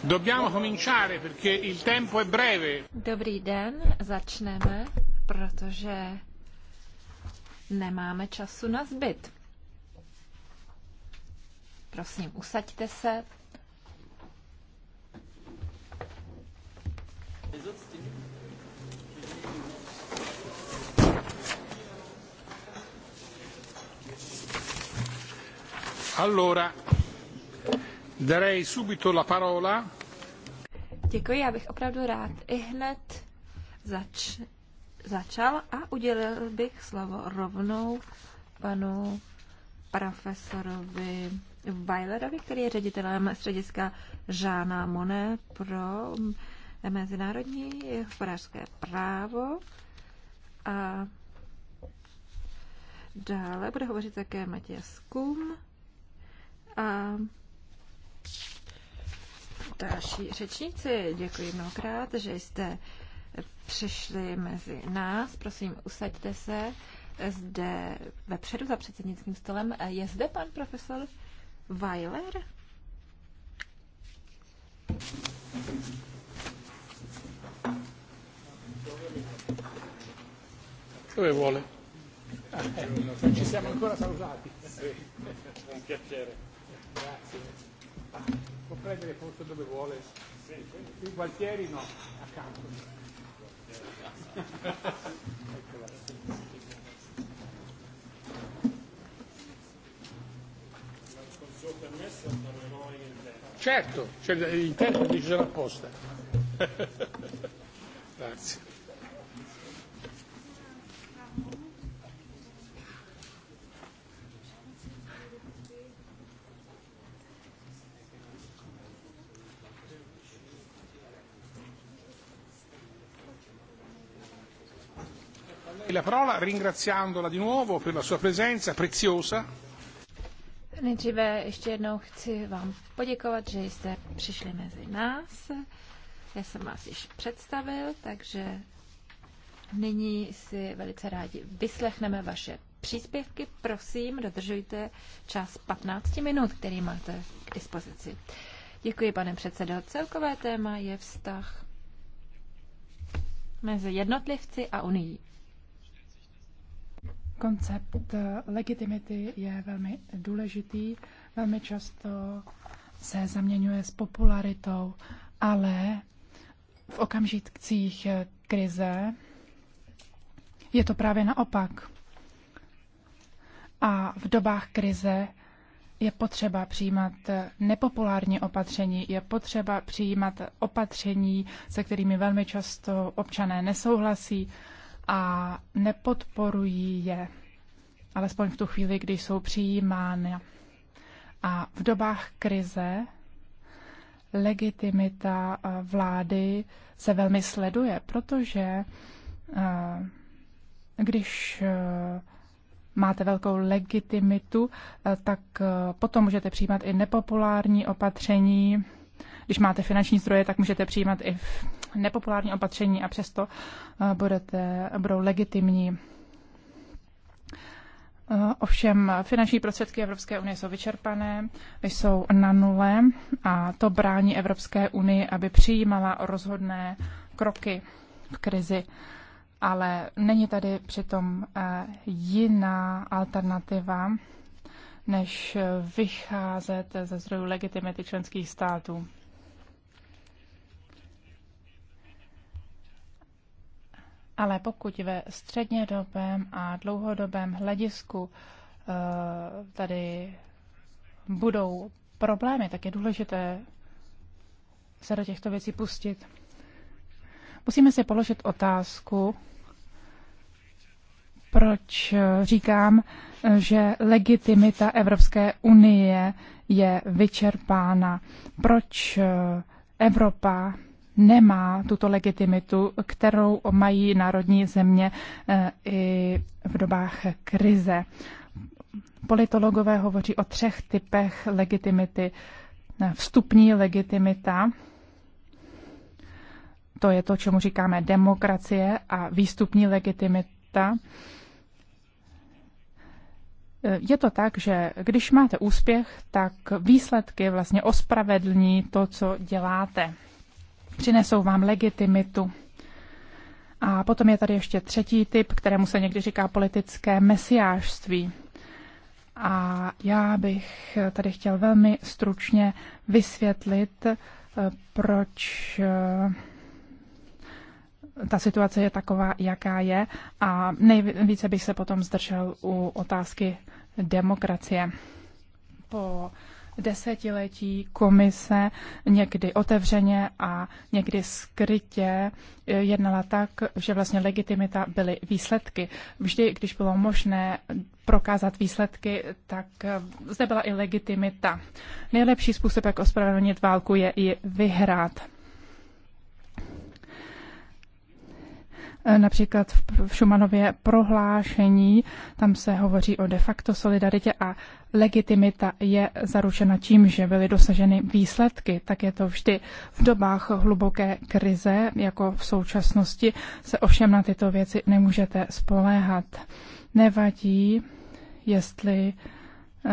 Dobbiamo cominciare perché il tempo è breve. Dobrý den, začneme, protože nemáme času na zbyt. Prosím, usaďte se. Allora, darei subito la parola. Děkuji, já bych opravdu rád i hned zač, začal a udělil bych slovo rovnou panu profesorovi Weilerovi, který je ředitelem střediska Žána Monet pro mezinárodní hospodářské právo. A dále bude hovořit také Matěj Kum a další řečníci. Děkuji mnohokrát, že jste přišli mezi nás. Prosím, usaďte se zde vepředu za předsednickým stolem. Je zde pan profesor Weiler. Dove vuole? Ah, eh, ci siamo ancora salutati. Sì, un piacere. Grazie. Può prendere posto dove vuole? Sì. I Gualtieri no, accanto. Eccola. Certo, cioè, gli interpreti ci sono apposta. Grazie. E la parola ringraziandola di nuovo per la sua presenza preziosa Nejdříve ještě jednou chci vám poděkovat, že jste přišli mezi nás. Já jsem vás již představil, takže nyní si velice rádi vyslechneme vaše příspěvky. Prosím, dodržujte čas 15 minut, který máte k dispozici. Děkuji, pane předsedo. Celkové téma je vztah mezi jednotlivci a unii. Koncept legitimity je velmi důležitý, velmi často se zaměňuje s popularitou, ale v okamžicích krize je to právě naopak. A v dobách krize je potřeba přijímat nepopulární opatření, je potřeba přijímat opatření, se kterými velmi často občané nesouhlasí, a nepodporují je, alespoň v tu chvíli, kdy jsou přijímány. A v dobách krize legitimita eh, vlády se velmi sleduje, protože eh, když eh, máte velkou legitimitu, tak potom můžete přijímat i nepopulární opatření. Když máte finanční zdroje, tak můžete přijímat i nepopulární opatření a přesto eh, budete, budou legitimní. Eh, ovšem finanční prostředky Evropské unie jsou vyčerpané, jsou na nule a to brání Evropské unii, aby přijímala rozhodné kroky v krizi. Ale není tady přitom eh, jiná alternativa, než vycházet ze zdrojů legitimity členských států. Ale pokud ve střednědobém a dlouhodobém hledisku eh, tady budou problémy, tak je důležité se do těchto věcí pustit. Musíme si položit otázku, proč říkám, že legitimita Evropské unie je vyčerpána. Proč eh, Evropa nemá tuto legitimitu, kterou mají národní země eh, i v dobách krize. Politologové hovoří o třech typech legitimity. Vstupní legitimita, to je to, čemu říkáme demokracie, a výstupní legitimita. Eh, je to tak, že když máte úspěch, tak výsledky vlastně ospravedlní to, co děláte přinesou vám legitimitu. A potom je tady ještě třetí typ, kterému se někdy říká politické mesiářství. A já bych tady chtěl velmi stručně vysvětlit, eh, proč eh, ta situace je taková, jaká je. A nejvíce bych se potom zdržel u otázky demokracie. Po desetiletí komise někdy otevřeně a někdy skrytě eh, jednala tak, že vlastně legitimita byly výsledky. Vždy, když bylo možné prokázat výsledky, tak eh, zde byla i legitimita. Nejlepší způsob, jak ospravedlnit válku, je i vyhrát. Eh, například v Šumanově prohlášení, tam se hovoří o de facto solidaritě a legitimita je zaručena tím, že byly dosaženy výsledky. Tak je to vždy v dobách hluboké krize, jako v současnosti, se ovšem na tyto věci nemůžete spoléhat. Nevadí, jestli uh,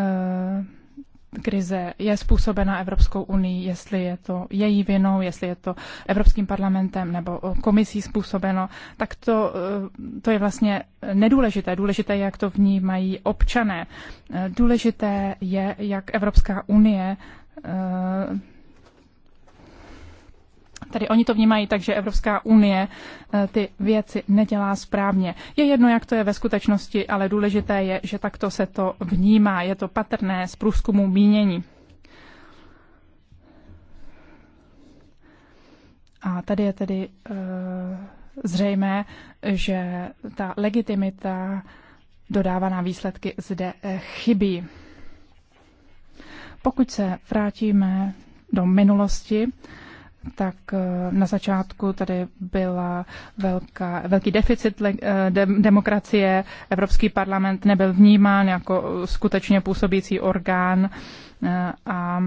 krize je způsobena Evropskou unii, jestli je to její vinou, jestli je to Evropským parlamentem nebo eh, komisí způsobeno, tak to, eh, to je vlastně nedůležité. Důležité je, jak to v ní mají občané. Eh, důležité je, jak Evropská unie Tady oni to vnímají tak, že Evropská unie eh, ty věci nedělá správně. Je jedno, jak to je ve skutečnosti, ale důležité je, že takto se to vnímá. Je to patrné z průzkumu mínění. A tady je tedy e, zřejmé, že ta legitimita dodávaná výsledky zde eh, chybí. Pokud se vrátíme do minulosti, e, tak eh, na začátku tady byla velká, velký deficit eh, de, demokracie. Evropský parlament nebyl vnímán jako skutečně působící orgán eh, a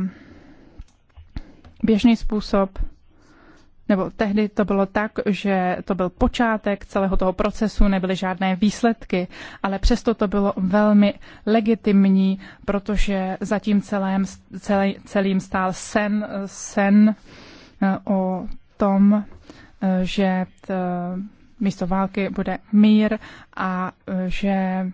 běžný způsob, nebo tehdy to bylo tak, že to byl počátek celého toho procesu, nebyly žádné výsledky, ale přesto to bylo velmi legitimní, protože zatím celém, celý, celým stál sen, sen o tom, že místo války bude mír a že e,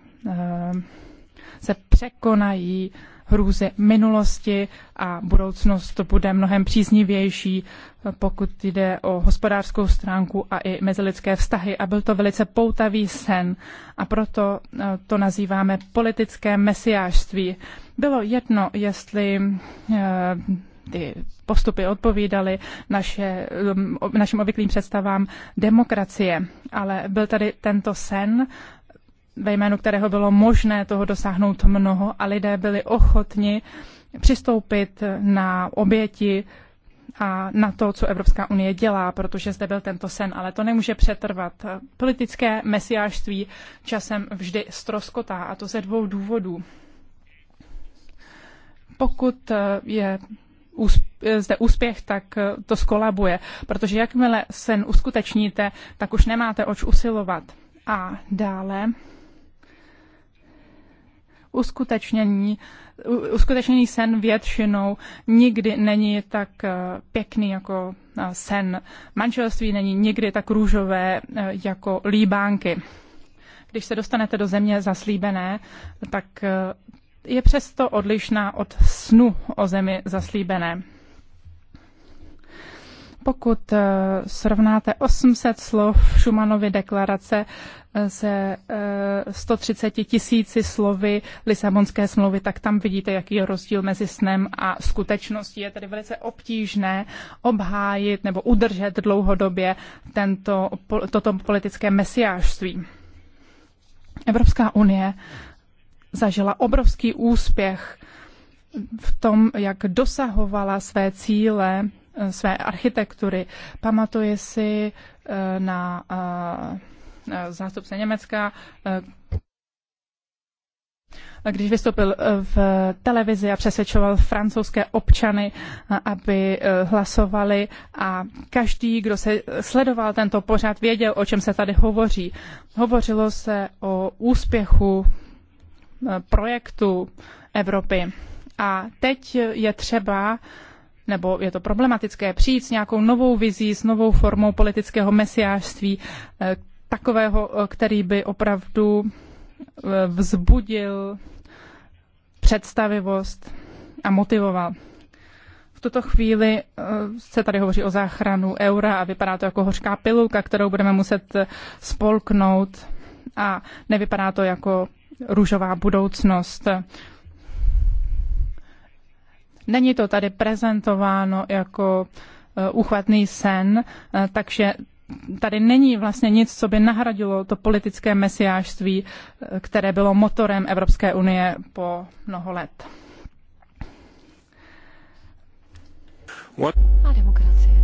se překonají hrůzy minulosti a budoucnost bude mnohem příznivější, pokud jde o hospodářskou stránku a i mezilidské vztahy. A byl to velice poutavý sen a proto e, to nazýváme politické mesiářství. Bylo jedno, jestli e, ty postupy odpovídaly naše, um, našim obvyklým představám demokracie. Ale byl tady tento sen, ve jménu kterého bylo možné toho dosáhnout mnoho a lidé byli ochotni přistoupit na oběti a na to, co Evropská unie dělá, protože zde byl tento sen, ale to nemůže přetrvat. Politické mesiářství časem vždy stroskotá a to ze dvou důvodů. Pokud je zde úspěch, tak eh, to skolabuje, protože jakmile sen uskutečníte, tak už nemáte oč usilovat. A dále uskutečnění, uskutečnění sen většinou nikdy není tak eh, pěkný jako eh, sen. Manželství není nikdy tak růžové jako líbánky. Když se dostanete do země zaslíbené, tak je přesto odlišná od snu o zemi zaslíbené. Pokud eh, srovnáte 800 slov Šumanovy deklarace eh, se 130 eh, tisíci slovy Lisabonské smlouvy, tak tam vidíte, jaký je rozdíl mezi snem a skutečností. Je tedy velice obtížné obhájit nebo udržet dlouhodobě tento, toto politické mesiářství. Evropská unie zažila obrovský úspěch v tom, jak dosahovala své cíle, eh, své architektury. Pamatuje si eh, na eh, zástupce Německa, když vystoupil v televizi a přesvědčoval francouzské občany, aby hlasovali a každý, kdo se sledoval tento pořad, věděl, o čem se tady hovoří. Hovořilo se o úspěchu projektu Evropy. A teď je třeba nebo je to problematické přijít s nějakou novou vizí, s novou formou politického mesiářství, eh, takového, eh, který by opravdu eh, vzbudil představivost a motivoval. V tuto chvíli se tady hovoří o záchranu eura a vypadá to jako hořká pilulka, kterou budeme muset spolknout a nevypadá to jako růžová budoucnost. Není to tady prezentováno jako uchvatný eh, sen, eh, takže tady není vlastně nic, co by nahradilo to politické mesiářství, eh, které bylo motorem Evropské unie po mnoho let. What? A demokracie.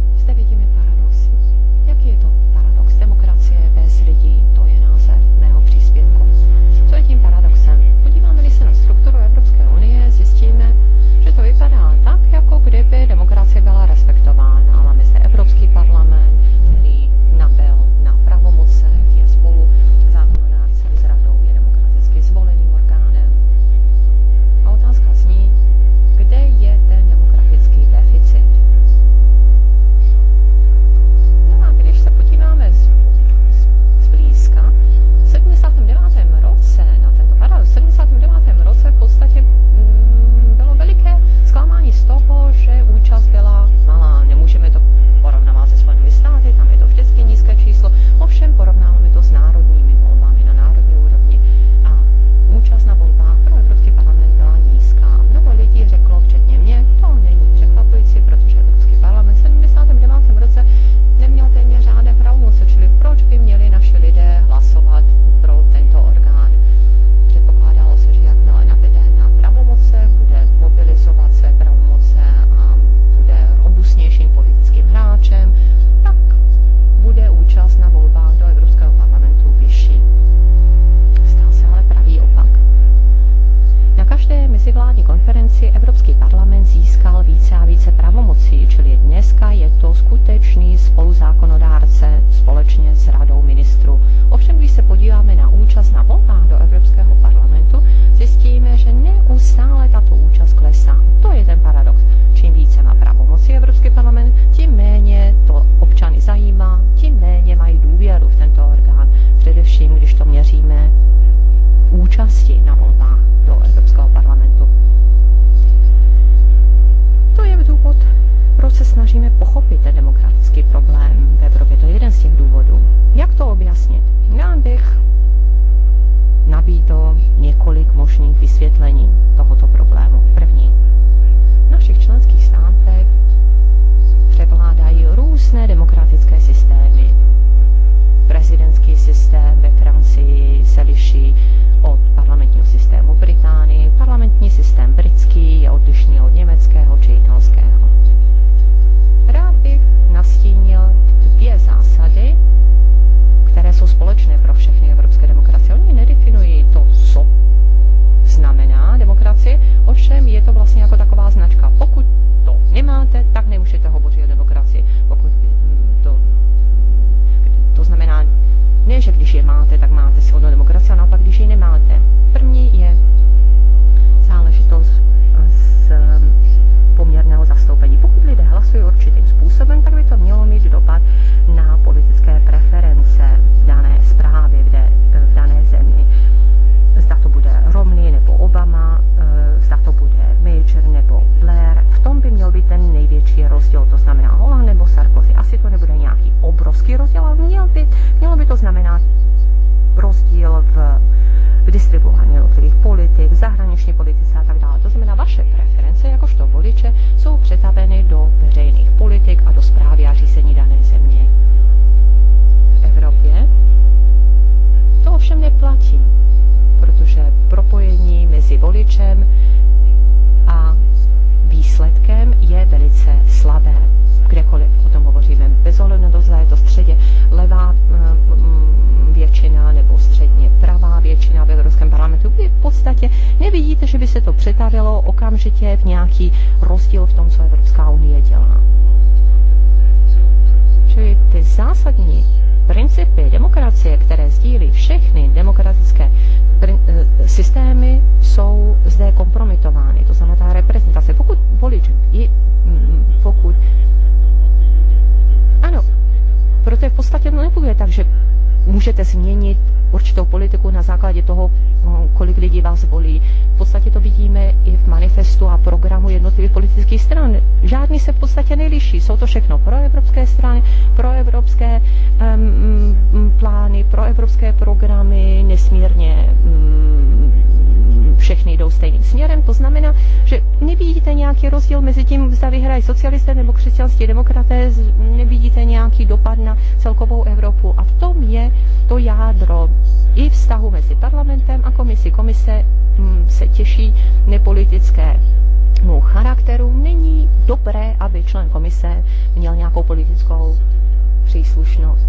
příslušnost.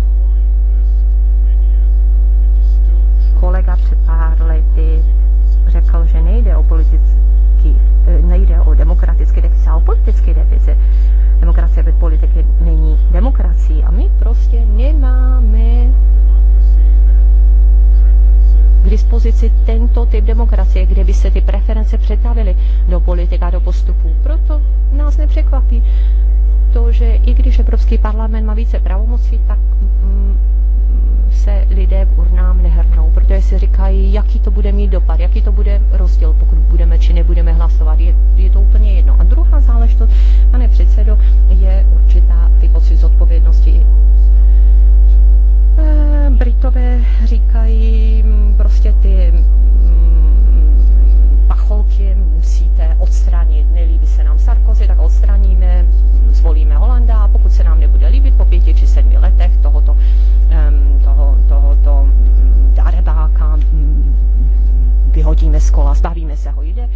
Kolega před pár lety řekl, že nejde o politický, eh, nejde o demokratický deficit, ale o politický deficit. Demokracie bez politiky není demokracií a my prostě nemáme k dispozici tento typ demokracie, kde by se ty preference přetavily do politika, do postupů. Proto nás nepřekvapí, to, že i když Evropský parlament má více pravomocí, tak mm, se lidé k urnám nehrnou, protože si říkají, jaký to bude mít dopad, jaký to bude rozdíl, pokud budeme či nebudeme hlasovat. Je, je to úplně jedno. A druhá záležitost, pane předsedo, je určitá pocit zodpovědnosti. Eh, Britové říkají prostě ty mm, pacholky musíte odstranit. Nelíbí se nám Sarkozy, tak odstraníme zvolíme Holanda a pokud se nám nebude líbit po pěti či sedmi letech tohoto, toho, tohoto mm, darebáka, mm, vyhodíme z kola, zbavíme se ho. Jde,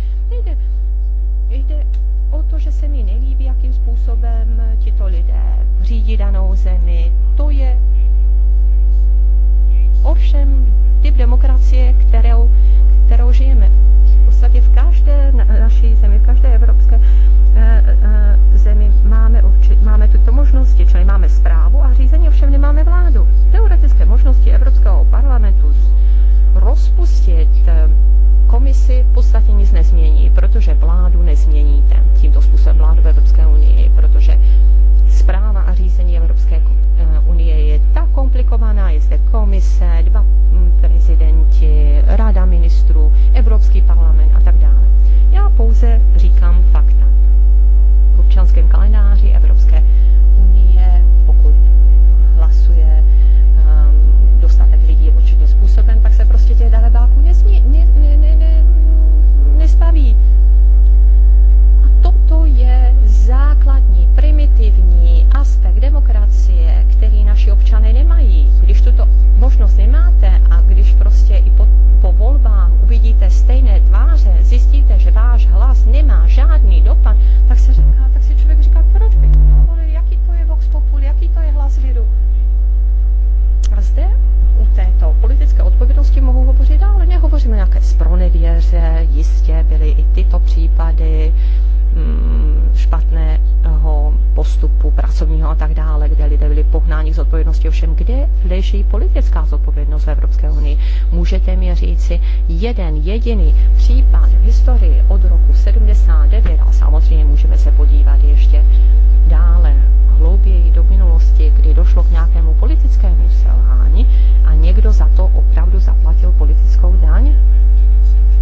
jde, jde o to, že se mi nelíbí, jakým způsobem tito lidé řídí danou zemi. To je ovšem typ demokracie, kterou, kterou žijeme podstatě v každé naší zemi, v každé evropské eh, eh, zemi máme, urči, máme tuto možnosti, čili máme zprávu a řízení, ovšem nemáme vládu. Teoretické možnosti Evropského parlamentu rozpustit eh, komisi v podstatě nic nezmění, protože vládu nezměníte tímto způsobem vládu v Evropské unii, protože zpráva a řízení Evropské eh, unie je tak komplikovaná, je zde komise, dva hm, prezidenti, rada ministrů, Evropský parlament a tak dále. Já pouze říkám fakta. V občanském kalendáři Evropské rovněž politická zodpovědnost v Evropské unii. Můžete mi říci jeden jediný případ v historii od roku 79 a samozřejmě můžeme se podívat ještě dále, hlouběji do minulosti, kdy došlo k nějakému politickému selhání a někdo za to opravdu zaplatil politickou daň,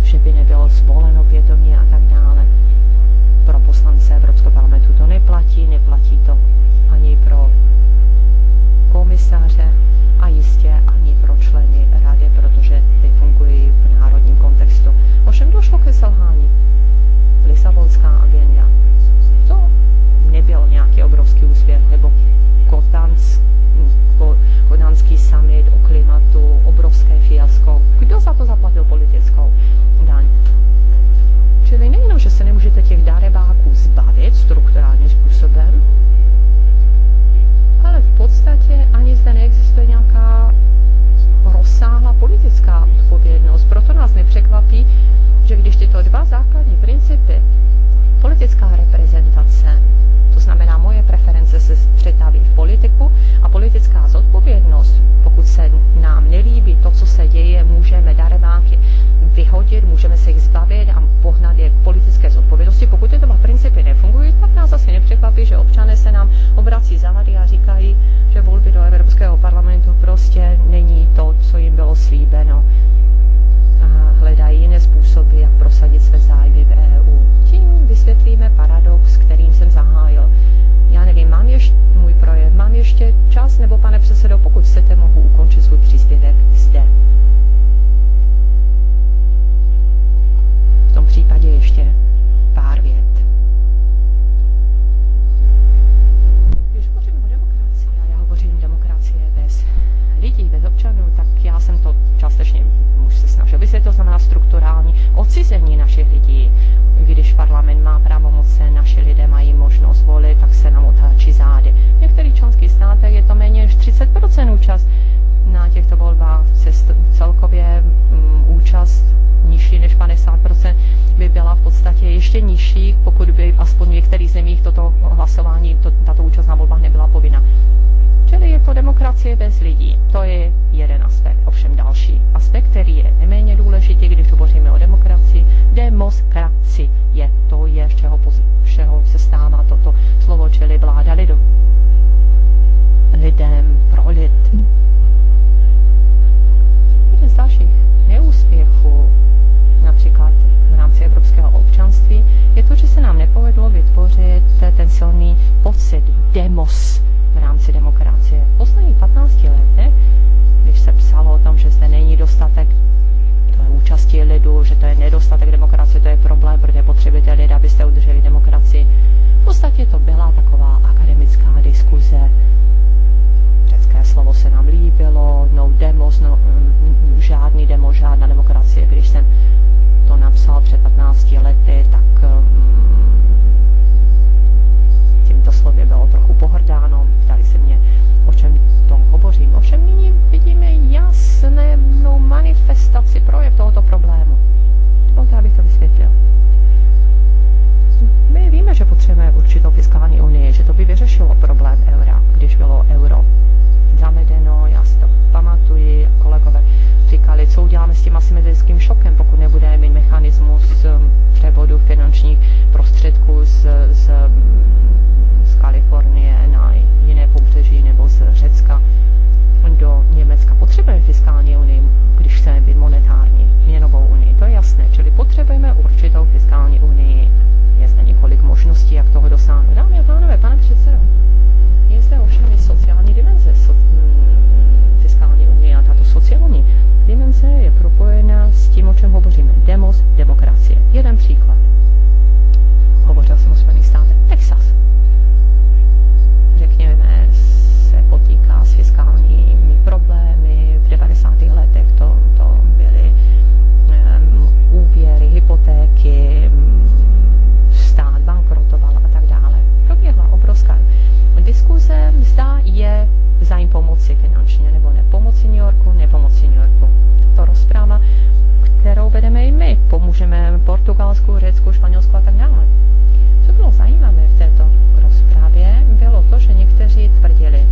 že by nebylo zvoleno opětovně a tak dále. Pro poslance Evropského parlamentu to neplatí, neplatí to ani pro komisaře a jistě ani pro členy rady, protože ty fungují v národním kontextu. Ovšem došlo ke selhání. Lisabonská agenda. To nebyl nějaký obrovský úspěch, nebo kodanský summit o klimatu, obrovské fiasko. Kdo za to zaplatil politickou daň? Čili nejenom, že se nemůžete těch darebáků zbavit strukturálním způsobem, v podstatě ani zde neexistuje nějaká rozsáhlá politická odpovědnost. Proto nás nepřekvapí, že když tyto dva základní principy, politická reprezentace, to znamená moje preference se přetaví v politiku a politická zodpovědnost, pokud se nám nelíbí to, co se děje, můžeme dareváky vyhodit, můžeme se jich zbavit a pohnat je k politické zodpovědnosti. Pokud tyto dva principy nefungují, tak nás asi nepřekvapí, že občané se nám obrací zády a říkají, prostě není to, co jim bylo slíbeno. A hledají jiné způsoby, jak prosadit své zájmy v EU. Tím vysvětlíme paradox, kterým jsem zahájil. Já nevím, mám ještě můj projev, mám ještě čas, nebo pane předsedo, pokud chcete, mohu ukončit svůj příspěvek zde. V tom případě ještě pár věcí. odcizení našich lidí. Když parlament má pravomoce, naši lidé mají možnost volit, tak se nám otáčí zády. V některých členských státech je to méně než 30% účast na těchto volbách. Cest, celkově um, účast nižší než 50% by byla v podstatě ještě nižší, pokud by aspoň v některých zemích toto hlasování, to, tato účast na volbách nebyla povinna. Čili je demokracie bez lidí. To je jeden aspekt. Ovšem další aspekt, který je neméně důležitý, když hovoříme o demokracii, demoskraci je to, je, z čeho, všeho se stává toto slovo, čili vláda lidu. Lidem pro lid. Jeden z dalších neúspěchů, například v rámci evropského občanství, je to, že se nám nepovedlo vytvořit ten silný pocit demos v rámci demokracie. V posledních 15 letech, když se psalo o tom, že zde není dostatek to je účasti lidu, že to je nedostatek demokracie, to je problém, protože potřebujete lid, abyste udrželi demokracii. V podstatě to byla taková akademická diskuze. Řecké slovo se nám líbilo, no demos, no, žádný demo, žádná demokracie. Když jsem to napsal před 15 lety, tak mm, tímto slově bylo pohrdáno. Ptali se mě, o čem tom hovořím. Ovšem nyní vidíme jasnou manifestaci, projev tohoto problému. Dovolte, abych to vysvětlil. My víme, že potřebujeme určitou fiskální unii, že to by vyřešilo problém eura, když bylo euro zamedeno, já si to pamatuji, kolegové říkali, co uděláme s tím asymetrickým šokem, pokud nebudeme mít mechanismus um, převodu finančních prostředků z, z Kalifornie na jiné pobřeží nebo z Řecka do Německa. Potřebujeme fiskální unii, když chceme být monetární, měnovou unii, to je jasné. Čili potřebujeme určitou fiskální unii. Je zde několik možností, jak toho dosáhnout. Dámy a pánové, pane předsedo, je zde ovšem i sociální dimenze so, mm, fiskální unie a tato sociální dimenze je propojena s tím, o čem hovoříme. Demos, demokracie. Jeden příklad. Hovořil jsem o Spojených státech. Texas řekněme, se potýká s fiskálními problémy. V 90. letech to, to byly um, úvěry, hypotéky, stát bankrotoval a tak dále. Proběhla obrovská diskuze, zda je zájem pomoci finančně nebo ne. Pomoci New Yorku, nepomoci New Yorku. To rozpráva, kterou vedeme i my. Pomůžeme Portugalsku, Řecku, Španělsku a tak dále. Co bylo zajímavé v této kteří tvrdili,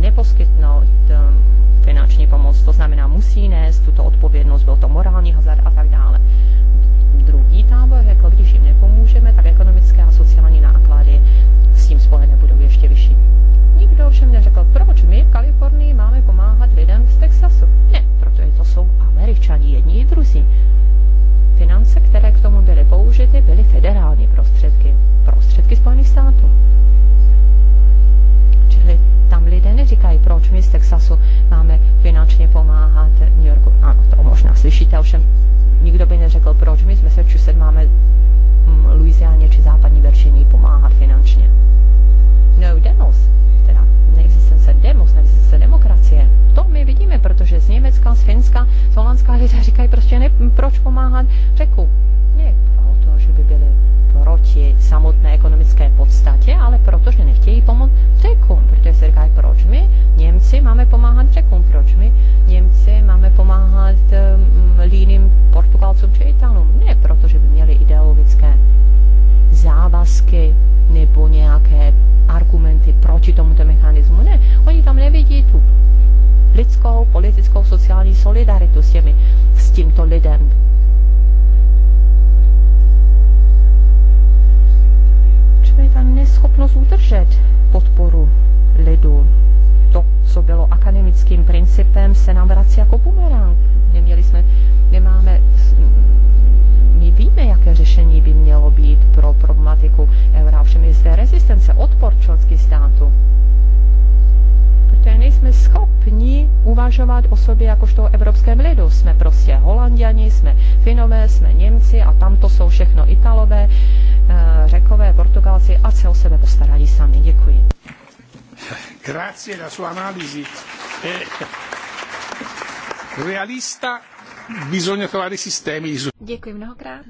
neposkytnout um, finanční pomoc, to znamená musí nést tuto odpovědnost, byl to morální hazard a tak dále. Druhý tábor řekl, když jim nepomůžeme, tak ekonomické a sociální náklady s tím spojené budou ještě vyšší. Nikdo ovšem neřekl, proč my v Kalifornii máme pomáhat lidem z Texasu. Ne, protože to jsou američani, jedni i druzí. Finance, které k tomu byly použity, byly federální prostředky, prostředky Spojených států řekli, tam lidé neříkají, proč my z Texasu máme finančně pomáhat New Yorku. Ano, to možná slyšíte, ovšem nikdo by neřekl, proč my z Massachusetts máme mm, Louisianě či západní Virginii pomáhat finančně. No demos, teda neexistence demos, neexistence demokracie. To my vidíme, protože z Německa, z Finska, z Holandska lidé říkají prostě ne, proč pomáhat řeku solidaritu s, těmi, s tímto lidem. Čili ta neschopnost udržet podporu lidu, to, co bylo akademickým principem, se nám vrací jako bumerang. Neměli jsme, nemáme my víme, jaké řešení by mělo být pro problematiku eura, ovšem je zde rezistence, odpor členských států protože nejsme schopni uvažovat o sobě jakožto o evropském lidu. Jsme prostě holanděni, jsme finové, jsme Němci a tamto jsou všechno Italové, eh, Řekové, Portugalci a se o sebe postarají sami. Děkuji. Grazie na sua analisi. Eh, realista, bisogna trovare sistemi. Děkuji mnohokrát.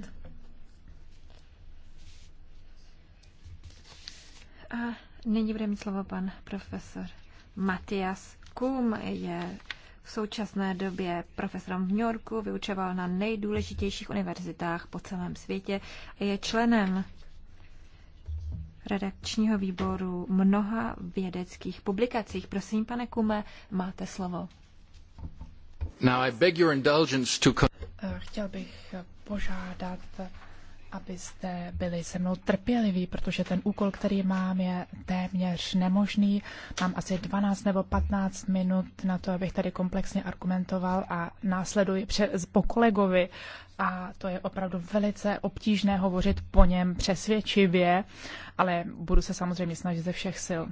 A nyní bude mít slovo pan profesor Matias Kum je v současné době profesorem v New Yorku, vyučoval na nejdůležitějších univerzitách po celém světě a je členem redakčního výboru mnoha vědeckých publikacích. Prosím, pane Kume, máte slovo. Now I beg your indulgence to... Eh, chtěl bych požádat abyste byli se mnou trpěliví, protože ten úkol, který mám, je téměř nemožný. Mám asi 12 nebo 15 minut na to, abych tady komplexně argumentoval a následuji přes, po kolegovi. A to je opravdu velice obtížné hovořit po něm přesvědčivě, ale budu se samozřejmě snažit ze všech sil.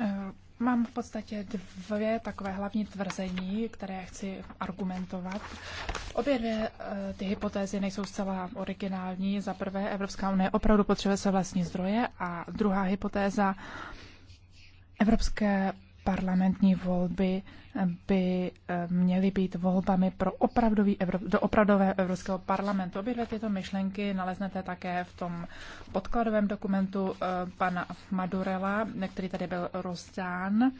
Uh Mám v podstatě dvě takové hlavní tvrzení, které chci argumentovat. Obě dvě eh, ty hypotézy nejsou zcela originální. Za prvé, Evropská unie opravdu potřebuje se vlastní zdroje a druhá hypotéza, Evropské parlamentní volby by eh, měly být volbami pro opravdový Evrop, do opravdového Evropského parlamentu. Obě dvě tyto myšlenky naleznete také v tom podkladovém dokumentu eh, pana Madurela, který tady byl rozdán,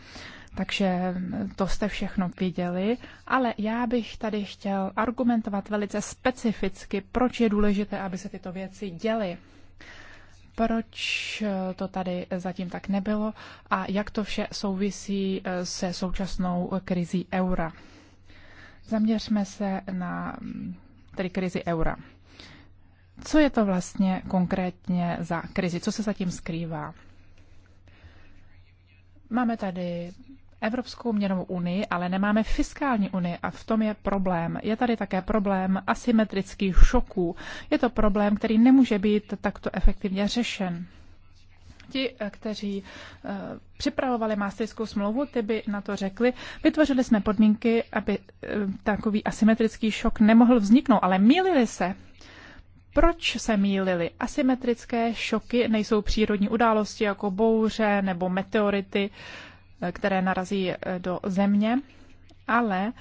takže to jste všechno viděli, ale já bych tady chtěl argumentovat velice specificky, proč je důležité, aby se tyto věci děly proč eh, to tady zatím tak nebylo a jak to vše souvisí eh, se současnou krizí eura. Zaměřme se na mm, tedy krizi eura. Co je to vlastně konkrétně za krizi? Co se zatím skrývá? Máme tady Evropskou měnovou unii, ale nemáme fiskální unii a v tom je problém. Je tady také problém asymetrických šoků. Je to problém, který nemůže být takto efektivně řešen. Ti, eh, kteří eh, připravovali Maastrichtskou smlouvu, ty by na to řekli, vytvořili jsme podmínky, aby eh, takový asymetrický šok nemohl vzniknout, ale mýlili se. Proč se mýlili? Asymetrické šoky nejsou přírodní události jako bouře nebo meteority které narazí eh, do země, ale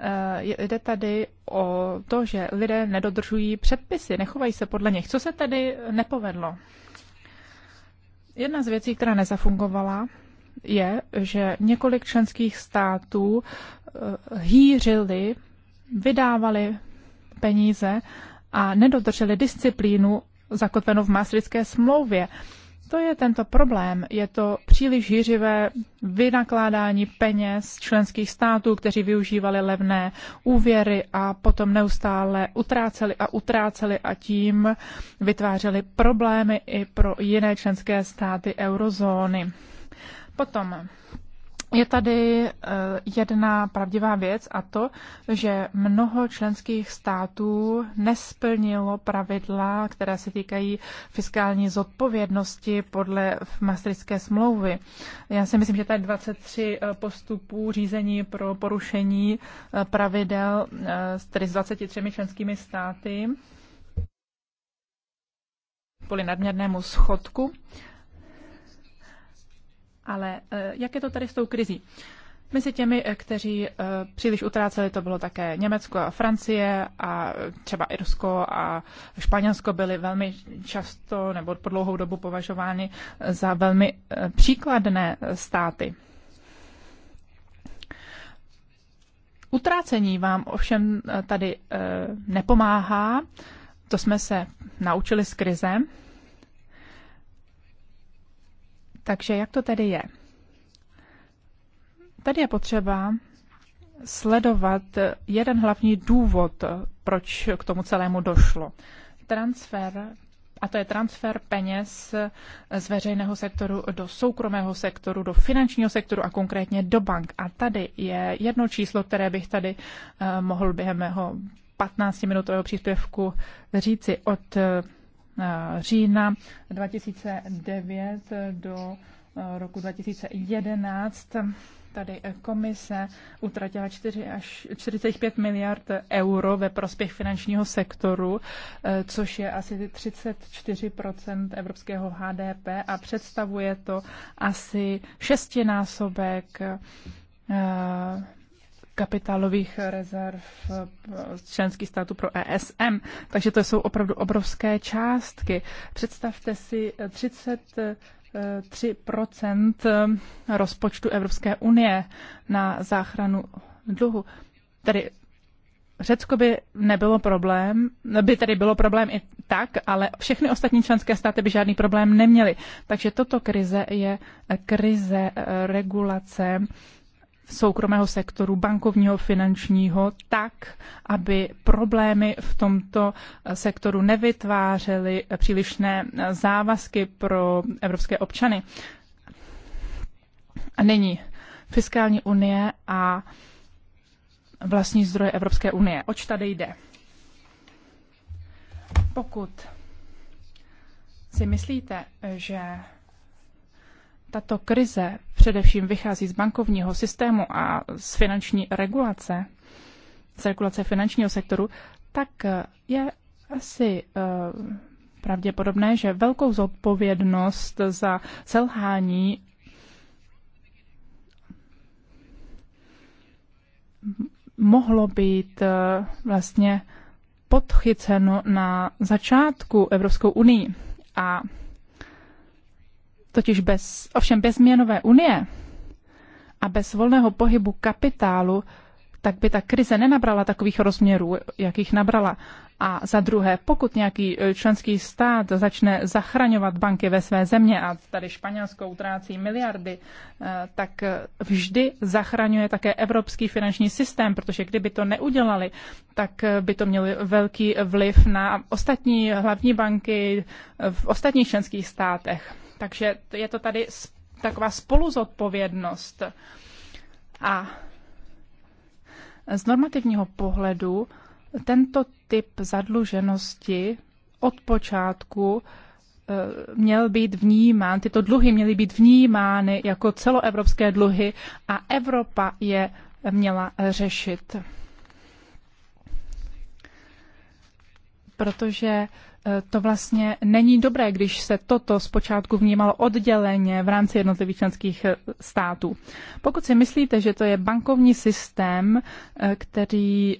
eh, jde tady o to, že lidé nedodržují předpisy, nechovají se podle nich. Co se tedy nepovedlo? Jedna z věcí, která nezafungovala, je, že několik členských států eh, hýřili, vydávali peníze a nedodrželi disciplínu zakotvenou v Maastrichtské smlouvě. To je tento problém. Je to příliš hýřivé vynakládání peněz členských států, kteří využívali levné úvěry a potom neustále utráceli a utráceli a tím vytvářeli problémy i pro jiné členské státy eurozóny. Potom je tady eh, jedna pravdivá věc a to, že mnoho členských států nesplnilo pravidla, která se týkají fiskální zodpovědnosti podle Maastrichtské smlouvy. Já si myslím, že tady 23 eh, postupů řízení pro porušení eh, pravidel tedy s 23 členskými státy kvůli nadměrnému schodku. Ale eh, jak je to tady s tou krizí? Mezi těmi, eh, kteří eh, příliš utráceli, to bylo také Německo a Francie a třeba Irsko a Španělsko byly velmi často nebo po dlouhou dobu považovány za velmi příkladné státy. Utrácení vám ovšem tady nepomáhá, to jsme se naučili z krize, takže jak to tedy je? Tady je potřeba sledovat jeden hlavní důvod, proč k tomu celému došlo. Transfer, a to je transfer peněz z veřejného sektoru do soukromého sektoru, do finančního sektoru a konkrétně do bank. A tady je jedno číslo, které bych tady eh, mohl během mého 15-minutového příspěvku říci od eh, Eh, října 2009 do eh, roku 2011 tady eh, komise utratila 4 až 45 miliard euro ve prospěch finančního sektoru, což je asi 34 evropského HDP a představuje to asi šestinásobek kapitálových rezerv eh, členských států pro ESM. Takže to jsou opravdu obrovské částky. Představte si 33 eh, eh, rozpočtu Evropské unie na záchranu dluhu. Tedy Řecko by nebylo problém, by tedy bylo problém i tak, ale všechny ostatní členské státy by žádný problém neměly. Takže toto krize je krize regulace soukromého sektoru, bankovního, finančního, tak, aby problémy v tomto eh, sektoru nevytvářely eh, přílišné eh, závazky pro evropské občany. A nyní fiskální unie a vlastní zdroje Evropské unie. Oč tady jde? Pokud si myslíte, že tato krize především vychází z bankovního systému a z finanční regulace, z regulace finančního sektoru, tak eh, je asi eh, pravděpodobné, že velkou zodpovědnost za selhání mohlo být eh, vlastně podchyceno na začátku Evropskou unii. A Totiž bez, ovšem bez měnové unie a bez volného pohybu kapitálu, tak by ta krize nenabrala takových rozměrů, jakých nabrala. A za druhé, pokud nějaký e, členský stát začne zachraňovat banky ve své země, a tady Španělsko utrácí miliardy, e, tak e, vždy zachraňuje také evropský finanční systém, protože kdyby to neudělali, tak by to mělo velký vliv na ostatní hlavní banky v ostatních členských státech. Takže je to tady taková spoluzodpovědnost. A z normativního pohledu tento typ zadluženosti od počátku e, měl být vnímán, tyto dluhy měly být vnímány jako celoevropské dluhy a Evropa je měla řešit. Protože E, to vlastně není dobré, když se toto zpočátku vnímalo odděleně v rámci jednotlivých členských e, států. Pokud si myslíte, že to je bankovní systém, e, který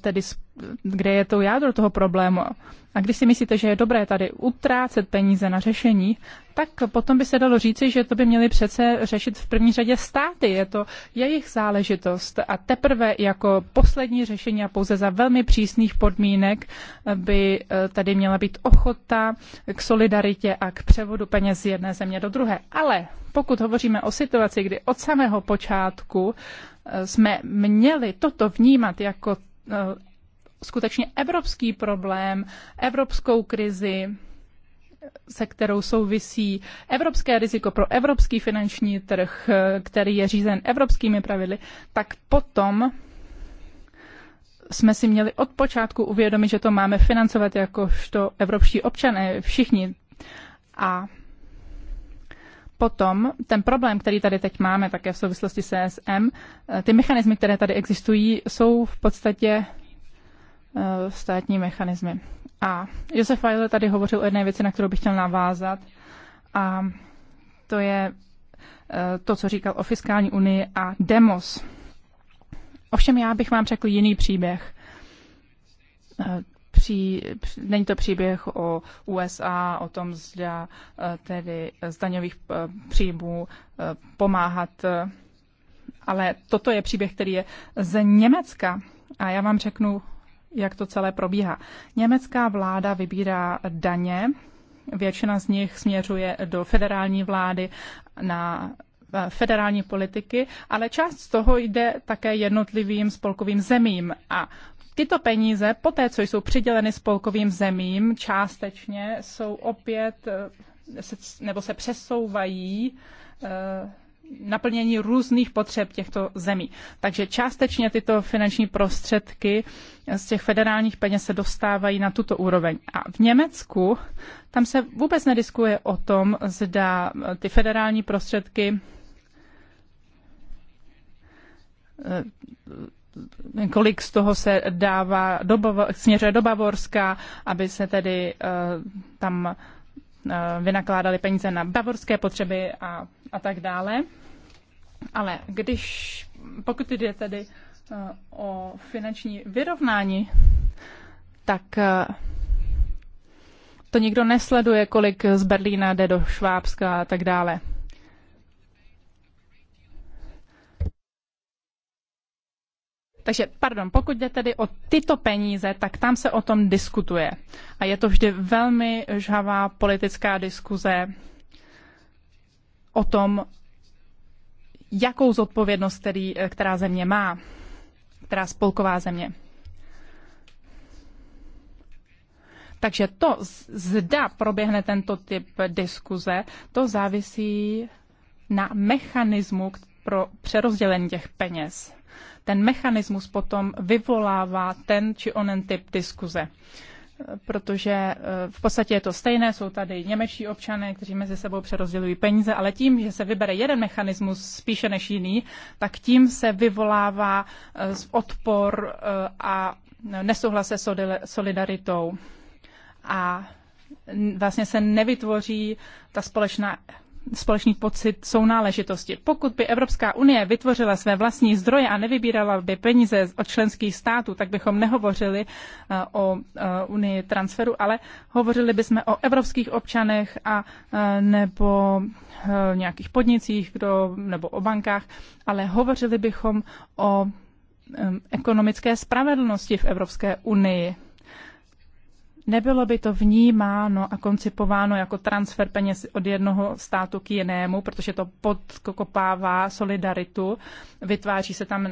tedy kde je to jádro toho problému, a když si myslíte, že je dobré tady utrácet peníze na řešení, tak potom by se dalo říci, že to by měly přece řešit v první řadě státy. Je to jejich záležitost. A teprve jako poslední řešení a pouze za velmi přísných podmínek by eh, tady měla být ochota k solidaritě a k převodu peněz z jedné země do druhé. Ale pokud hovoříme o situaci, kdy od samého počátku eh, jsme měli toto vnímat jako eh, skutečně evropský problém, evropskou krizi, se kterou souvisí evropské riziko pro evropský finanční trh, který je řízen evropskými pravidly, tak potom jsme si měli od počátku uvědomit, že to máme financovat jakožto evropští občané, všichni. A potom ten problém, který tady teď máme, také v souvislosti s ESM, ty mechanismy, které tady existují, jsou v podstatě Eh, státní mechanismy. A Josef Weiler tady hovořil o jedné věci, na kterou bych chtěl navázat, a to je eh, to, co říkal o fiskální unii a demos. Ovšem já bych vám řekl jiný příběh. Eh, pří, není to příběh o USA, o tom, zda tedy z daňových příjmů pomáhat, ale toto je příběh, který je z Německa. A já vám řeknu jak to celé probíhá. Německá vláda vybírá daně, většina z nich směřuje do federální vlády na eh, federální politiky, ale část z toho jde také jednotlivým spolkovým zemím a Tyto peníze, poté co jsou přiděleny spolkovým zemím, částečně jsou opět, eh, nebo se přesouvají eh, naplnění různých potřeb těchto zemí. Takže částečně tyto finanční prostředky z těch federálních peněz se dostávají na tuto úroveň. A v Německu tam se vůbec nediskuje o tom, zda ty federální prostředky eh, kolik z toho se dává do, směřuje do Bavorska, aby se tedy uh, tam uh, eh, vynakládaly peníze na bavorské potřeby a a tak dále. Ale když, pokud jde tedy eh, o finanční vyrovnání, tak eh, to nikdo nesleduje, kolik z Berlína jde do Švábska a tak dále. Takže, pardon, pokud jde tedy o tyto peníze, tak tam se o tom diskutuje. A je to vždy velmi žhavá politická diskuze o tom, jakou zodpovědnost tedy, eh, která země má, která spolková země. Takže to, zda proběhne tento typ diskuze, to závisí na mechanismu pro přerozdělení těch peněz. Ten mechanismus potom vyvolává ten či onen typ diskuze protože eh, v podstatě je to stejné, jsou tady němečtí občané, kteří mezi sebou přerozdělují peníze, ale tím, že se vybere jeden mechanismus spíše než jiný, tak tím se vyvolává eh, odpor eh, a nesouhlas se solidaritou. A vlastně se nevytvoří ta společná společný pocit sounáležitosti. Pokud by Evropská unie vytvořila své vlastní zdroje a nevybírala by peníze od členských států, tak bychom nehovořili eh, o eh, unii transferu, ale hovořili bychom o evropských občanech a eh, nebo nějakých podnicích kdo, nebo o bankách, ale hovořili bychom o ekonomické spravedlnosti v Evropské unii. Nebylo by to vnímáno a koncipováno jako transfer peněz od jednoho státu k jinému, protože to podkopává solidaritu, vytváří se tam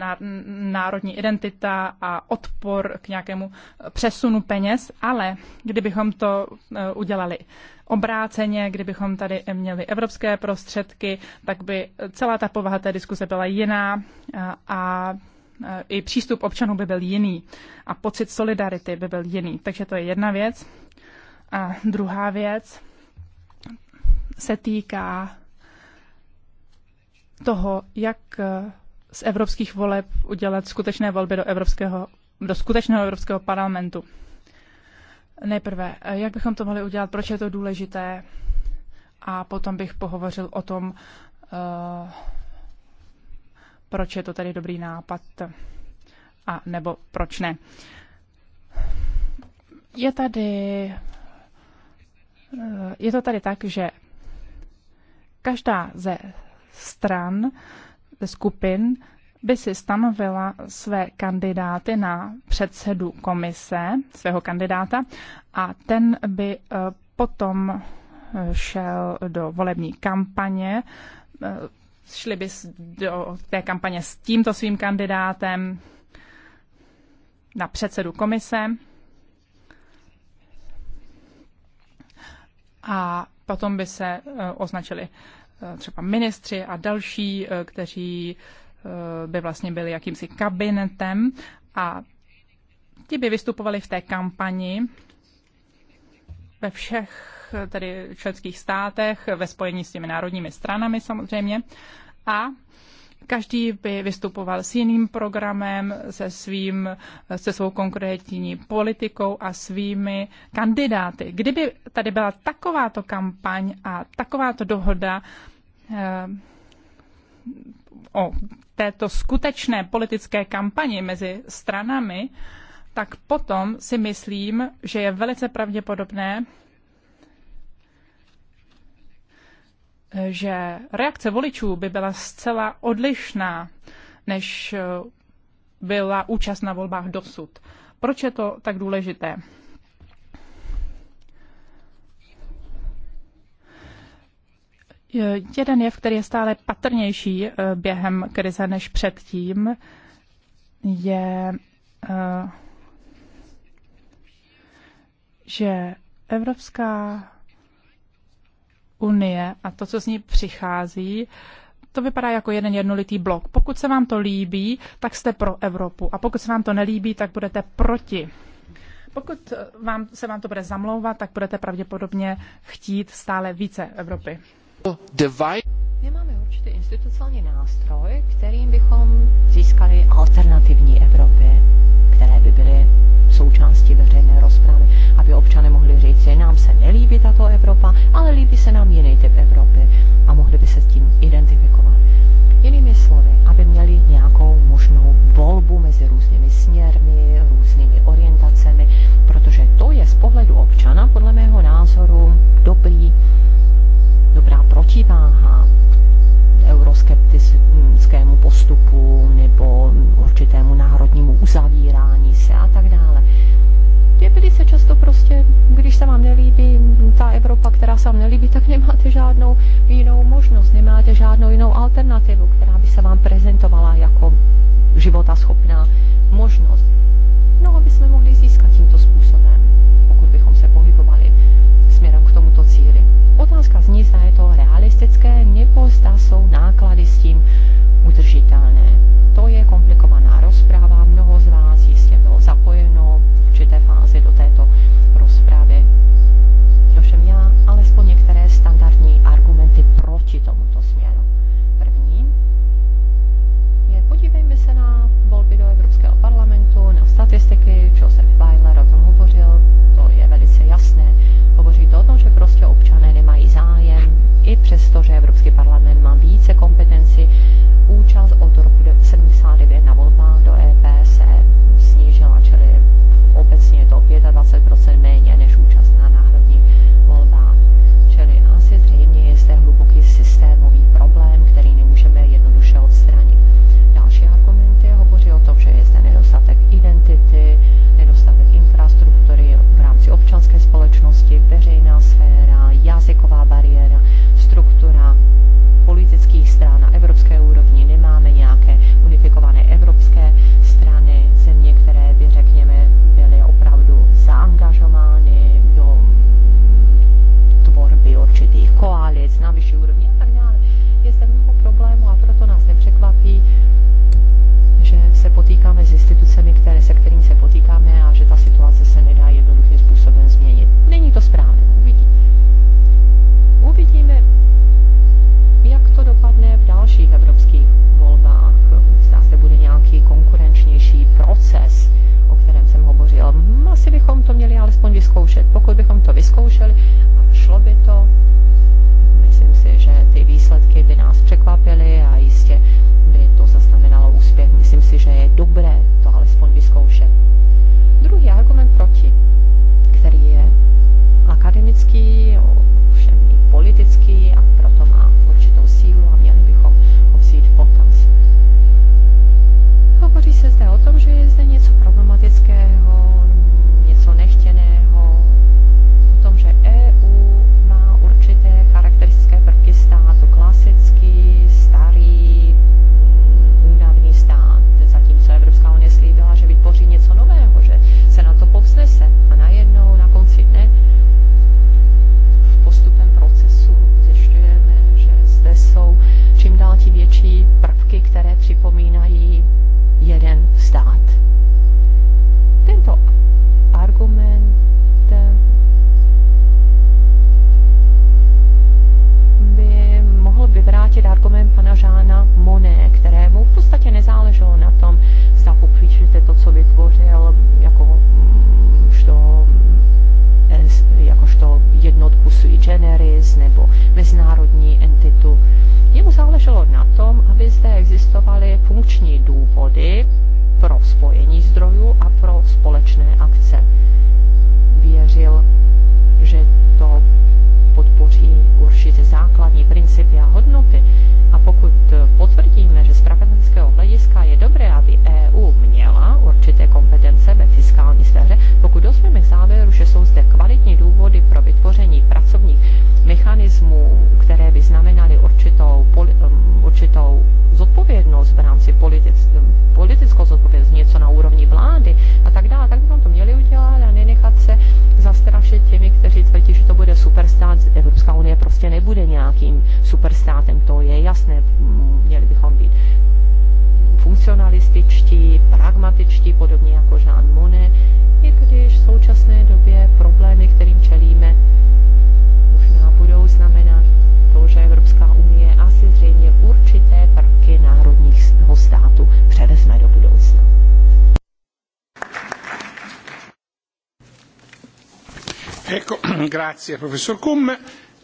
národní identita a odpor k nějakému přesunu peněz, ale kdybychom to eh, udělali obráceně, kdybychom tady měli evropské prostředky, tak by celá ta povaha té diskuse byla jiná eh, a i přístup občanů by byl jiný a pocit solidarity by byl jiný. Takže to je jedna věc. A druhá věc se týká toho, jak eh, z evropských voleb udělat skutečné volby do, evropského, do skutečného evropského parlamentu. Nejprve, eh, jak bychom to mohli udělat, proč je to důležité, a potom bych pohovořil o tom, eh, proč je to tady dobrý nápad a nebo proč ne. Je tady, eh, je to tady tak, že každá ze stran, ze skupin by si stanovila své kandidáty na předsedu komise, svého kandidáta, a ten by eh, potom šel do volební kampaně eh, šli by do té kampaně s tímto svým kandidátem na předsedu komise. A potom by se eh, označili eh, třeba ministři a další, eh, kteří by vlastně byli jakýmsi kabinetem a ti by vystupovali v té kampani ve všech tedy členských státech ve spojení s těmi národními stranami samozřejmě. A každý by vystupoval s jiným programem, se, svým, se svou konkrétní politikou a svými kandidáty. Kdyby tady byla takováto kampaň a takováto dohoda eh, o této skutečné politické kampani mezi stranami, tak potom si myslím, že je velice pravděpodobné, že reakce voličů by byla zcela odlišná, než eh, byla účast na volbách dosud. Proč je to tak důležité? Eh, jeden jev, který je stále patrnější eh, během krize než předtím, je, že Evropská unie a to, co z ní přichází, to vypadá jako jeden jednolitý blok. Pokud se vám to líbí, tak jste pro Evropu a pokud se vám to nelíbí, tak budete proti. Pokud eh, vám, se vám to bude zamlouvat, tak budete pravděpodobně chtít stále více Evropy. My máme určitý institucionální nástroj, kterým bychom získali alternativní Evropy, které by byly součástí veřejné rozpravy, aby občané mohli říct, že nám se nelíbí tato Evropa, ale líbí se nám jiný typ Evropy a mohli by se s tím identifikovat. Jinými slovy, aby měli nějakou možnou volbu mezi různými směrmi, různými orientacemi, protože to je z pohledu občana, podle mého názoru, dobrý, dobrá protiváha euroskeptickému postupu nebo určitému národnímu uzavírání se a tak dále. Jevily se často prostě, když se vám nelíbí ta Evropa, která se vám nelíbí, tak nemáte žádnou jinou možnost, nemáte žádnou jinou alternativu, která by se vám prezentovala jako života schopná možnost. No, aby jsme mohli získat tímto způsobem. Otázka zní, zda je to realistické, nebo zda jsou náklady s tím udržitelné. To je komplikovaná rozpráva, mnoho z vás jistě bylo zapojeno v určité fázi do této rozprávy. Ovšem já alespoň některé standardní argumenty proti tomu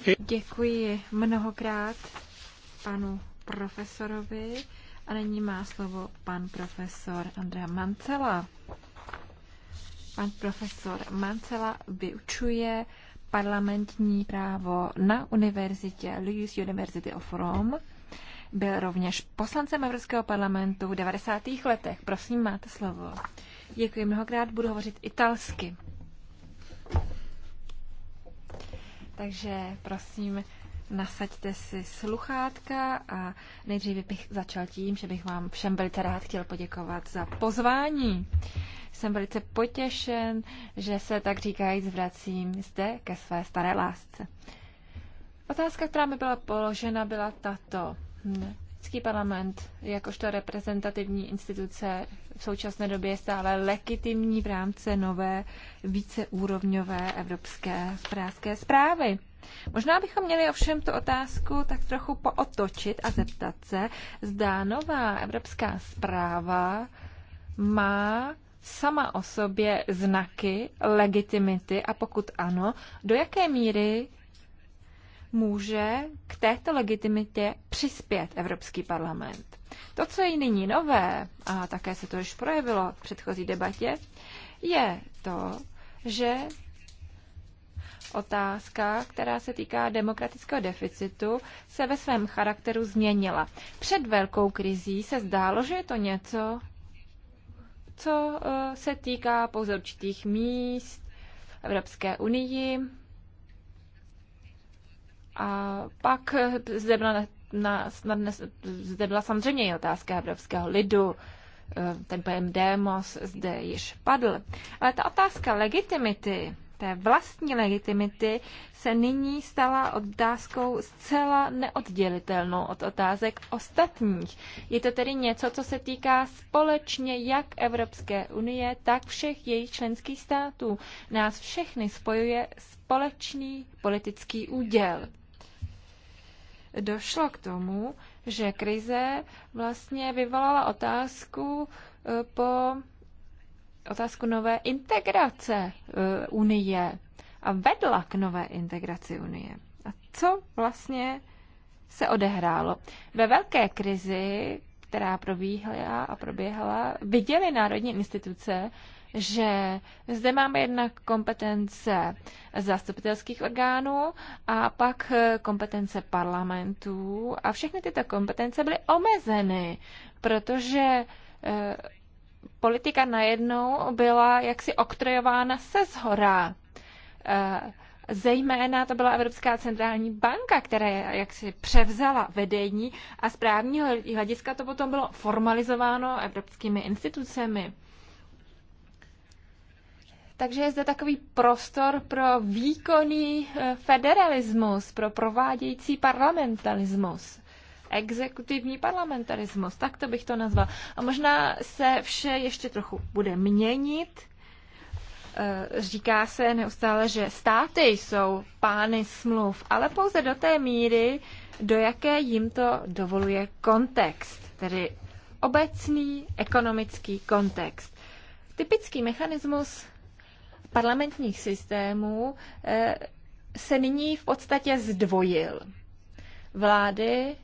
E- Děkuji mnohokrát panu profesorovi a nyní má slovo pan profesor Andrea Mancela. Pan profesor Mancela vyučuje parlamentní právo na univerzitě Lewis University of Rome. Byl rovněž poslancem Evropského parlamentu v 90. letech. Prosím, máte slovo. Děkuji mnohokrát, budu hovořit italsky. Takže prosím, nasaďte si sluchátka a nejdříve bych začal tím, že bych vám všem velice rád chtěl poděkovat za pozvání. Jsem velice potěšen, že se tak říkajíc vracím zde ke své staré lásce. Otázka, která mi byla položena, byla tato. Hm. Evropský parlament jakožto reprezentativní instituce v současné době je stále legitimní v rámci nové víceúrovňové evropské právské zprávy. Možná bychom měli ovšem tu otázku tak trochu pootočit a zeptat se, zda nová evropská zpráva má sama o sobě znaky legitimity a pokud ano, do jaké míry může k této legitimitě přispět Evropský parlament. To, co je nyní nové, a také se to již projevilo v předchozí debatě, je to, že otázka, která se týká demokratického deficitu, se ve svém charakteru změnila. Před velkou krizí se zdálo, že je to něco, co eh, se týká pouze určitých míst Evropské unii, a pak zde byla, na, na, na, zde byla samozřejmě i otázka evropského lidu, ten pojem demos zde již padl. Ale ta otázka legitimity, té vlastní legitimity, se nyní stala otázkou zcela neoddělitelnou od otázek ostatních. Je to tedy něco, co se týká společně jak Evropské unie, tak všech jejich členských států. Nás všechny spojuje společný politický úděl došlo k tomu, že krize vlastně vyvolala otázku e, po otázku nové integrace e, Unie a vedla k nové integraci Unie. A co vlastně se odehrálo? Ve velké krizi, která probíhala a proběhala, viděly národní instituce, že zde máme jednak kompetence zastupitelských orgánů a pak kompetence parlamentů a všechny tyto kompetence byly omezeny, protože eh, politika najednou byla jaksi oktrojována se zhora. Eh, zejména to byla Evropská centrální banka, která jaksi převzala vedení a správního hlediska to potom bylo formalizováno evropskými institucemi. Takže je zde takový prostor pro výkonný eh, federalismus, pro provádějící parlamentarismus exekutivní parlamentarismus, tak to bych to nazval. A možná se vše ještě trochu bude měnit. Eh, říká se neustále, že státy jsou pány smluv, ale pouze do té míry, do jaké jim to dovoluje kontext, tedy obecný ekonomický kontext. Typický mechanismus parlamentních systémů eh, se nyní v podstatě zdvojil. Vlády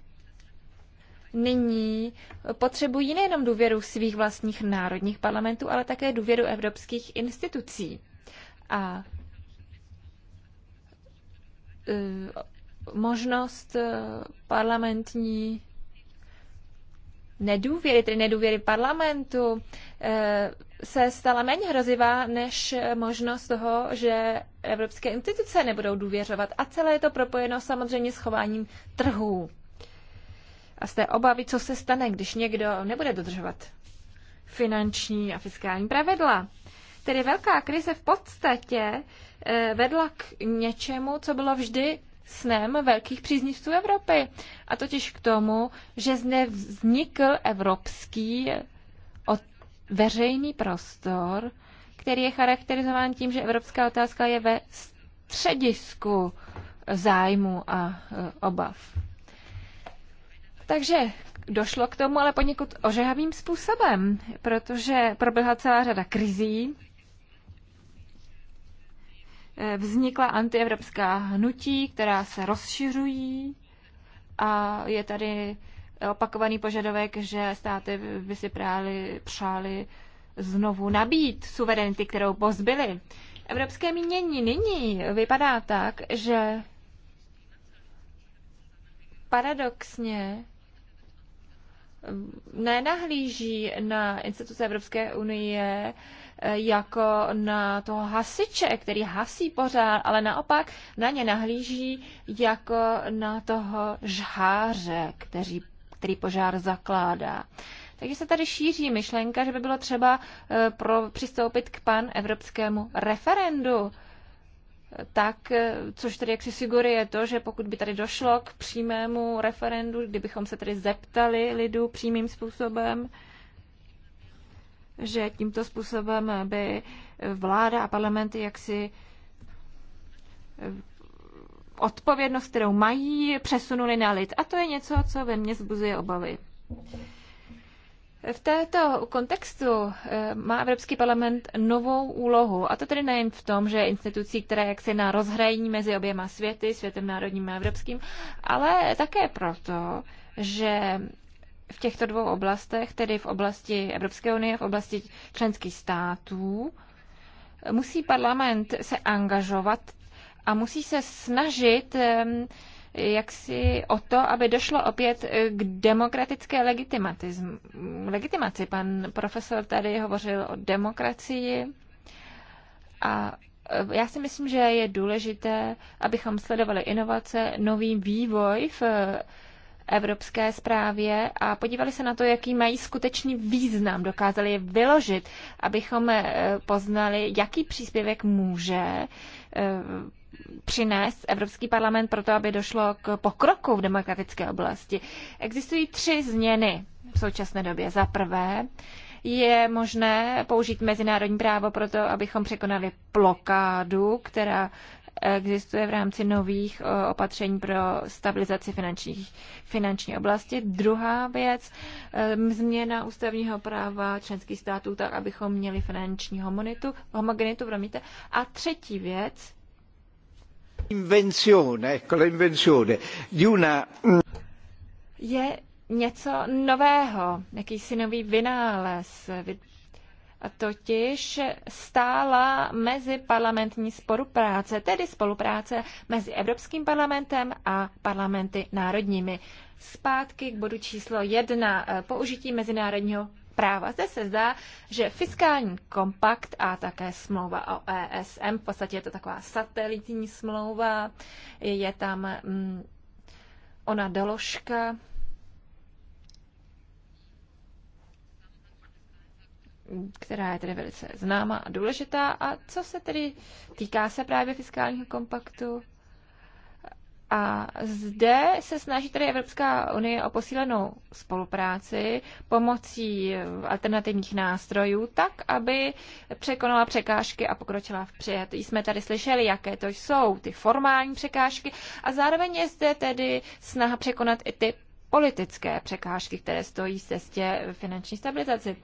nyní potřebují nejenom důvěru svých vlastních národních parlamentů, ale také důvěru evropských institucí. A eh, možnost eh, parlamentní nedůvěry, tedy nedůvěry parlamentu, se stala méně hrozivá než možnost toho, že evropské instituce nebudou důvěřovat. A celé je to propojeno samozřejmě s chováním trhů. A z té obavy, co se stane, když někdo nebude dodržovat finanční a fiskální pravidla. Tedy velká krize v podstatě eh, vedla k něčemu, co bylo vždy snem velkých příznivců Evropy. A totiž k tomu, že zde vznikl evropský veřejný prostor, který je charakterizován tím, že evropská otázka je ve středisku zájmu a e, obav. Takže došlo k tomu ale poněkud ožehavým způsobem, protože proběhla celá řada krizí, e, vznikla antievropská hnutí, která se rozšiřují a je tady opakovaný požadavek, že státy by si práli, přáli znovu nabít suverenity, kterou pozbyly. Evropské mínění nyní vypadá tak, že paradoxně mm, nenahlíží na instituce Evropské unie eh, jako na toho hasiče, který hasí pořád, ale naopak na ně nahlíží jako na toho žháře, kteří který požár zakládá. Takže se tady šíří myšlenka, že by bylo třeba eh, pro, přistoupit k pan evropskému referendu. Tak, eh, což tedy jaksi figuruje je to, že pokud by tady došlo k přímému referendu, kdybychom se tedy zeptali lidu přímým způsobem, že tímto způsobem by vláda a parlamenty jaksi odpovědnost, kterou mají, přesunuli na lid. A to je něco, co ve mně zbuzuje obavy. V této kontextu eh, má Evropský parlament novou úlohu, a to tedy nejen v tom, že je institucí, která se na rozhraní mezi oběma světy, světem národním a evropským, ale také proto, že v těchto dvou oblastech, tedy v oblasti Evropské unie, v oblasti členských států, musí parlament se angažovat a musí se snažit jak si o to, aby došlo opět eh, k demokratické legitimaci. Pan profesor tady hovořil o demokracii a eh, já si myslím, že je důležité, abychom sledovali inovace, nový vývoj v eh, evropské zprávě a podívali se na to, jaký mají skutečný význam, dokázali je vyložit, abychom poznali, jaký příspěvek může přinést Evropský parlament proto, aby došlo k pokroku v demokratické oblasti. Existují tři změny v současné době. Za prvé, je možné použít mezinárodní právo proto, abychom překonali blokádu, která existuje v rámci nových eh, opatření pro stabilizaci finančních, finanční oblasti. Druhá věc, ehm, změna ústavního práva členských států tak, abychom měli finanční homogenitu. Promíte. A třetí věc, Invenzione, ecco, l'invenzione di una... Mm, Je něco nového, jakýsi nový vynález, a totiž stála mezi parlamentní spolupráce, tedy spolupráce mezi Evropským parlamentem a parlamenty národními. Zpátky k bodu číslo jedna, eh, použití mezinárodního práva. Zde se zdá, že fiskální kompakt a také smlouva o ESM, v podstatě je to taková satelitní smlouva, je tam mm, ona doložka, která je tedy velice známá a důležitá. A co se tedy týká se právě fiskálního kompaktu? A zde se snaží tady Evropská unie o posílenou spolupráci pomocí alternativních nástrojů, tak, aby překonala překážky a pokročila vpřed. Jsme tady slyšeli, jaké to jsou ty formální překážky a zároveň je zde tedy snaha překonat i ty politické překážky, které stojí v cestě finanční stabilizaci.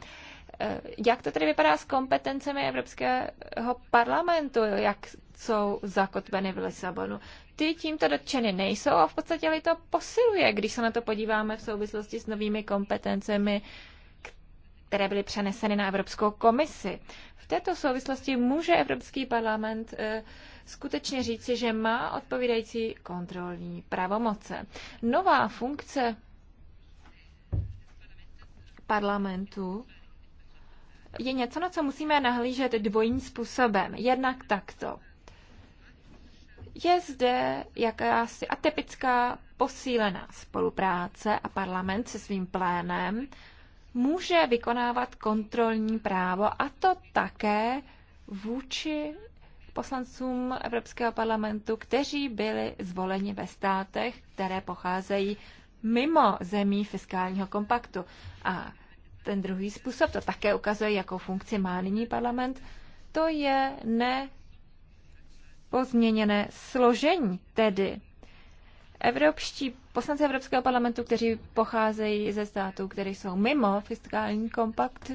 Eh, jak to tedy vypadá s kompetencemi Evropského parlamentu, jak jsou zakotveny v Lisabonu? ty tímto dotčeny nejsou a v podstatě to posiluje, když se na to podíváme v souvislosti s novými kompetencemi, které byly přeneseny na Evropskou komisi. V této souvislosti může Evropský parlament eh, skutečně říci, že má odpovídající kontrolní pravomoce. Nová funkce parlamentu je něco, na co musíme nahlížet dvojím způsobem. Jednak takto je zde jakási atypická posílená spolupráce a parlament se svým plénem může vykonávat kontrolní právo a to také vůči poslancům Evropského parlamentu, kteří byli zvoleni ve státech, které pocházejí mimo zemí fiskálního kompaktu. A ten druhý způsob, to také ukazuje, jakou funkci má nyní parlament, to je ne pozměněné složení, tedy evropští poslanci Evropského parlamentu, kteří pocházejí ze států, které jsou mimo fiskální kompakt,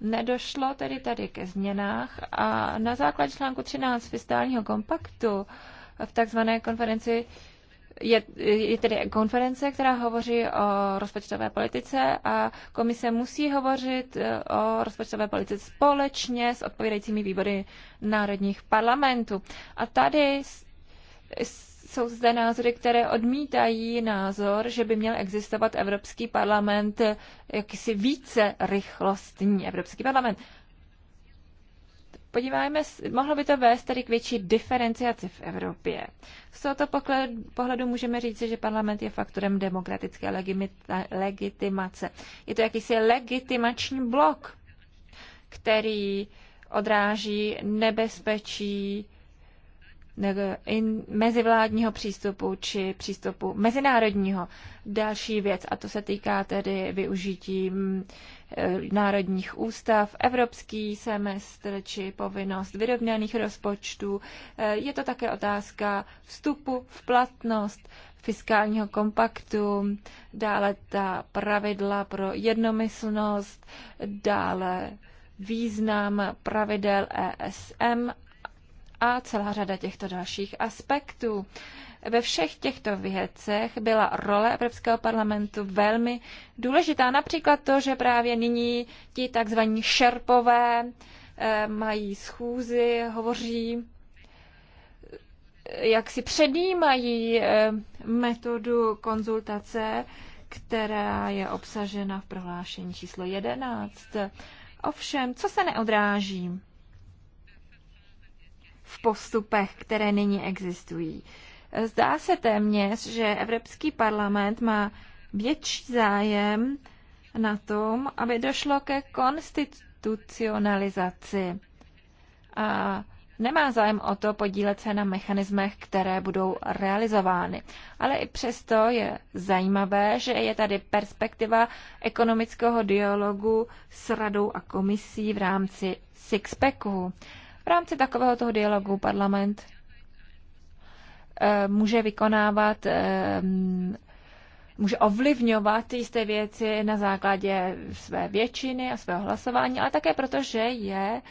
nedošlo tedy tady ke změnách a na základě článku 13 fiskálního kompaktu v takzvané konferenci je, je tedy konference, která hovoří o rozpočtové politice a komise musí hovořit e, o rozpočtové politice společně s odpovídajícími výbory národních parlamentů. A tady jsou zde názory, které odmítají názor, že by měl existovat Evropský parlament e, jakýsi více rychlostní Evropský parlament. Podíváme, mohlo by to vést tedy k větší diferenciaci v Evropě. Z tohoto pohledu můžeme říct, že parlament je faktorem demokratické legitimace. Je to jakýsi legitimační blok, který odráží nebezpečí mezivládního přístupu či přístupu mezinárodního. Další věc, a to se týká tedy využití mm, e, národních ústav, evropský semestr či povinnost vyrovnaných rozpočtů. E, je to také otázka vstupu v platnost fiskálního kompaktu, dále ta pravidla pro jednomyslnost, dále význam pravidel ESM a celá řada těchto dalších aspektů. Ve všech těchto věcech byla role Evropského parlamentu velmi důležitá. Například to, že právě nyní ti takzvaní šerpové eh, mají schůzy, hovoří, eh, jak si předjímají eh, metodu konzultace, která je obsažena v prohlášení číslo 11. Ovšem, co se neodráží? v postupech, které nyní existují. Zdá se téměř, že Evropský parlament má větší zájem na tom, aby došlo ke konstitucionalizaci. A nemá zájem o to podílet se na mechanismech, které budou realizovány. Ale i přesto je zajímavé, že je tady perspektiva ekonomického dialogu s radou a komisí v rámci Sixpacku. V rámci takového toho dialogu parlament eh, může vykonávat, ehm, může ovlivňovat jisté věci na základě své většiny a svého hlasování, ale také proto, že je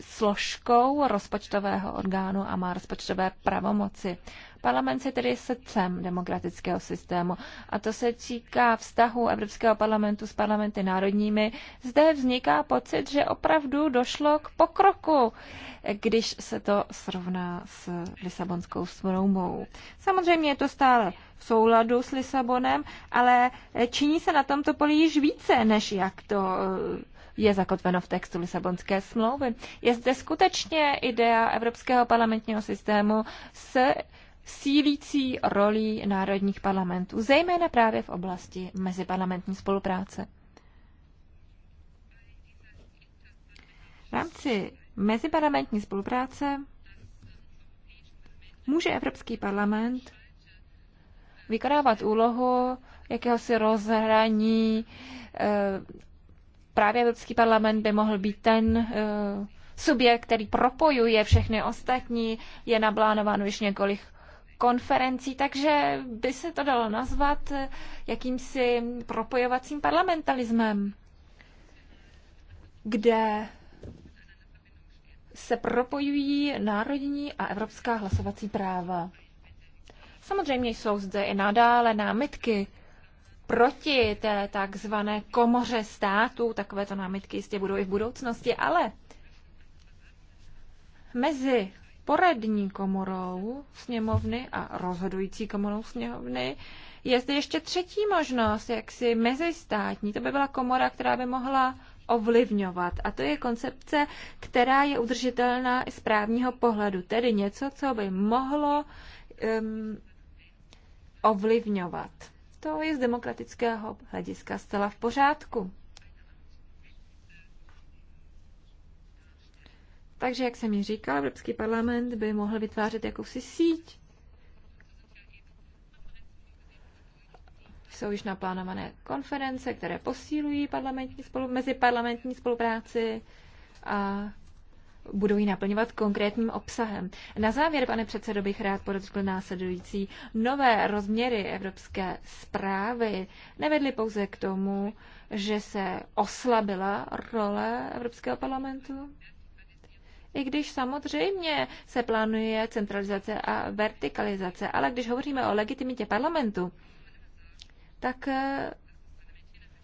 složkou rozpočtového orgánu a má rozpočtové pravomoci. Parlament je tedy srdcem demokratického systému a to se týká vztahu Evropského parlamentu s parlamenty národními. Zde vzniká pocit, že opravdu došlo k pokroku, když se to srovná s Lisabonskou smlouvou. Samozřejmě je to stále v souladu s Lisabonem, ale činí se na tomto poli již více, než jak to eh, je zakotveno v textu Lisabonské smlouvy. Je zde skutečně idea Evropského parlamentního systému s sílící rolí národních parlamentů, zejména právě v oblasti meziparlamentní spolupráce. V rámci meziparlamentní spolupráce může Evropský parlament vykonávat úlohu jakéhosi rozhraní. Eh, právě Evropský parlament by mohl být ten eh, subjekt, který propojuje všechny ostatní, je naplánováno již několik konferencí, takže by se to dalo nazvat eh, jakýmsi propojovacím parlamentalismem, kde se propojují národní a evropská hlasovací práva. Samozřejmě jsou zde i nadále námitky proti té takzvané komoře států. Takovéto námitky jistě budou i v budoucnosti, ale mezi poradní komorou sněmovny a rozhodující komorou sněmovny. Je zde ještě třetí možnost, jak si mezistátní. To by byla komora, která by mohla ovlivňovat. A to je koncepce, která je udržitelná i z právního pohledu. Tedy něco, co by mohlo um, ovlivňovat. To je z demokratického hlediska zcela v pořádku. Takže, jak jsem ji říkal, Evropský parlament by mohl vytvářet jakousi síť. Jsou již naplánované konference, které posílují parlamentní spolu, meziparlamentní spolupráci a budou ji naplňovat konkrétním obsahem. Na závěr, pane předsedo, bych rád podotkl následující. Nové rozměry evropské zprávy nevedly pouze k tomu, že se oslabila role Evropského parlamentu, i když samozřejmě se plánuje centralizace a vertikalizace. Ale když hovoříme o legitimitě parlamentu, tak eh,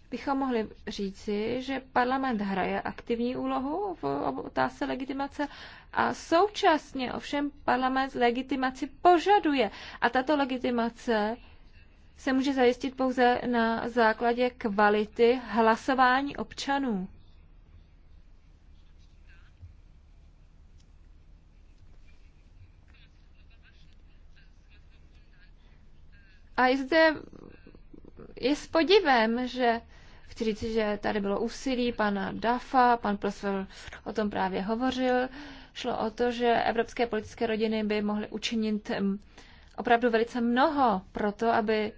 bychom mohli říci, že parlament hraje aktivní úlohu v otázce legitimace a současně ovšem parlament legitimaci požaduje. A tato legitimace se může zajistit pouze na základě kvality hlasování občanů. A i zde je s podivem, že chci říct, že tady bylo úsilí pana Dafa, pan Prosvel o tom právě hovořil, šlo o to, že evropské politické rodiny by mohly učinit mm, opravdu velice mnoho pro to, aby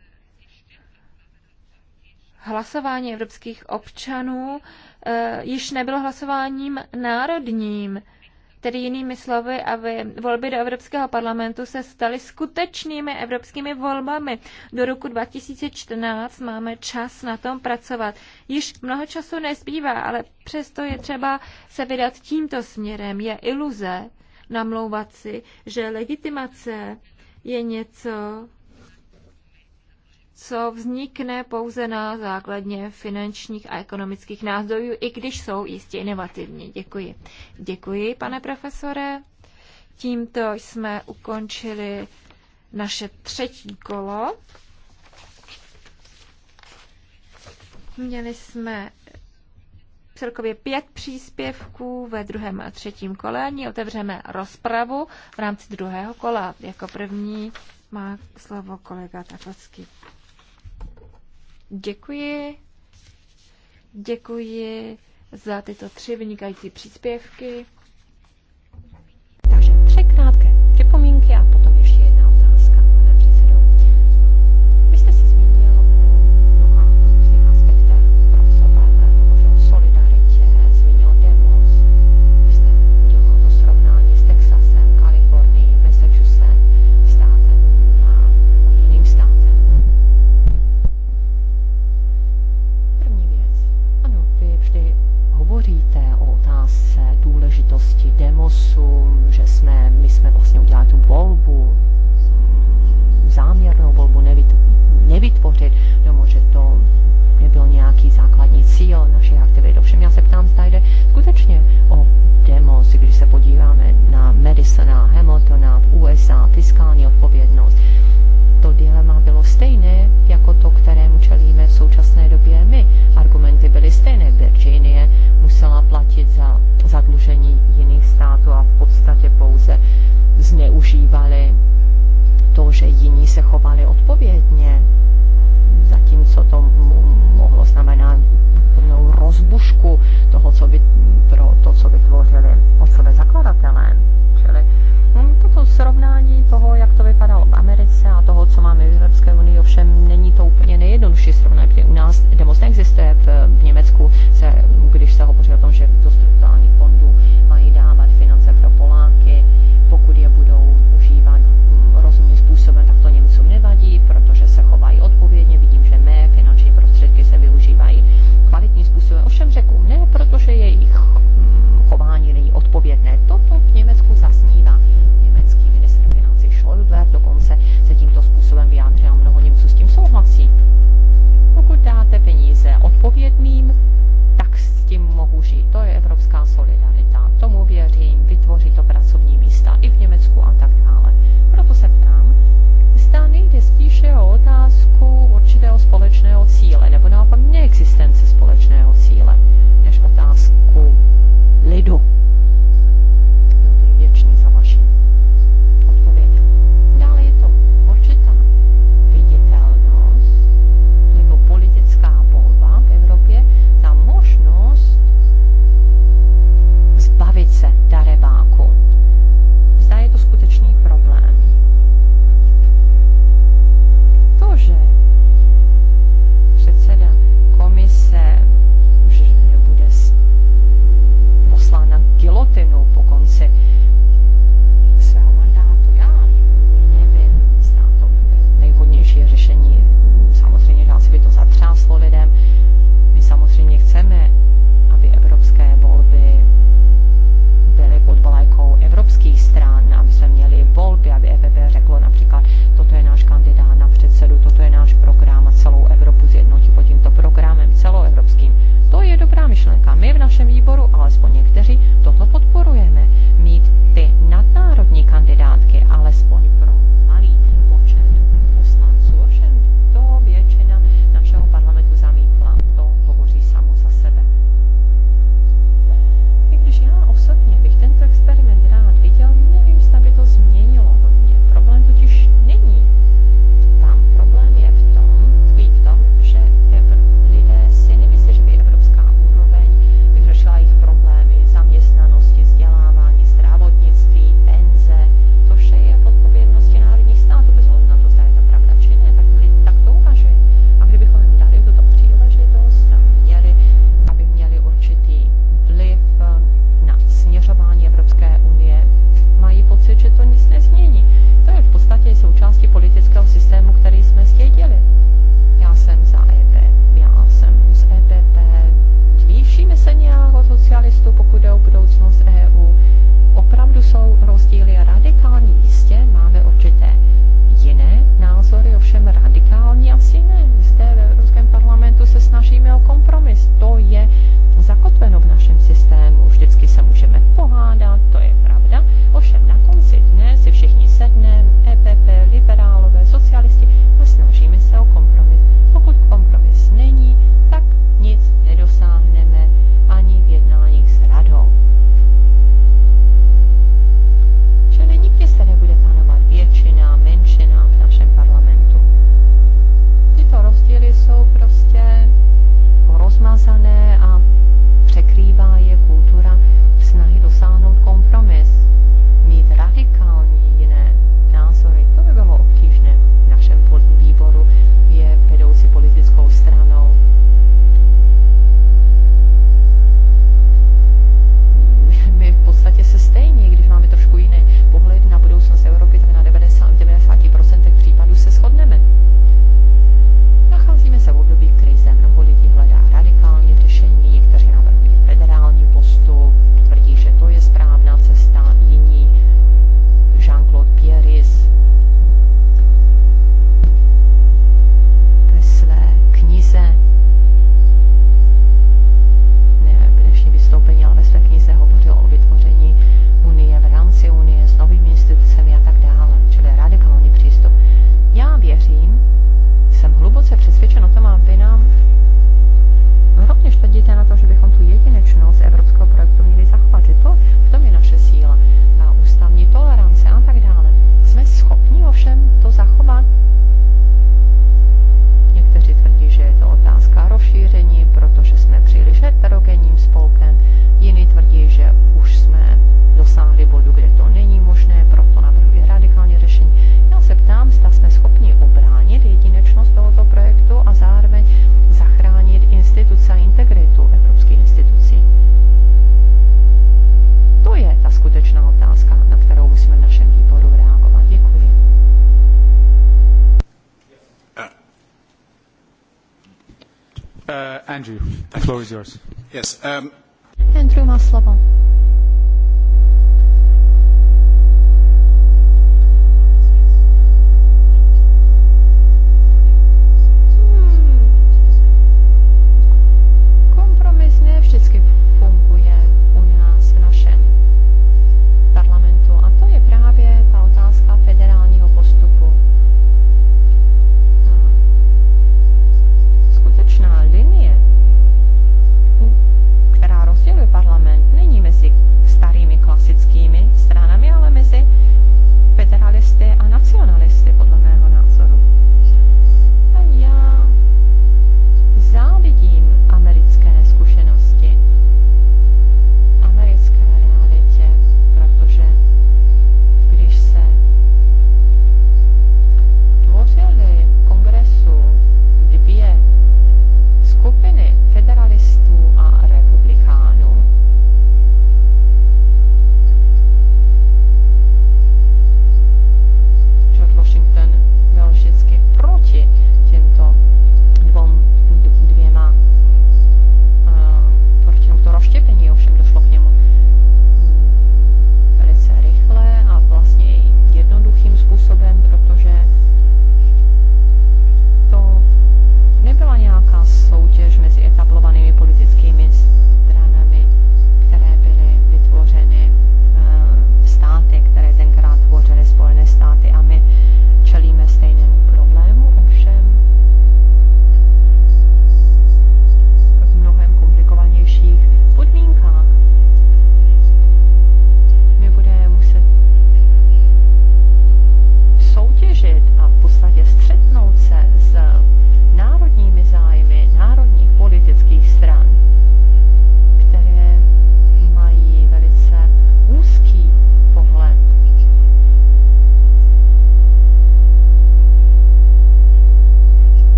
hlasování evropských občanů e, již nebylo hlasováním národním. Tedy jinými slovy, aby volby do Evropského parlamentu se staly skutečnými evropskými volbami. Do roku 2014 máme čas na tom pracovat. Již mnoho času nezbývá, ale přesto je třeba se vydat tímto směrem. Je iluze namlouvat si, že legitimace je něco, co vznikne pouze na základně finančních a ekonomických názdojů, i když jsou jistě inovativní. Děkuji. Děkuji, pane profesore. Tímto jsme ukončili naše třetí kolo. Měli jsme celkově pět příspěvků ve druhém a třetím kole. Nyní otevřeme rozpravu v rámci druhého kola. Jako první má slovo kolega Takovský. Děkuji. Děkuji za tyto tři vynikající příspěvky.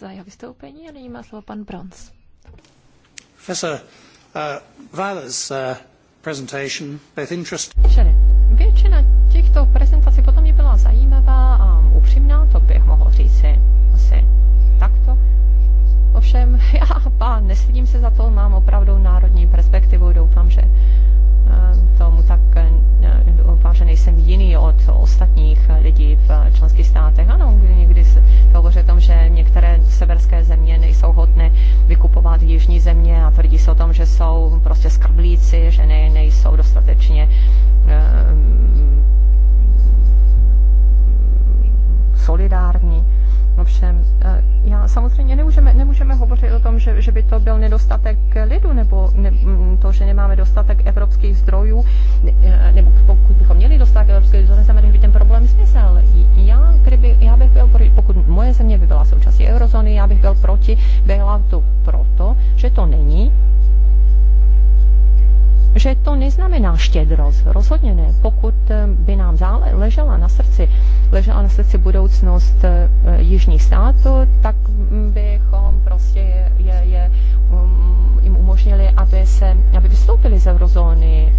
za jeho vystoupení a nyní má slovo pan Brons. Professor uh, Weiler's uh, presentation, both interesting... Většina těchto prezentací potom mě byla zajímavá a upřímná, to bych mohl říci asi takto. Ovšem, já pán, nestydím se za to, mám opravdu národní perspektivu, doufám, že eh, tomu tak že nejsem jiný od ostatních lidí v členských státech. Ano, někdy se hovoří o tom, že některé severské země nejsou hodné vykupovat jižní země a tvrdí se o tom, že jsou prostě skrblíci, že ne, nejsou dostatečně um, solidární. Ovšem, eh, já samozřejmě nemůžeme, nemůžeme hovořit o tom, že, že by to byl nedostatek lidu, nebo ne, mm, to, že nemáme dostatek evropských zdrojů, ne, eh, nebo pokud bychom měli dostatek evropských zdrojů, to neznamená, že by ten problém smysl. Já, kdyby, já bych byl, pokud moje země by byla součástí eurozóny, já bych byl proti bailoutu proto, že to není že to neznamená štědrost. Rozhodně ne. Pokud eh, by nám ležela na srdci, ležela na srdci budoucnost eh, jižních států, tak bychom prostě je, je, je um, jim umožnili, aby, se, aby vystoupili z eurozóny.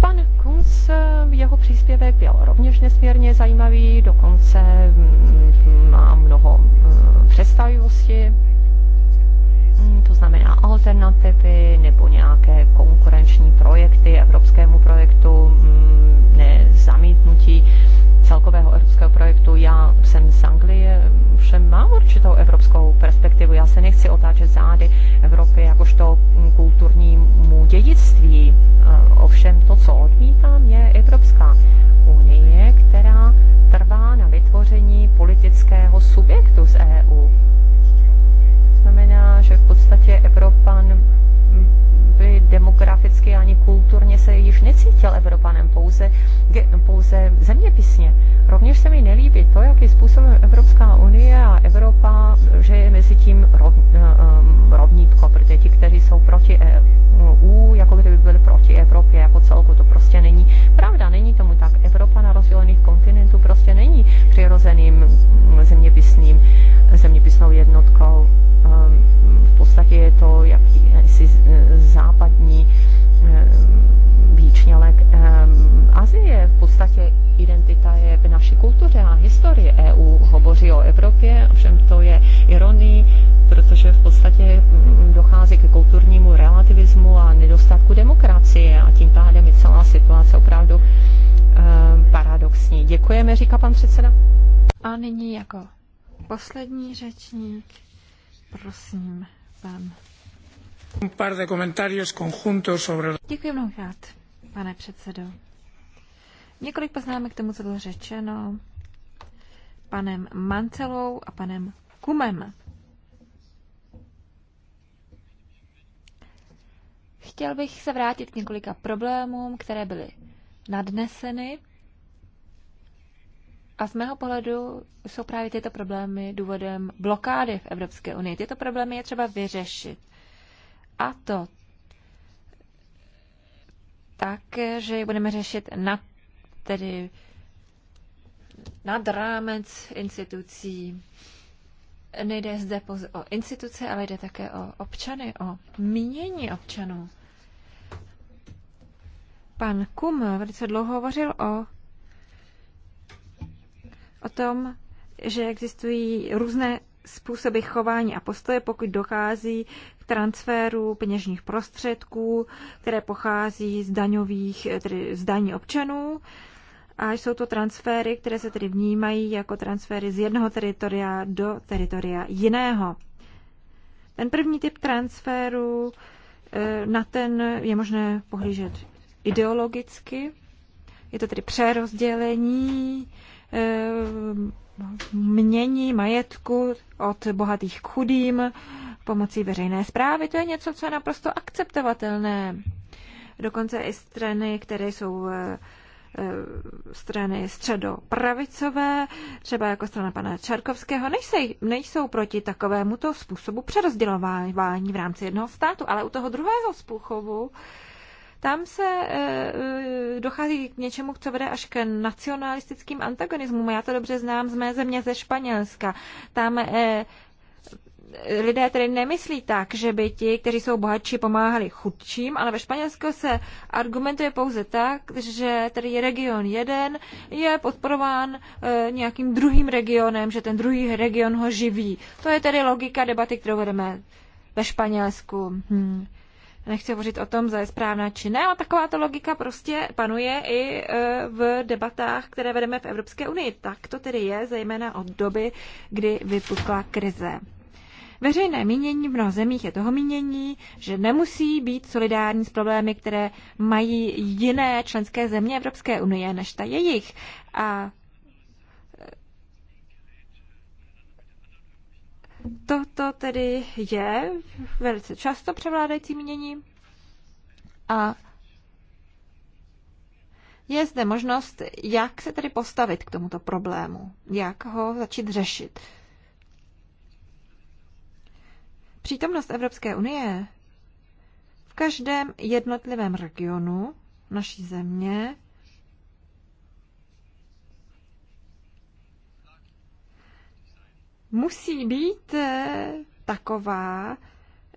Pan Kunz, eh, jeho příspěvek byl rovněž nesmírně zajímavý, dokonce mm, má mnoho představivosti. Mm, to znamená alternativy nebo nějaké konkurenční projekty evropskému projektu, mm, ne zamítnutí celkového evropského projektu. Já jsem z Anglie, všem mám určitou evropskou perspektivu. Já se nechci otáčet zády Evropy jakožto kulturnímu dědictví. Eh, ovšem to, co odmítám, je Evropská unie, která trvá na vytvoření politického subjektu z EU znamená, že v podstatě Evropan by demograficky ani kulturně se již necítil Evropanem, pouze, pouze zeměpisně. Rovněž se mi nelíbí to, jakým způsobem Evropská unie a Evropa, že je mezi tím rov, eh, eh, rovnítko, protože ti, kteří jsou proti EU, jako kdyby byli proti Evropě jako celku, to prostě není pravda, není tomu tak. Evropa na rozdělených kontinentů prostě není přirozeným zeměpisným, zeměpisnou jednotkou. Ehm, v podstatě je to jakýsi z západní eh, výčnělek eh, Azie. V podstatě identita je v naší kultuře a historii. EU hovoří o Evropě, ovšem to je ironii, protože v podstatě mm, dochází ke kulturnímu relativismu a nedostatku demokracie a tím pádem je celá situace opravdu eh, paradoxní. Děkujeme, říká pan předseda. A nyní jako poslední řečník, prosím, pan mnohokrát, pane předsedo. Několik poznámek k tomu, co bylo řečeno panem Mancelou a panem Kumem. Chtěl bych se vrátit k několika problémům, které byly nadneseny. A z mého pohledu jsou právě tyto problémy důvodem blokády v Evropské unii. Tyto problémy je třeba vyřešit. A to tak, že ji budeme řešit na, tedy nad rámec institucí. Nejde zde pouze o instituce, ale jde také o občany, o mínění občanů. Pan Kum velice dlouho hovořil o, o tom, že existují různé způsoby chování a postoje, pokud dochází k transferu peněžních prostředků, které pochází z, daňových, tedy z daní občanů. A jsou to transfery, které se tedy vnímají jako transfery z jednoho teritoria do teritoria jiného. Ten první typ transferu, eh, na ten je možné pohlížet ideologicky. Je to tedy přerozdělení eh, mění majetku od bohatých k chudým pomocí veřejné zprávy. To je něco, co je naprosto akceptovatelné. Dokonce i strany, které jsou eh, eh, strany středopravicové, třeba jako strana pana Čarkovského, nejsej, nejsou proti takovému to způsobu přerozdělování v rámci jednoho státu, ale u toho druhého způsobu tam se eh, eh, dochází k něčemu, co vede až k nacionalistickým antagonismům. Já to dobře znám z mé země ze Španělska. Tam eh, lidé tedy nemyslí tak, že by ti, kteří jsou bohatší, pomáhali chudším, ale ve Španělsku se argumentuje pouze tak, že tedy je region jeden je podporován e, nějakým druhým regionem, že ten druhý region ho živí. To je tedy logika debaty, kterou vedeme ve Španělsku. Hmm. Nechci hovořit o tom, zda je správná či ne, ale takováto logika prostě panuje i e, v debatách, které vedeme v Evropské unii. Tak to tedy je, zejména od doby, kdy vypukla krize. Veřejné mínění v mnoha zemích je toho mínění, že nemusí být solidární s problémy, které mají jiné členské země Evropské unie než ta jejich. A Toto tedy je velice často převládající mínění a je zde možnost, jak se tedy postavit k tomuto problému, jak ho začít řešit. Přítomnost Evropské unie v každém jednotlivém regionu naší země musí být eh, taková,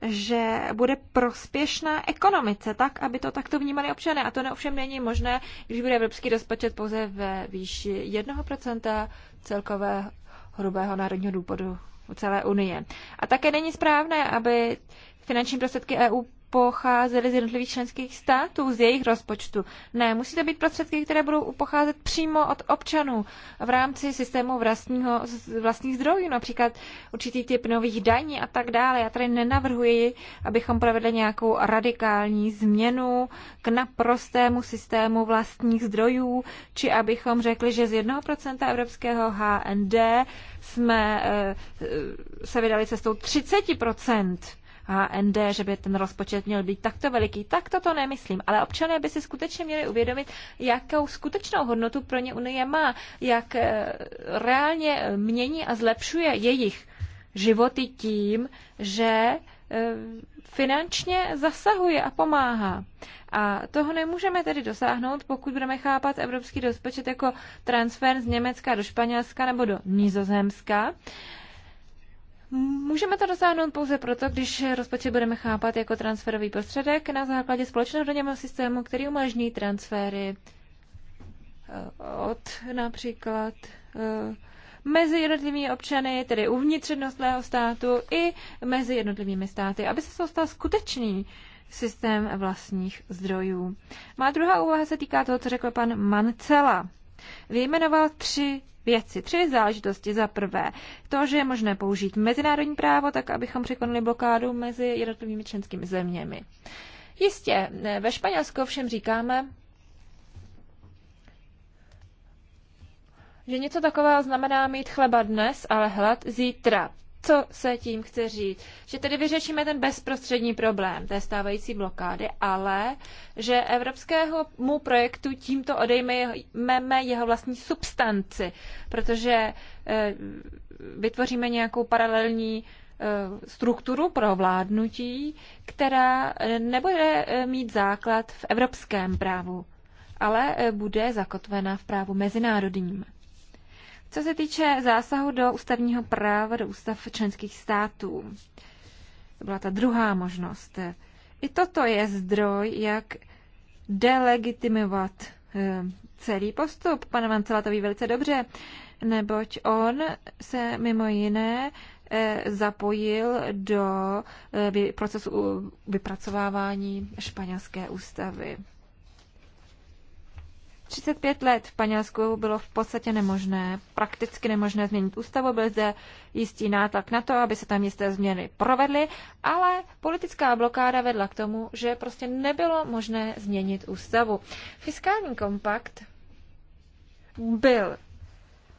že bude prospěšná ekonomice, tak, aby to takto vnímali občané. A to neovšem není možné, když bude evropský rozpočet pouze ve výši 1% celkového hrubého národního důvodu celé Unie. A také není správné, aby finanční prostředky EU pocházely z jednotlivých členských států, z jejich rozpočtu. Ne, musí to být prostředky, které budou pocházet přímo od občanů v rámci systému vlastního, vlastních zdrojů, například určitý typ nových daní a tak dále. Já tady nenavrhuji, abychom provedli nějakou radikální změnu k naprostému systému vlastních zdrojů, či abychom řekli, že z 1% evropského HND jsme eh, eh, se vydali cestou 30%. HND, že by ten rozpočet měl být takto veliký. Tak to, to nemyslím, ale občané by si skutečně měli uvědomit, jakou skutečnou hodnotu pro ně Unie má, jak eh, reálně eh, mění a zlepšuje jejich životy tím, že eh, finančně zasahuje a pomáhá. A toho nemůžeme tedy dosáhnout, pokud budeme chápat evropský rozpočet jako transfer z Německa do Španělska nebo do Nizozemska. Můžeme to dosáhnout pouze proto, když rozpočet budeme chápat jako transferový prostředek na základě společného daňového systému, který umožní transfery eh, od například eh, mezi jednotlivými občany, tedy uvnitř jednotlivého státu i mezi jednotlivými státy, aby se stal skutečný systém vlastních zdrojů. Má druhá úvaha se týká toho, co řekl pan Mancela. Vyjmenoval tři věci. Tři záležitosti. Za prvé, to, že je možné použít mezinárodní právo, tak abychom překonali blokádu mezi jednotlivými členskými zeměmi. Jistě, ve Španělsku všem říkáme, že něco takového znamená mít chleba dnes, ale hlad zítra co se tím chce říct. Že tedy vyřešíme ten bezprostřední problém té stávající blokády, ale že evropského mu projektu tímto odejmeme jeho vlastní substanci, protože eh, vytvoříme nějakou paralelní eh, strukturu pro vládnutí, která eh, nebude mít základ v evropském právu, ale bude zakotvena v právu mezinárodním. Co se týče zásahu do ústavního práva, do ústav členských států, to byla ta druhá možnost. I toto je zdroj, jak delegitimovat eh, celý postup. Pan Mancela to ví velice dobře, neboť on se mimo jiné eh, zapojil do eh, procesu vypracovávání španělské ústavy. 35 let v Španělsku bylo v podstatě nemožné, prakticky nemožné změnit ústavu, byl zde jistý nátlak na to, aby se tam jisté změny provedly, ale politická blokáda vedla k tomu, že prostě nebylo možné změnit ústavu. Fiskální kompakt byl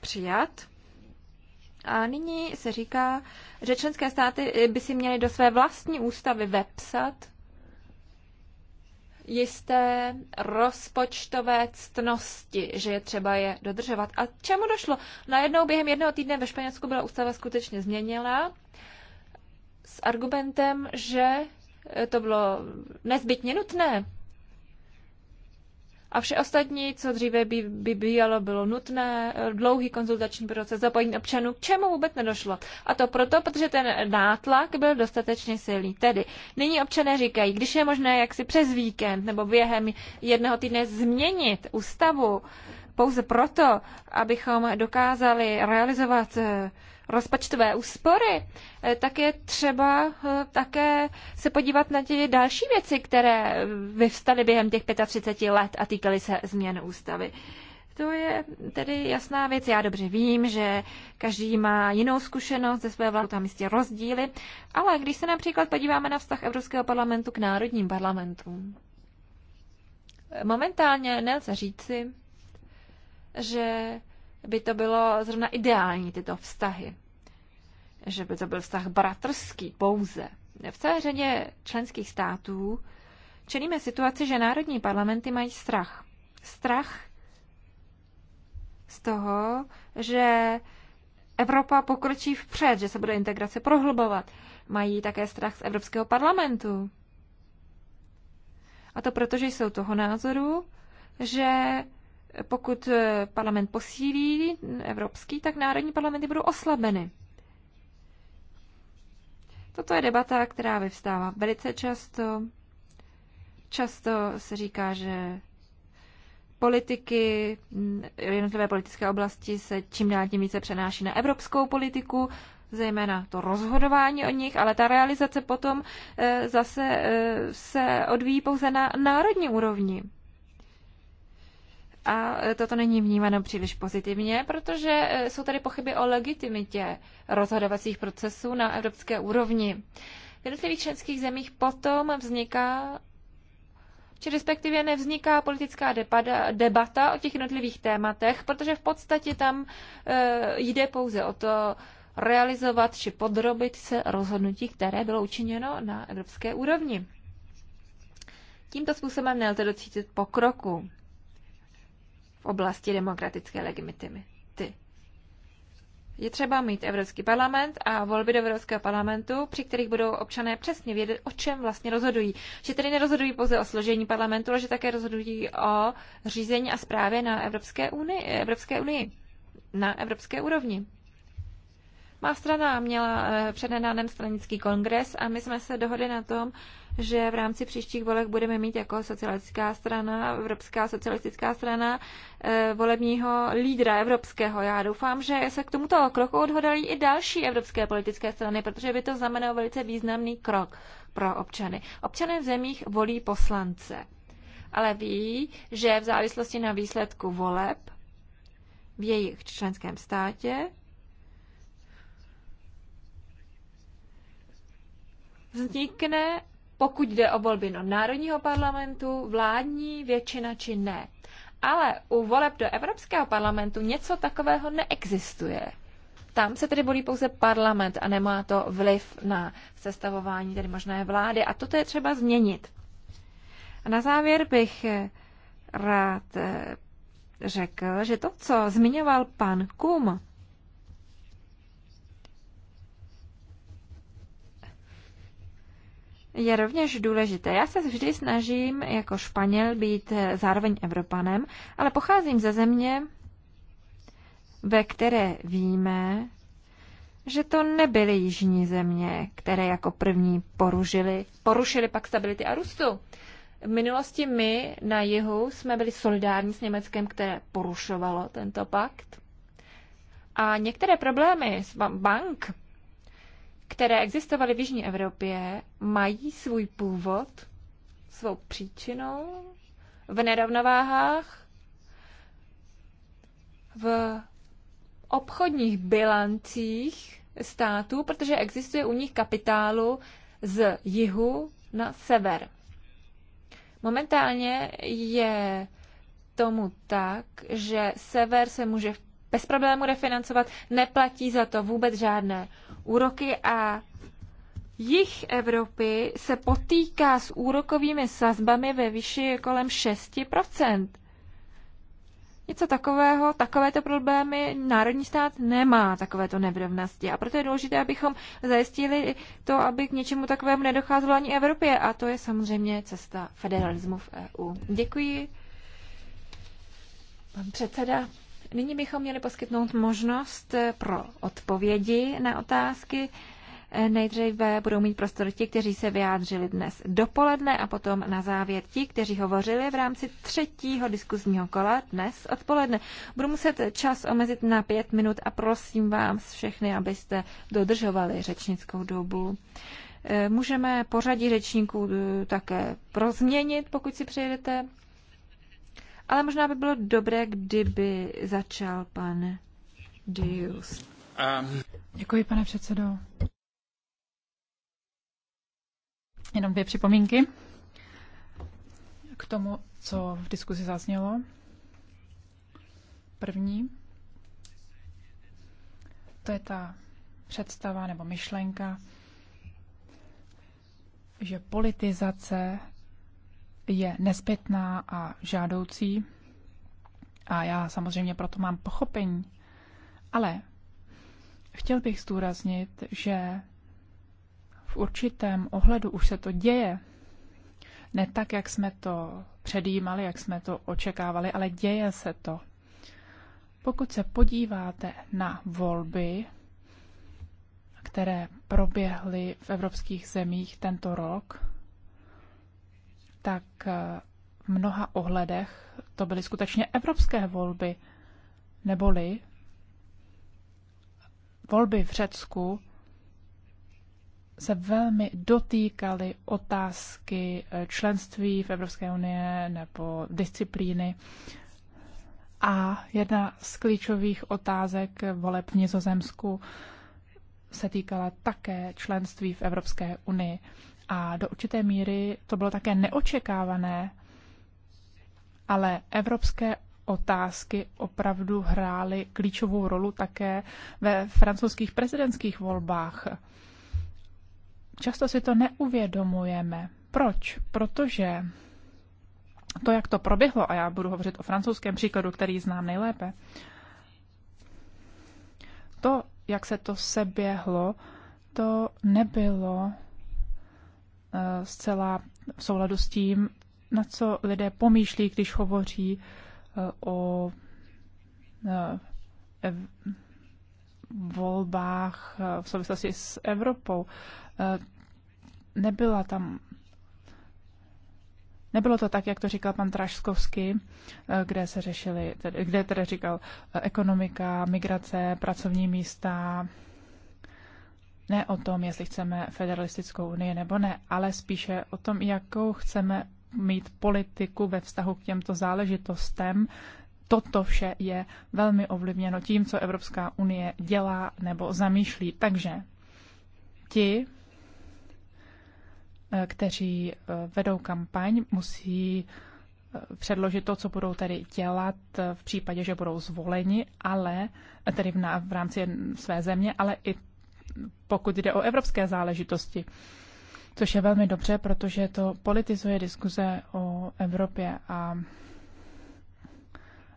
přijat a nyní se říká, že členské státy by si měly do své vlastní ústavy vepsat jisté rozpočtové ctnosti, že je třeba je dodržovat. A čemu došlo? Najednou během jednoho týdne ve Španělsku byla ústava skutečně změněna s argumentem, že to bylo nezbytně nutné. A vše ostatní, co dříve by, by bývalo, bylo nutné, dlouhý konzultační proces, zapojení občanů, k čemu vůbec nedošlo. A to proto, protože ten nátlak byl dostatečně silný. Tedy nyní občané říkají, když je možné jaksi přes víkend nebo během jednoho týdne změnit ústavu, pouze proto, abychom dokázali realizovat eh, rozpočtové úspory, eh, tak je třeba eh, také se podívat na ty další věci, které vyvstaly během těch 35 let a týkaly se změn ústavy. To je tedy jasná věc. Já dobře vím, že každý má jinou zkušenost ze své vlády, tam jistě rozdíly, ale když se například podíváme na vztah Evropského parlamentu k národním parlamentům, momentálně nelze říci, že by to bylo zrovna ideální, tyto vztahy. Že by to byl vztah bratrský pouze. V celé řadě členských států čelíme situaci, že národní parlamenty mají strach. Strach z toho, že Evropa pokročí vpřed, že se bude integrace prohlubovat. Mají také strach z Evropského parlamentu. A to proto, že jsou toho názoru, že pokud eh, parlament posílí evropský, tak národní parlamenty budou oslabeny. Toto je debata, která vyvstává velice často. Často se říká, že politiky, mm, jednotlivé politické oblasti se čím dál tím více přenáší na evropskou politiku, zejména to rozhodování o nich, ale ta realizace potom eh, zase eh, se odvíjí pouze na národní úrovni. A toto není vnímáno příliš pozitivně, protože e, jsou tady pochyby o legitimitě rozhodovacích procesů na evropské úrovni. V jednotlivých členských zemích potom vzniká či respektive nevzniká politická debata o těch jednotlivých tématech, protože v podstatě tam e, jde pouze o to realizovat či podrobit se rozhodnutí, které bylo učiněno na evropské úrovni. Tímto způsobem nelze docítit pokroku v oblasti demokratické legitimity. Je třeba mít Evropský parlament a volby do Evropského parlamentu, při kterých budou občané přesně vědět, o čem vlastně rozhodují. Že tedy nerozhodují pouze o složení parlamentu, ale že také rozhodují o řízení a správě na Evropské unii, Evropské unii na evropské úrovni. Má strana měla eh, před nedávnem stranický kongres a my jsme se dohodli na tom, že v rámci příštích voleb budeme mít jako socialistická strana, Evropská socialistická strana, eh, volebního lídra evropského. Já doufám, že se k tomuto kroku odhodlají i další evropské politické strany, protože by to znamenalo velice významný krok pro občany. Občany v zemích volí poslance, ale ví, že v závislosti na výsledku voleb v jejich členském státě vznikne, pokud jde o volby do Národního parlamentu, vládní většina či ne. Ale u voleb do Evropského parlamentu něco takového neexistuje. Tam se tedy volí pouze parlament a nemá to vliv na sestavování tedy možné vlády. A toto je třeba změnit. A na závěr bych eh, rád eh, řekl, že to, co zmiňoval pan Kum, je rovněž důležité. Já se vždy snažím jako Španěl být zároveň Evropanem, ale pocházím ze země, ve které víme, že to nebyly jižní země, které jako první porušily, porušily pak stability a růstu. V minulosti my na jihu jsme byli solidární s Německem, které porušovalo tento pakt. A některé problémy z bank které existovaly v Jižní Evropě, mají svůj původ, svou příčinou v nerovnováhách, v obchodních bilancích států, protože existuje u nich kapitálu z jihu na sever. Momentálně je tomu tak, že sever se může v bez problému refinancovat, neplatí za to vůbec žádné úroky a Jich Evropy se potýká s úrokovými sazbami ve výši kolem 6%. Něco takového, takovéto problémy národní stát nemá, takovéto nevrovnosti. A proto je důležité, abychom zajistili to, aby k něčemu takovému nedocházelo ani Evropě. A to je samozřejmě cesta federalismu v EU. Děkuji. Pan předseda Nyní bychom měli poskytnout možnost eh, pro odpovědi na otázky. Eh, nejdříve budou mít prostor ti, kteří se vyjádřili dnes dopoledne a potom na závěr ti, kteří hovořili v rámci třetího diskuzního kola dnes odpoledne. Budu muset čas omezit na pět minut a prosím vám všechny, abyste dodržovali řečnickou dobu. Eh, můžeme pořadí řečníků také prozměnit, pokud si přejedete ale možná by bylo dobré, kdyby začal pan Dius. Um. Děkuji, pane předsedo. Jenom dvě připomínky k tomu, co v diskuzi zaznělo. První, to je ta představa nebo myšlenka, že politizace je nezbytná a žádoucí. A já samozřejmě proto mám pochopení. Ale chtěl bych zdůraznit, že v určitém ohledu už se to děje. Ne tak, jak jsme to předjímali, jak jsme to očekávali, ale děje se to. Pokud se podíváte na volby, které proběhly v evropských zemích tento rok, tak eh, v mnoha ohledech to byly skutečně evropské volby, neboli volby v Řecku se velmi dotýkaly otázky eh, členství v Evropské unie nebo disciplíny. A jedna z klíčových otázek voleb v Nizozemsku se týkala také členství v Evropské unii a do určité míry to bylo také neočekávané, ale evropské otázky opravdu hrály klíčovou rolu také ve francouzských prezidentských volbách. Často si to neuvědomujeme. Proč? Protože to, jak to proběhlo, a já budu hovořit o francouzském příkladu, který znám nejlépe, to, jak se to seběhlo, to nebylo Eh, zcela v souladu s tím, na co lidé pomýšlí, když hovoří eh, o eh, volbách v souvislosti s Evropou. Nebyla tam Nebylo to tak, jak to říkal pan Tražskovský, kde se řešili, kde teda říkal ekonomika, migrace, pracovní místa, ne o tom, jestli chceme federalistickou unii nebo ne, ale spíše o tom, jakou chceme mít politiku ve vztahu k těmto záležitostem. Toto vše je velmi ovlivněno tím, co Evropská unie dělá nebo zamýšlí. Takže ti, eh, kteří eh, vedou kampaň, musí eh, předložit to, co budou tady dělat v případě, že budou zvoleni, ale tedy v rámci své země, ale i pokud jde o evropské záležitosti. Což je velmi dobře, protože to politizuje diskuze o Evropě a,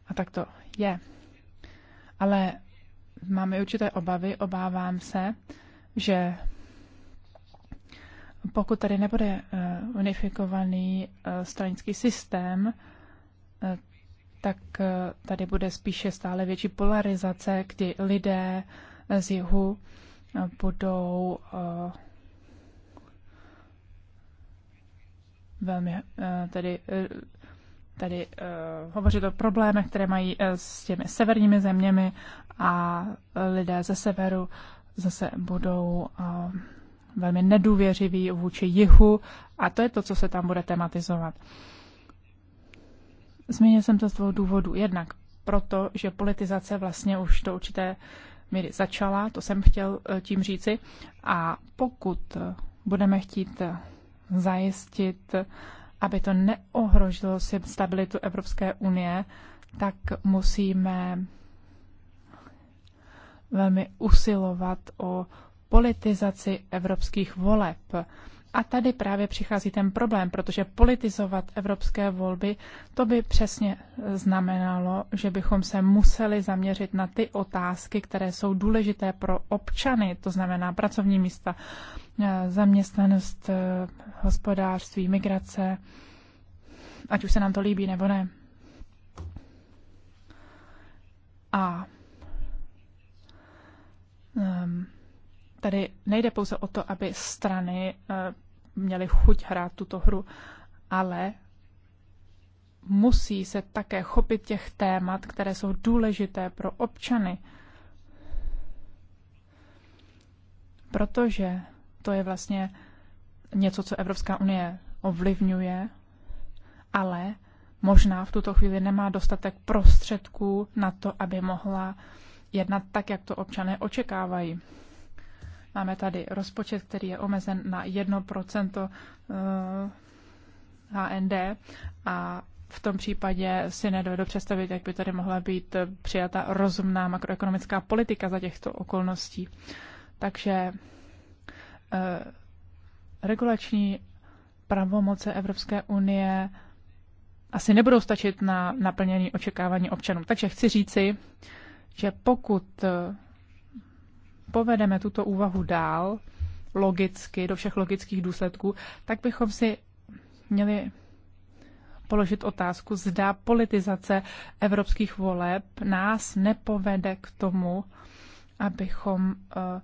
a tak to je. Ale máme určité obavy, obávám se, že pokud tady nebude eh, unifikovaný eh, stranický systém, eh, tak tady bude spíše stále větší polarizace, kdy lidé z jihu budou eh, velmi eh, tedy eh, tady uh, hovořit o problémech, které mají uh, s těmi severními zeměmi a lidé ze severu zase budou uh, velmi nedůvěřiví vůči jihu a to je to, co se tam bude tematizovat. Zmínil jsem to z dvou důvodů. Jednak proto, že politizace vlastně už to určité míry začala, to jsem chtěl eh, tím říci. A pokud eh, budeme chtít eh, zajistit, aby to neohrožilo si stabilitu Evropské unie, tak musíme velmi usilovat o politizaci evropských voleb. A tady právě přichází ten problém, protože politizovat evropské volby, to by přesně znamenalo, že bychom se museli zaměřit na ty otázky, které jsou důležité pro občany, to znamená pracovní místa, eh, zaměstnanost, eh, hospodářství, migrace, ať už se nám to líbí nebo ne. A ehm, tady nejde pouze o to, aby strany eh, měli chuť hrát tuto hru, ale musí se také chopit těch témat, které jsou důležité pro občany. Protože to je vlastně něco, co Evropská unie ovlivňuje, ale možná v tuto chvíli nemá dostatek prostředků na to, aby mohla jednat tak, jak to občané očekávají. Máme tady rozpočet, který je omezen na 1% eh, HND a v tom případě si nedovedu představit, jak by tady mohla být přijata rozumná makroekonomická politika za těchto okolností. Takže eh, regulační pravomoce Evropské unie asi nebudou stačit na naplnění očekávání občanů. Takže chci říci, že pokud eh, povedeme tuto úvahu dál, logicky, do všech logických důsledků, tak bychom si měli položit otázku, zda politizace evropských voleb nás nepovede k tomu, abychom eh,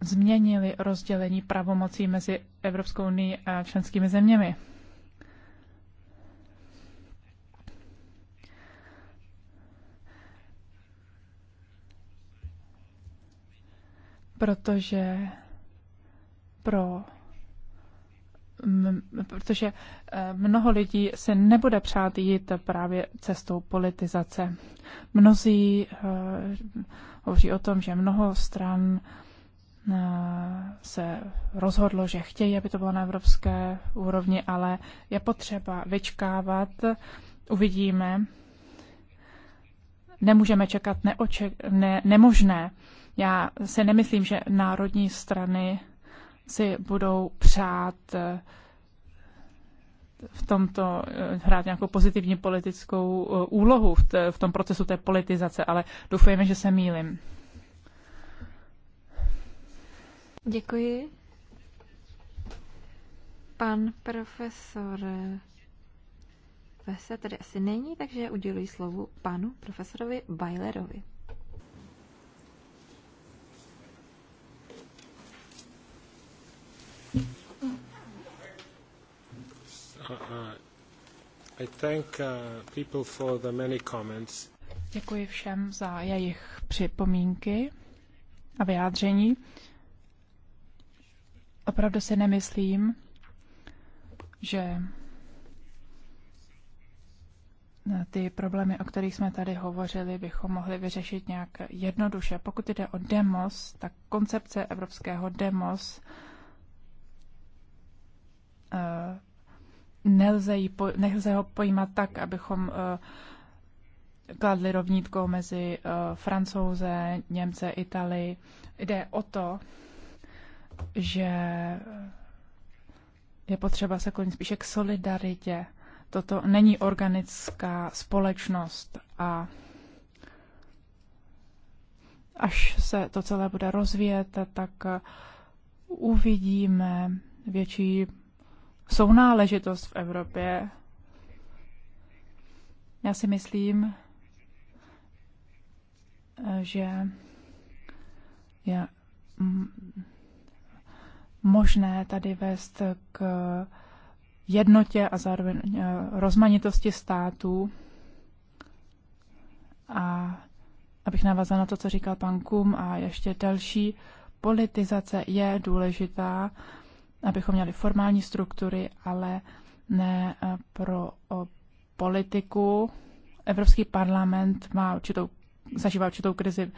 změnili rozdělení pravomocí mezi Evropskou unii a členskými zeměmi. protože pro protože eh, mnoho lidí se nebude přát jít právě cestou politizace. Mnozí eh, hovoří o tom, že mnoho stran eh, se rozhodlo, že chtějí, aby to bylo na evropské úrovni, ale je potřeba vyčkávat, uvidíme. Nemůžeme čekat neoček- ne- nemožné. Já si nemyslím, že národní strany si budou přát eh, v tomto eh, hrát nějakou pozitivní politickou eh, úlohu v, v tom procesu té politizace, ale doufejme, že se mýlim. Děkuji. Pan profesor Vese tady asi není, takže uděluji slovu panu profesorovi Bajlerovi. Uh, uh, I thank uh, people for the many comments. Děkuji všem za jejich připomínky a vyjádření. Opravdu si nemyslím, že ty problémy, o kterých jsme tady hovořili, bychom mohli vyřešit nějak jednoduše. Pokud jde o demos, tak koncepce evropského demos eh, nelze, jí, nelze ho pojímat tak, abychom eh, kladli rovnítko mezi eh, francouze, Němce, Italii. Jde o to, že je potřeba se klonit spíše k solidaritě. Toto není organická společnost a až se to celé bude rozvíjet, tak eh, uvidíme větší sounáležitost v Evropě. Já si myslím, že je možné tady vést k jednotě a zároveň e, rozmanitosti států. A abych navázala na to, co říkal pan Kum a ještě další, politizace je důležitá abychom měli formální struktury, ale ne eh, pro politiku. Evropský parlament má určitou, zažívá určitou krizi,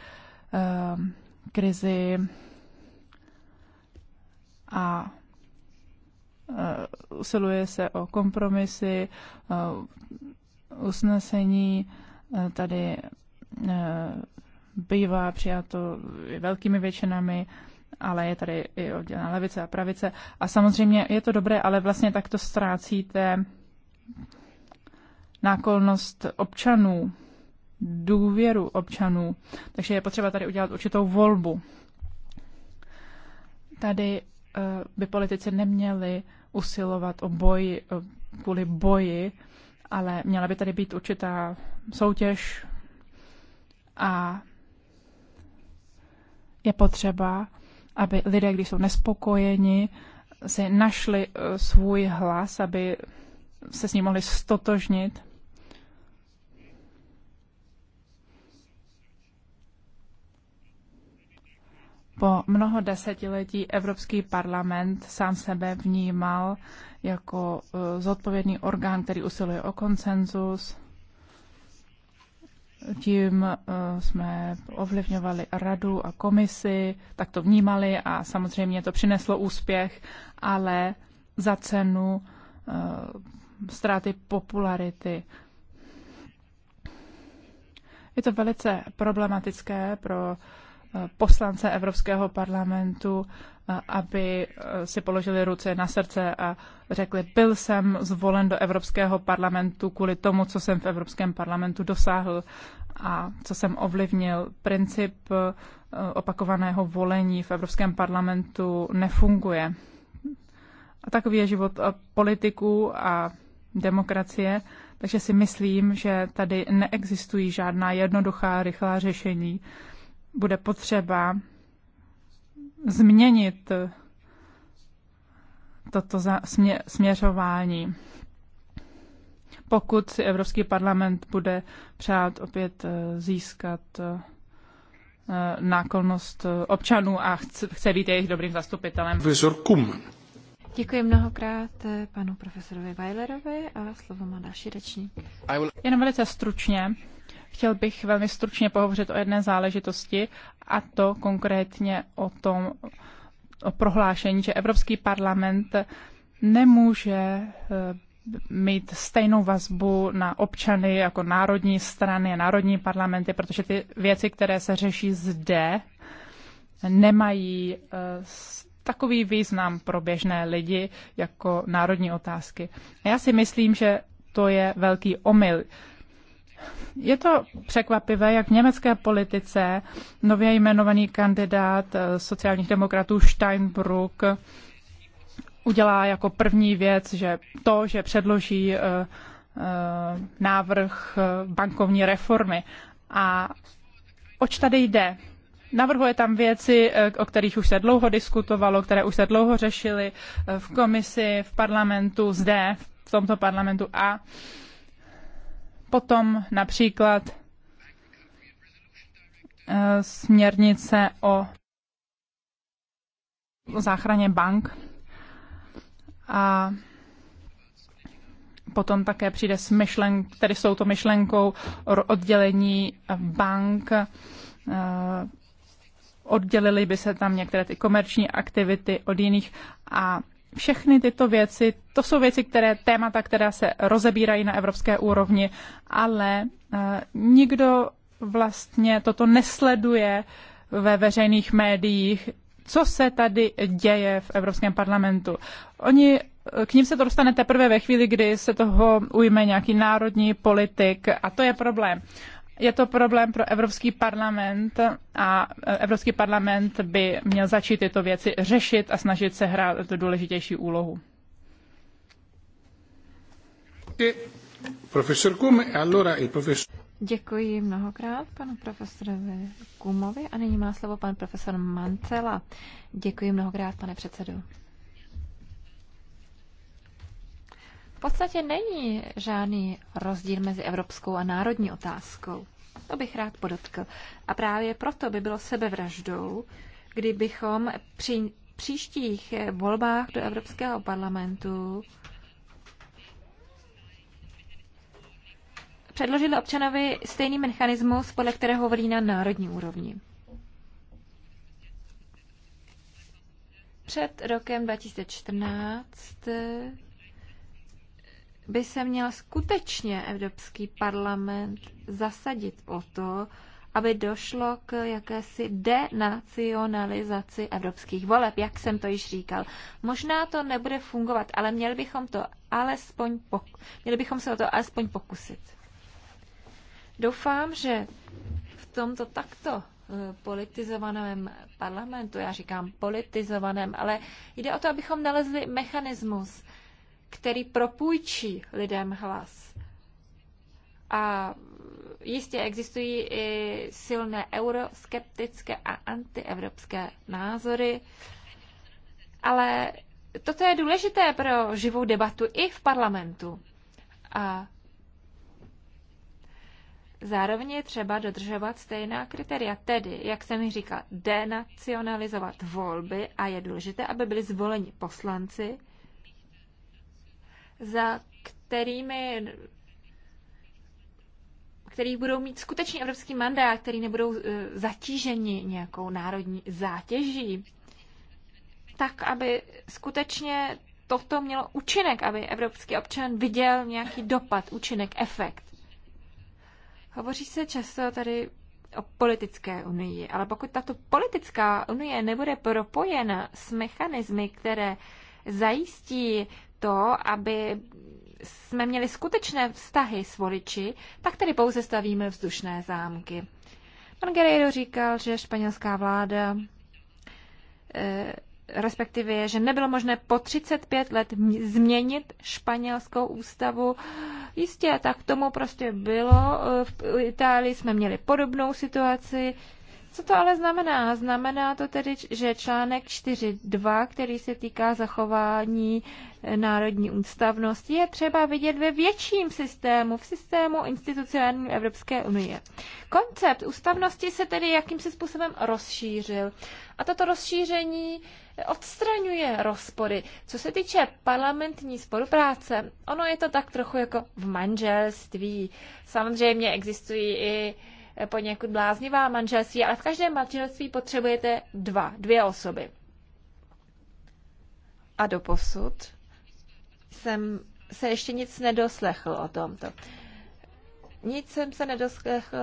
ehm, krizi a eh, usiluje se o kompromisy, eh, usnesení. Tady bývá přijato velkými většinami ale je tady i oddělená levice a pravice. A samozřejmě je to dobré, ale vlastně takto ztrácíte nákolnost občanů, důvěru občanů. Takže je potřeba tady udělat určitou volbu. Tady eh, by politici neměli usilovat o boj kvůli boji, ale měla by tady být určitá soutěž a je potřeba, aby lidé, když jsou nespokojeni, si našli eh, svůj hlas, aby se s ním mohli stotožnit. Po mnoho desetiletí Evropský parlament sám sebe vnímal jako eh, zodpovědný orgán, který usiluje o konsenzus, tím eh, jsme ovlivňovali radu a komisi, tak to vnímali a samozřejmě to přineslo úspěch, ale za cenu eh, ztráty popularity. Je to velice problematické pro eh, poslance Evropského parlamentu aby eh, si položili ruce na srdce a řekli, byl jsem zvolen do Evropského parlamentu kvůli tomu, co jsem v Evropském parlamentu dosáhl a co jsem ovlivnil. Princip eh, opakovaného volení v Evropském parlamentu nefunguje. A takový je život eh, politiků a demokracie, takže si myslím, že tady neexistují žádná jednoduchá, rychlá řešení. Bude potřeba změnit toto směřování. Pokud si Evropský parlament bude přát opět eh, získat eh, náklonnost eh, občanů a chce, být jejich dobrým zastupitelem. Děkuji mnohokrát panu profesorovi Weilerovi a slovo má další řečník. Jenom velice stručně. Chtěl bych velmi stručně pohovořit o jedné záležitosti a to konkrétně o tom o prohlášení, že Evropský parlament nemůže eh, mít stejnou vazbu na občany jako národní strany a národní parlamenty, protože ty věci, které se řeší zde, nemají eh, takový význam pro běžné lidi jako národní otázky. A já si myslím, že to je velký omyl. Je to překvapivé, jak v německé politice nově jmenovaný kandidát eh, sociálních demokratů Steinbrück udělá jako první věc, že to, že předloží eh, eh, návrh bankovní reformy. A oč tady jde? Navrhuje tam věci, o kterých už se dlouho diskutovalo, které už se dlouho řešily v komisi, v parlamentu, zde, v tomto parlamentu a uh, Potom například eh, směrnice o záchraně bank a potom také přijde s myšlenkou, tedy s touto myšlenkou oddělení bank. Eh, oddělili by se tam některé ty komerční aktivity od jiných a všechny tyto věci, to jsou věci, které témata, která se rozebírají na evropské úrovni, ale eh, nikdo vlastně toto nesleduje ve veřejných médiích, co se tady děje v Evropském parlamentu. Oni eh, k ním se to dostane teprve ve chvíli, kdy se toho ujme nějaký národní politik a to je problém je to problém pro Evropský parlament a e, Evropský parlament by měl začít tyto věci řešit a snažit se hrát tu důležitější úlohu. Profesor allora il profesor... Děkuji mnohokrát panu profesorovi Kumovi a nyní má slovo pan profesor Mancela. Děkuji mnohokrát, pane předsedu. V podstatě není žádný rozdíl mezi evropskou a národní otázkou. To bych rád podotkl. A právě proto by bylo sebevraždou, kdybychom při příštích volbách do Evropského parlamentu předložili občanovi stejný mechanismus, podle kterého volí na národní úrovni. Před rokem 2014 by se měl skutečně Evropský parlament zasadit o to, aby došlo k jakési denacionalizaci evropských voleb, jak jsem to již říkal. Možná to nebude fungovat, ale měli bychom, to alespoň pok- měli bychom se o to alespoň pokusit. Doufám, že v tomto takto eh, politizovaném parlamentu, já říkám politizovaném, ale jde o to, abychom nalezli mechanismus, který propůjčí lidem hlas. A jistě existují i silné euroskeptické a antievropské názory, ale toto je důležité pro živou debatu i v parlamentu. A zároveň je třeba dodržovat stejná kritéria, tedy, jak jsem mi říkal, denacionalizovat volby a je důležité, aby byli zvoleni poslanci, za kterými který budou mít skutečný evropský mandát, který nebudou e, zatíženi nějakou národní zátěží, tak, aby skutečně toto mělo účinek, aby evropský občan viděl nějaký dopad, účinek, efekt. Hovoří se často tady o politické unii, ale pokud tato politická unie nebude propojena s mechanismy, které zajistí to, aby jsme měli skutečné vztahy s voliči, tak tedy pouze stavíme vzdušné zámky. Pan Guerrero říkal, že španělská vláda, eh, respektive, že nebylo možné po 35 let změnit španělskou ústavu. Jistě, tak tomu prostě bylo. Eh, v Itálii jsme měli podobnou situaci. Co to ale znamená? Znamená to tedy, že článek 4.2, který se týká zachování eh, národní ústavnosti, je třeba vidět ve větším systému, v systému institucionální Evropské unie. Koncept ústavnosti se tedy jakýmsi způsobem rozšířil. A toto rozšíření eh, odstraňuje rozpory. Co se týče parlamentní spolupráce, ono je to tak trochu jako v manželství. Samozřejmě existují i poněkud bláznivá manželství, ale v každém manželství potřebujete dva, dvě osoby. A doposud jsem se ještě nic nedoslechl o tomto. Nic jsem se nedoslechl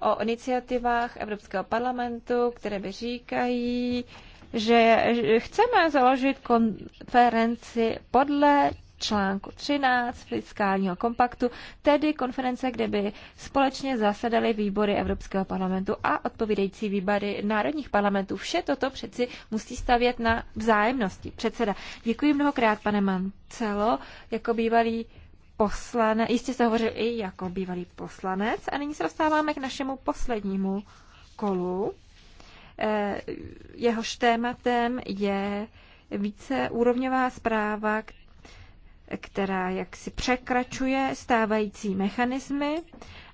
o iniciativách Evropského parlamentu, které by říkají, že chceme založit konferenci podle článku 13 fiskálního kompaktu, tedy konference, kde by společně zasedaly výbory Evropského parlamentu a odpovídající výbory národních parlamentů. Vše toto přeci musí stavět na vzájemnosti. Předseda, děkuji mnohokrát, pane Mancelo, jako bývalý poslanec, jistě se hovořil i jako bývalý poslanec. A nyní se dostáváme k našemu poslednímu kolu. Eh, jehož tématem je úrovňová zpráva k která jaksi překračuje stávající mechanismy.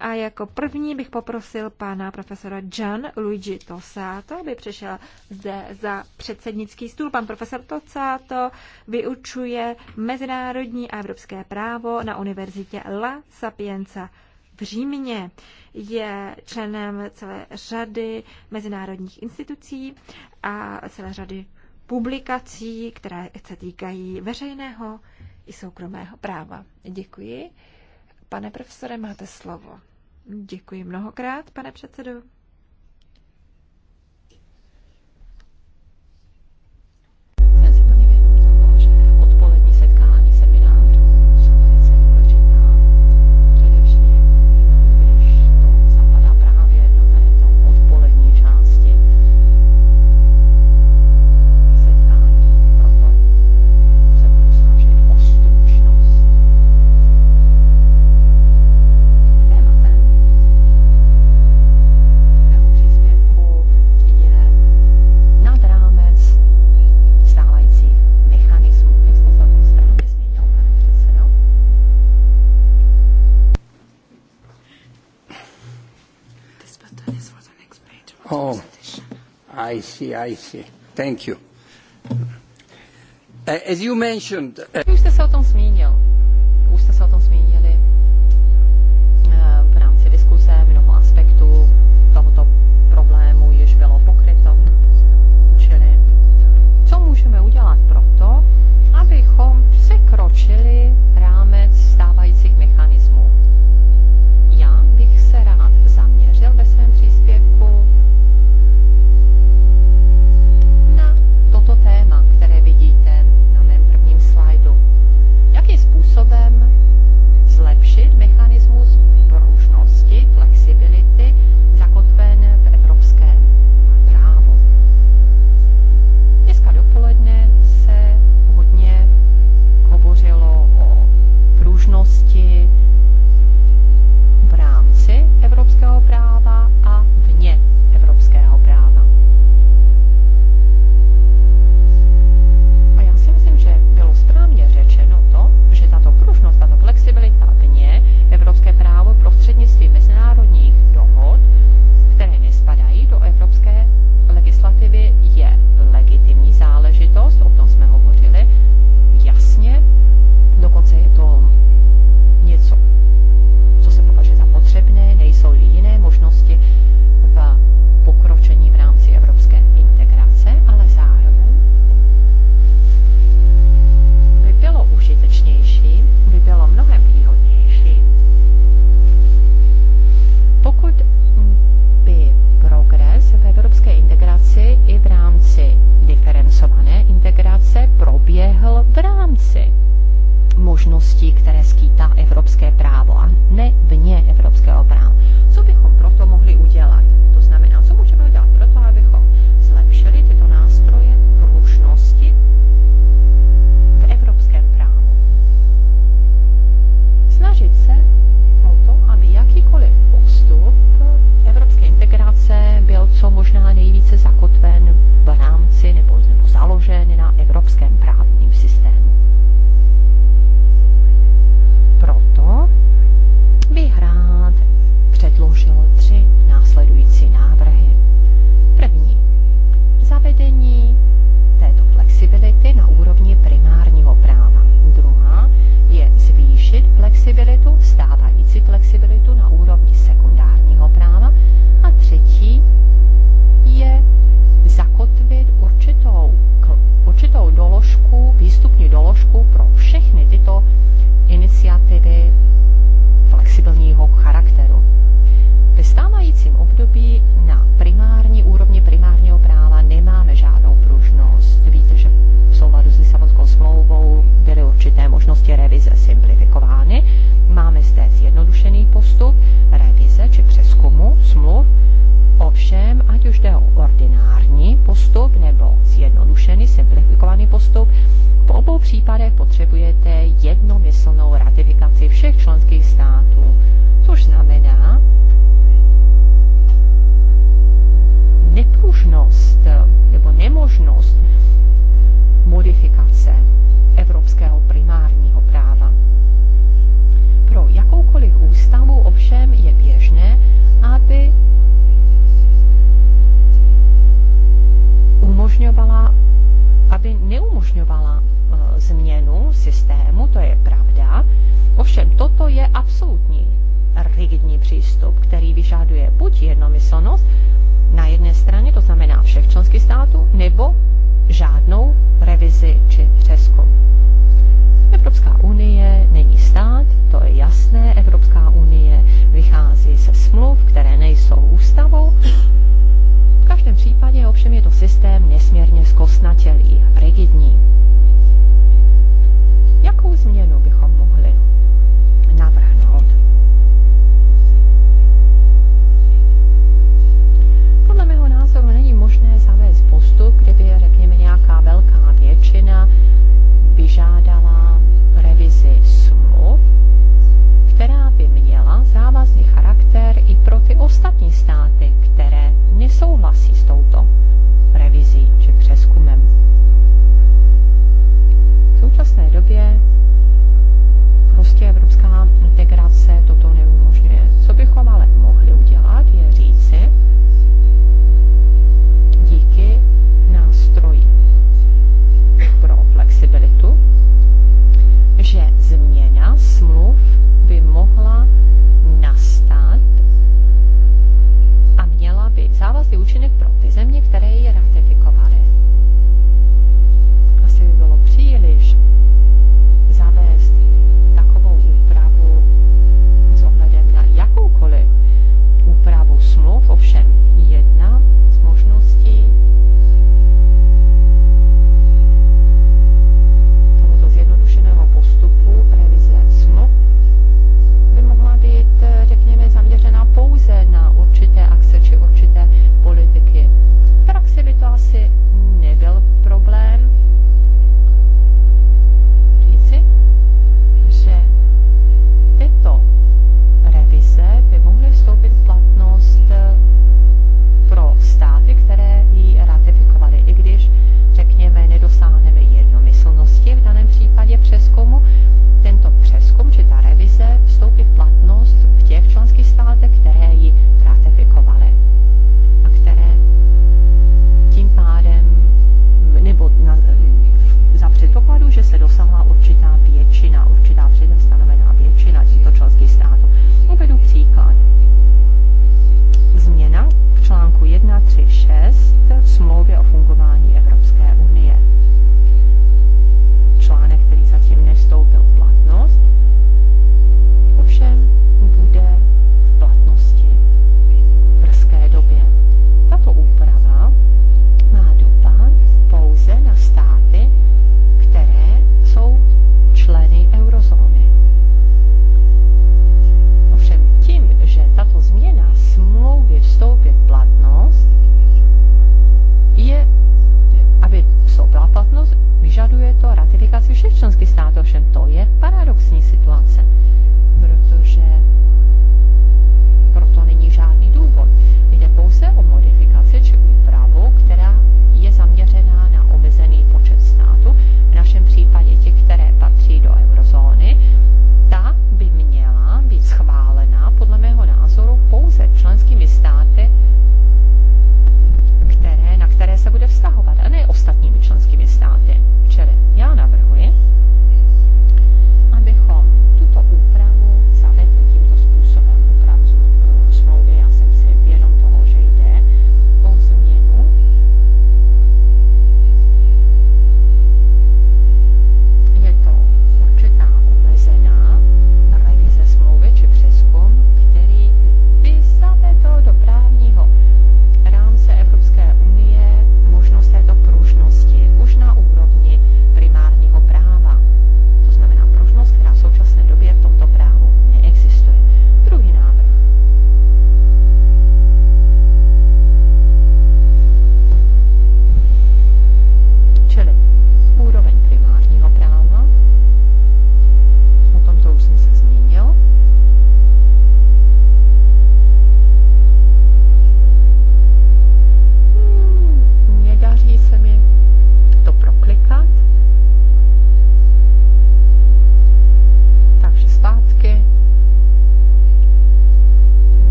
A jako první bych poprosil pana profesora Gian Luigi Tosato, aby přišel zde za předsednický stůl. Pan profesor Tosato vyučuje mezinárodní a evropské právo na univerzitě La Sapienza v Římě. Je členem celé řady mezinárodních institucí a celé řady publikací, které se týkají veřejného i soukromého práva. Děkuji. Pane profesore, máte slovo. Děkuji mnohokrát, pane předsedo. I see, I see. Thank you. Uh, as you mentioned... Uh, Už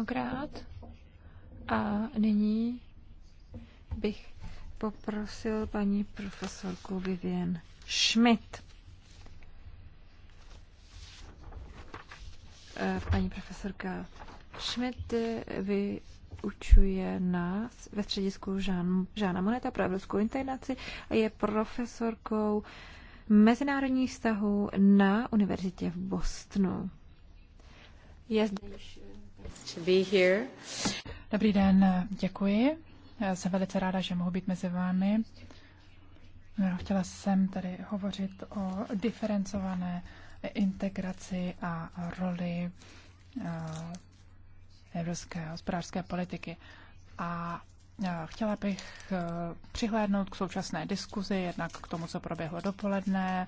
mnohokrát. A nyní bych poprosil paní profesorku Vivien Schmidt. Eh, paní profesorka Schmidt eh, vyučuje nás ve středisku Žán, Žána Moneta pro evropskou internaci a je profesorkou mezinárodních vztahů na univerzitě v Bostonu. Je zde již to be here. Dobrý den, děkuji. Já jsem velice ráda, že mohu být mezi vámi. Chtěla jsem tady hovořit o diferencované integraci a roli eh, evropské hospodářské politiky. A eh, chtěla bych eh, přihlédnout k současné diskuzi, jednak k tomu, co proběhlo dopoledne,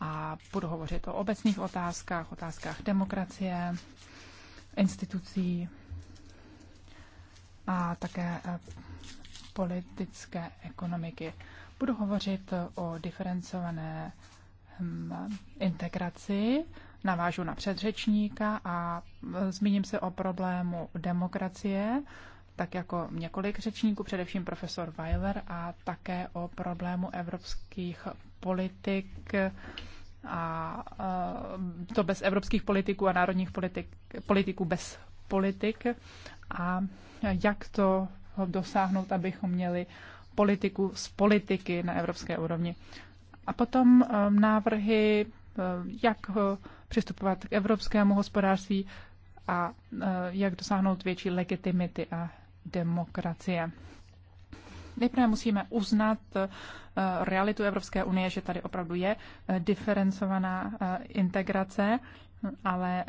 a budu hovořit o obecných otázkách, otázkách demokracie institucí a také eh, politické ekonomiky. Budu hovořit o diferencované hm, integraci, navážu na předřečníka a eh, zmíním se o problému demokracie, tak jako několik řečníků, především profesor Weiler, a také o problému evropských politik, a eh, to bez evropských politiků a národních politik, politiků bez politik a jak to dosáhnout, abychom měli politiku z politiky na evropské úrovni. A potom eh, návrhy, eh, jak přistupovat k evropskému hospodářství a jak dosáhnout větší legitimity a demokracie nejprve musíme uznat eh, realitu Evropské unie, že tady opravdu je eh, diferencovaná eh, integrace, ale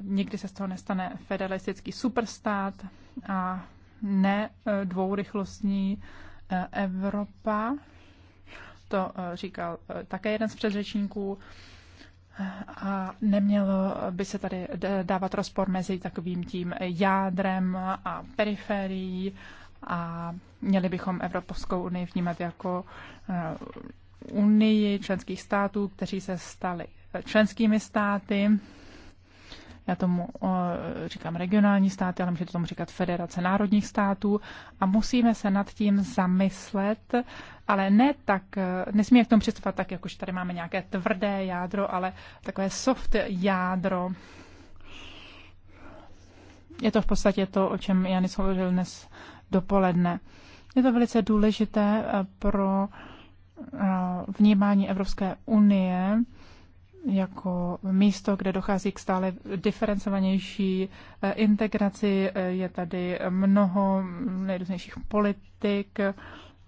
nikdy se z toho nestane federalistický superstát a ne dvourychlostní Evropa. To říkal také jeden z předřečníků. A nemělo by se tady dávat rozpor mezi takovým tím jádrem a periferií a měli bychom Evropskou unii vnímat jako eh, unii členských států, kteří se stali eh, členskými státy. Já tomu eh, říkám regionální státy, ale můžete tomu říkat Federace národních států. A musíme se nad tím zamyslet, ale ne tak, nesmíme k tomu přistupovat tak, jakož tady máme nějaké tvrdé jádro, ale takové soft jádro. Je to v podstatě to, o čem Janis hovořil dnes dopoledne. Je to velice důležité eh, pro eh, vnímání Evropské unie jako místo, kde dochází k stále diferencovanější eh, integraci. Je tady mnoho mm, nejrůznějších politik,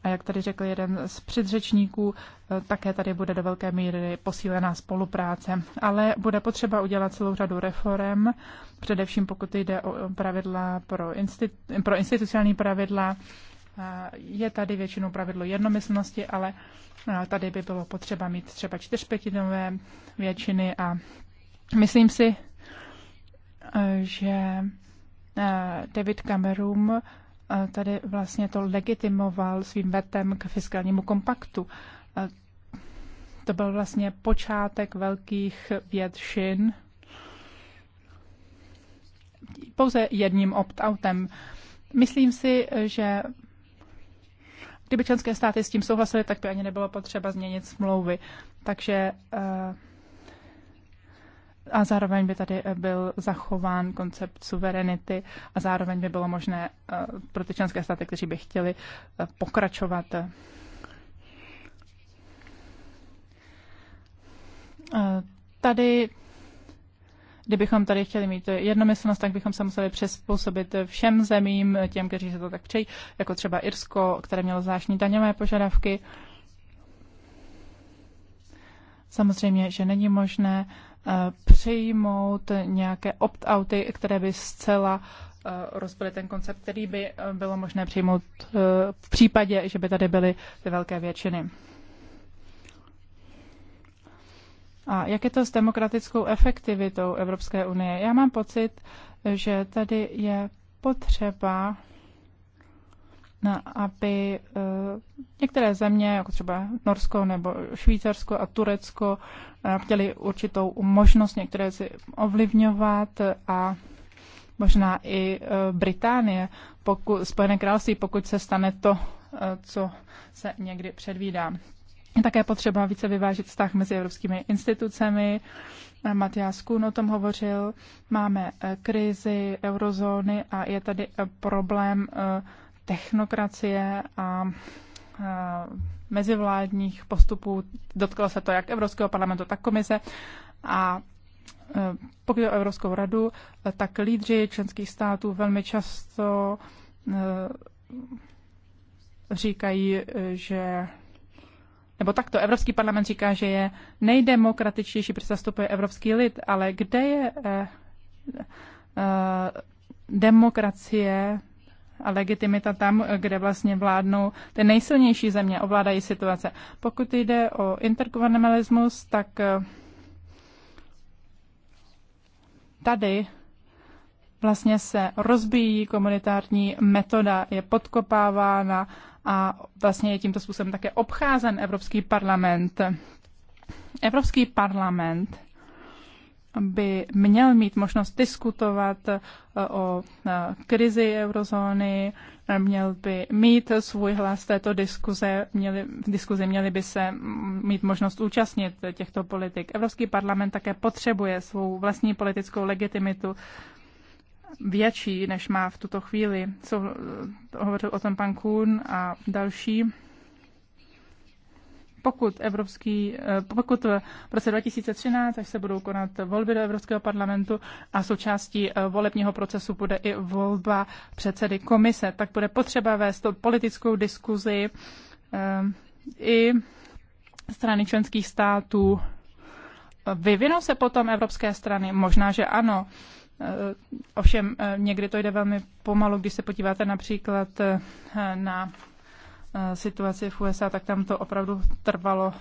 a jak tady řekl jeden z předřečníků, eh, také tady bude do velké míry posílená spolupráce. Ale bude potřeba udělat celou řadu reform, především pokud jde o pravidla pro, institu- pro institucionální pravidla. Eh, Je tady většinou pravidlo jednomyslnosti, ale eh, tady by bylo potřeba mít třeba čtyřpětinové většiny a myslím si, že David Cameron tady vlastně to legitimoval svým vetem k fiskálnímu kompaktu. To byl vlastně počátek velkých většin pouze jedním opt-outem. Myslím si, že kdyby členské státy s tím souhlasily, tak by ani nebylo potřeba změnit smlouvy. Takže eh, a zároveň by tady eh, byl zachován koncept suverenity a zároveň by bylo možné eh, pro ty členské státy, kteří by chtěli eh, pokračovat tady Kdybychom tady chtěli mít jednomyslnost, tak bychom se museli přizpůsobit všem zemím, těm, kteří se to tak přejí, jako třeba Irsko, které mělo zvláštní daňové požadavky. Samozřejmě, že není možné uh, přijmout nějaké opt-outy, které by zcela eh, rozbili ten koncept, který by eh, bylo možné přijmout eh, v případě, že by tady byly ty velké většiny. A jak je to s demokratickou efektivitou Evropské unie? Já mám pocit, že tady je potřeba aby eh, některé země, jako třeba Norsko nebo Švýcarsko a Turecko, chtěli eh, určitou možnost některé si ovlivňovat a možná i eh, Británie, poku, Spojené království, pokud se stane to, co se někdy předvídá. Je také potřeba více vyvážit vztah mezi evropskými institucemi. Matias Kuhn o tom hovořil. Máme krizi eurozóny a je tady problém technokracie a mezivládních postupů. Dotklo se to jak Evropského parlamentu, tak komise. A e, pokud je o Evropskou radu, tak lídři členských států velmi často e, říkají, že nebo takto, Evropský parlament říká, že je nejdemokratičtější, protože zastupuje evropský lid, ale kde je eh, eh, demokracie a legitimita tam, kde vlastně vládnou ty nejsilnější země, ovládají situace. Pokud jde o intergovernmentalismus, tak eh, tady vlastně se rozbíjí komunitární metoda, je podkopávána a vlastně je tímto způsobem také obcházen Evropský parlament. Evropský parlament by měl mít možnost diskutovat eh, o eh, krizi eurozóny, eh, měl by mít svůj hlas této diskuze, měli, v diskuzi měli by se mm, mít možnost účastnit těchto politik. Evropský parlament také potřebuje svou vlastní politickou legitimitu větší, než má v tuto chvíli. Co hovořil o tom pan Kuhn a další pokud, Evropský, eh, pokud v roce 2013, až se budou konat volby do Evropského parlamentu a součástí eh, volebního procesu bude i volba předsedy komise, tak bude potřeba vést politickou diskuzi eh, i strany členských států. Vyvinou se potom evropské strany? Možná, že ano. Ovšem někdy to jde velmi pomalu, když se podíváte například na Eh, situaci v USA, tak tam to opravdu trvalo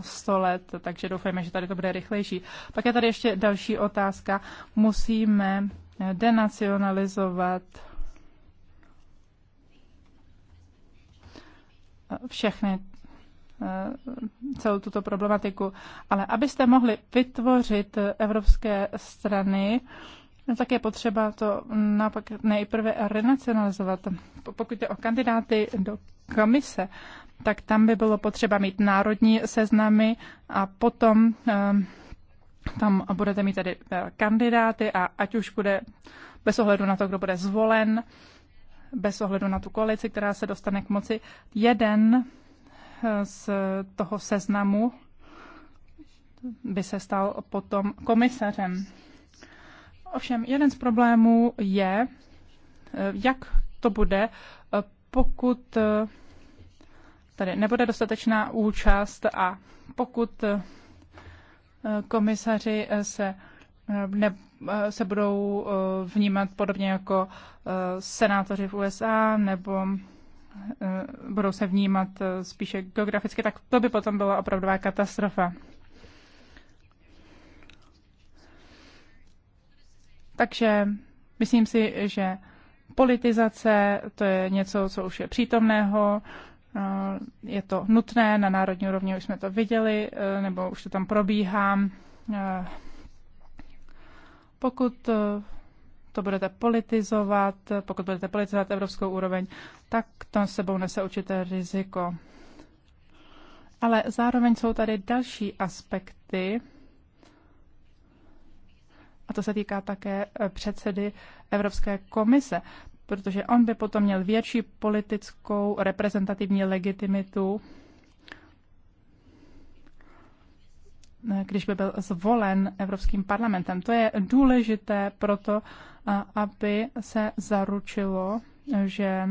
100 eh, let, takže doufejme, že tady to bude rychlejší. Pak je tady ještě další otázka. Musíme eh, denacionalizovat všechny celou tuto problematiku. Ale abyste mohli vytvořit evropské strany, No, tak je potřeba to napak nejprve renacionalizovat. Pokud je o kandidáty do komise, tak tam by bylo potřeba mít národní seznamy a potom ehm, tam budete mít tady eh, kandidáty a ať už bude bez ohledu na to, kdo bude zvolen, bez ohledu na tu koalici, která se dostane k moci, jeden eh, z toho seznamu by se stal potom komisařem. Ovšem, jeden z problémů je, eh, jak to bude pokud eh, tady nebude dostatečná účast a pokud eh, komisaři eh, se, ne, se budou vnímat podobně jako senátoři v USA nebo budou se vnímat spíše geograficky, tak to by potom byla opravdová katastrofa. Takže myslím si, že Politizace, to je něco, co už je přítomného, eh, je to nutné, na národní úrovni už jsme to viděli, eh, nebo už to tam probíhá. Eh, pokud to budete politizovat, pokud budete politizovat evropskou úroveň, tak to sebou nese určité riziko. Ale zároveň jsou tady další aspekty, a to se týká také eh, předsedy Evropské komise, protože on by potom měl větší politickou reprezentativní legitimitu, když by byl zvolen Evropským parlamentem. To je důležité proto, aby se zaručilo, že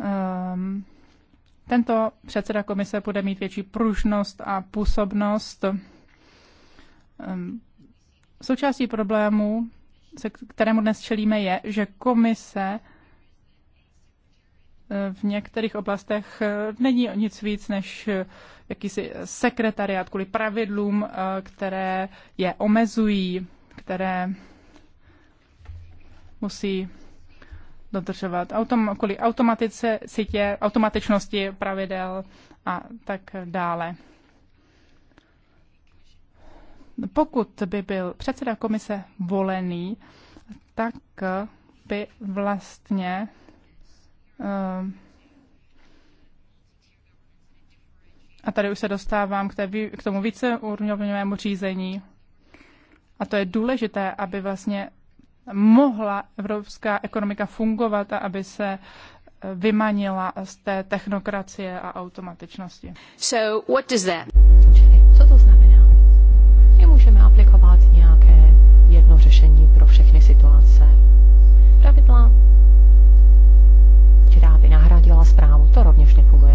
ehm, tento předseda komise bude mít větší pružnost a působnost ehm, Součástí problému, se kterému dnes čelíme, je, že komise eh, v některých oblastech eh, není nic víc než eh, jakýsi sekretariat kvůli pravidlům, které je omezují, které musí dodržovat. Autom, kvůli automatice, sitě, automatičnosti pravidel a tak dále pokud by byl předseda komise volený, tak by vlastně eh, a tady už se dostávám k, té, k tomu víceúrovňovému řízení. A to je důležité, aby vlastně mohla evropská ekonomika fungovat a aby se eh, vymanila z té technokracie a automatičnosti. So what does that? to rovněž nefunguje.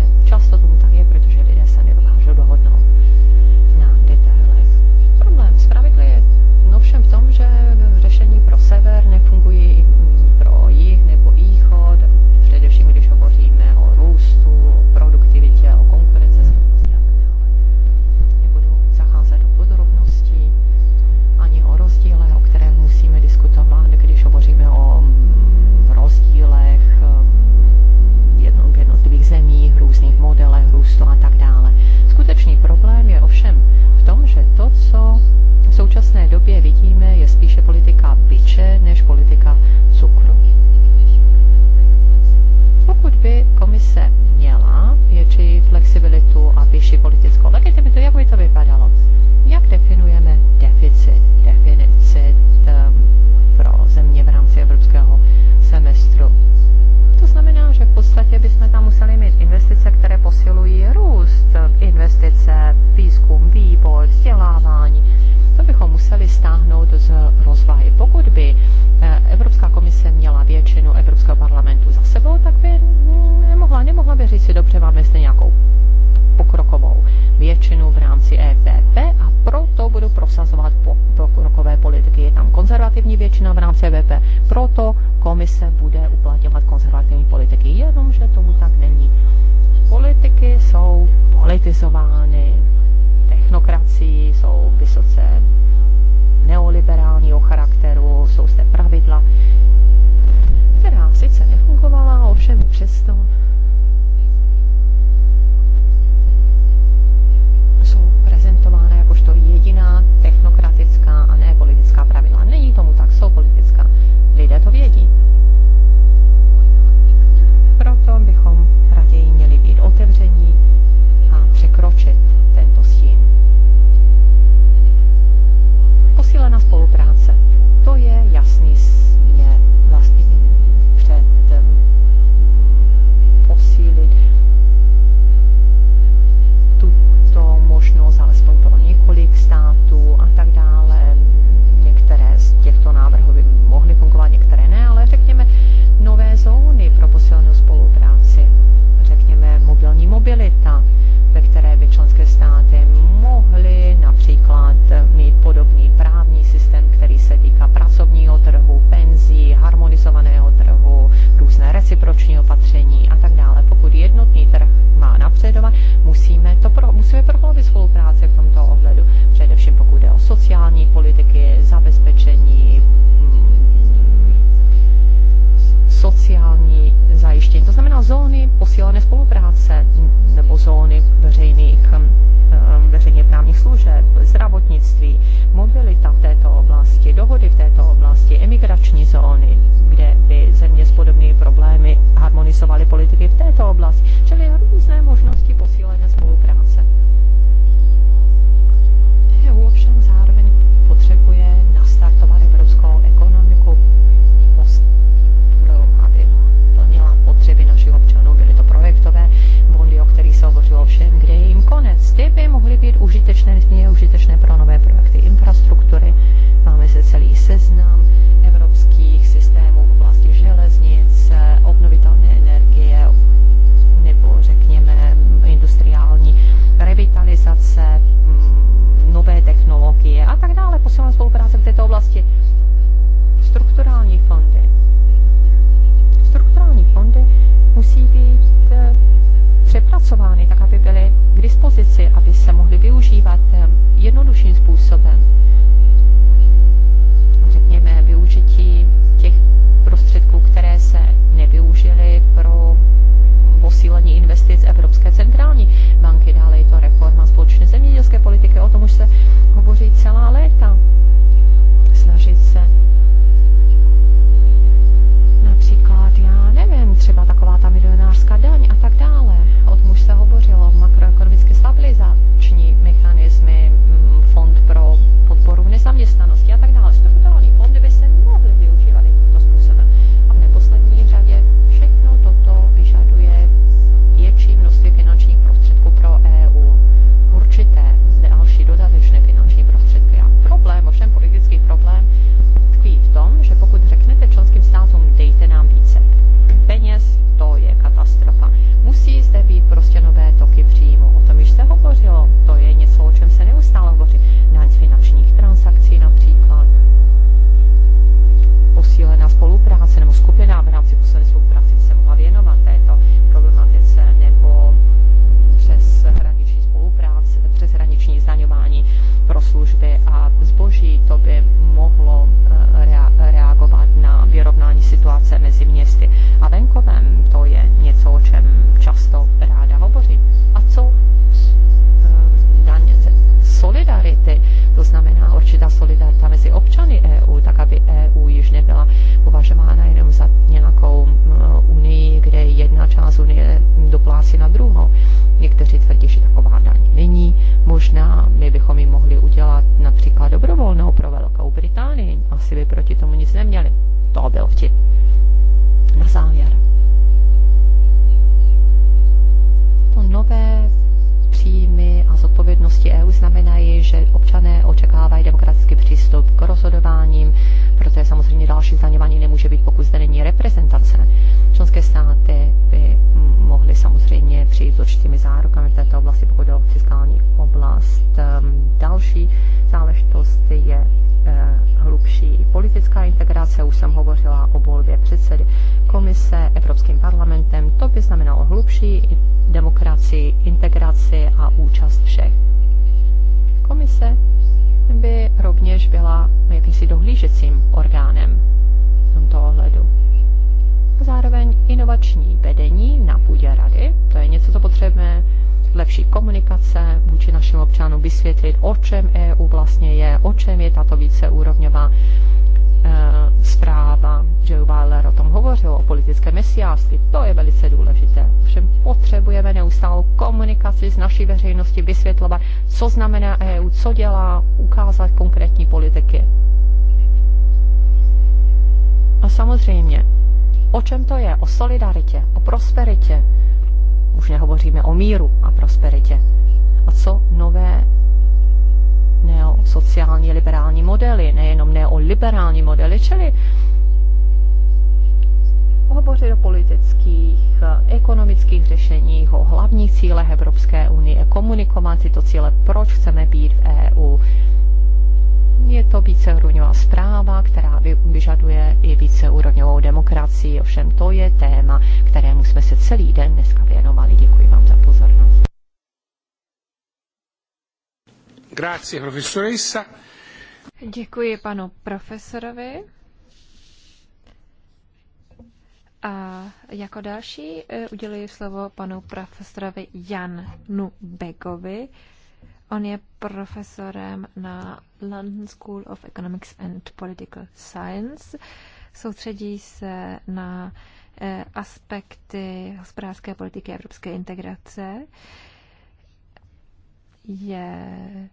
tyto cíle, proč chceme být v EU. Je to víceúrovňová zpráva, která vyžaduje i víceúrovňovou demokracii, ovšem to je téma, kterému jsme se celý den dneska věnovali. Děkuji vám za pozornost. Grazie, profesoressa. Děkuji panu profesorovi. A jako další e, uděluji slovo panu profesorovi Janu Begovi. On je profesorem na London School of Economics and Political Science. Soustředí se na e, aspekty hospodářské politiky evropské integrace. Je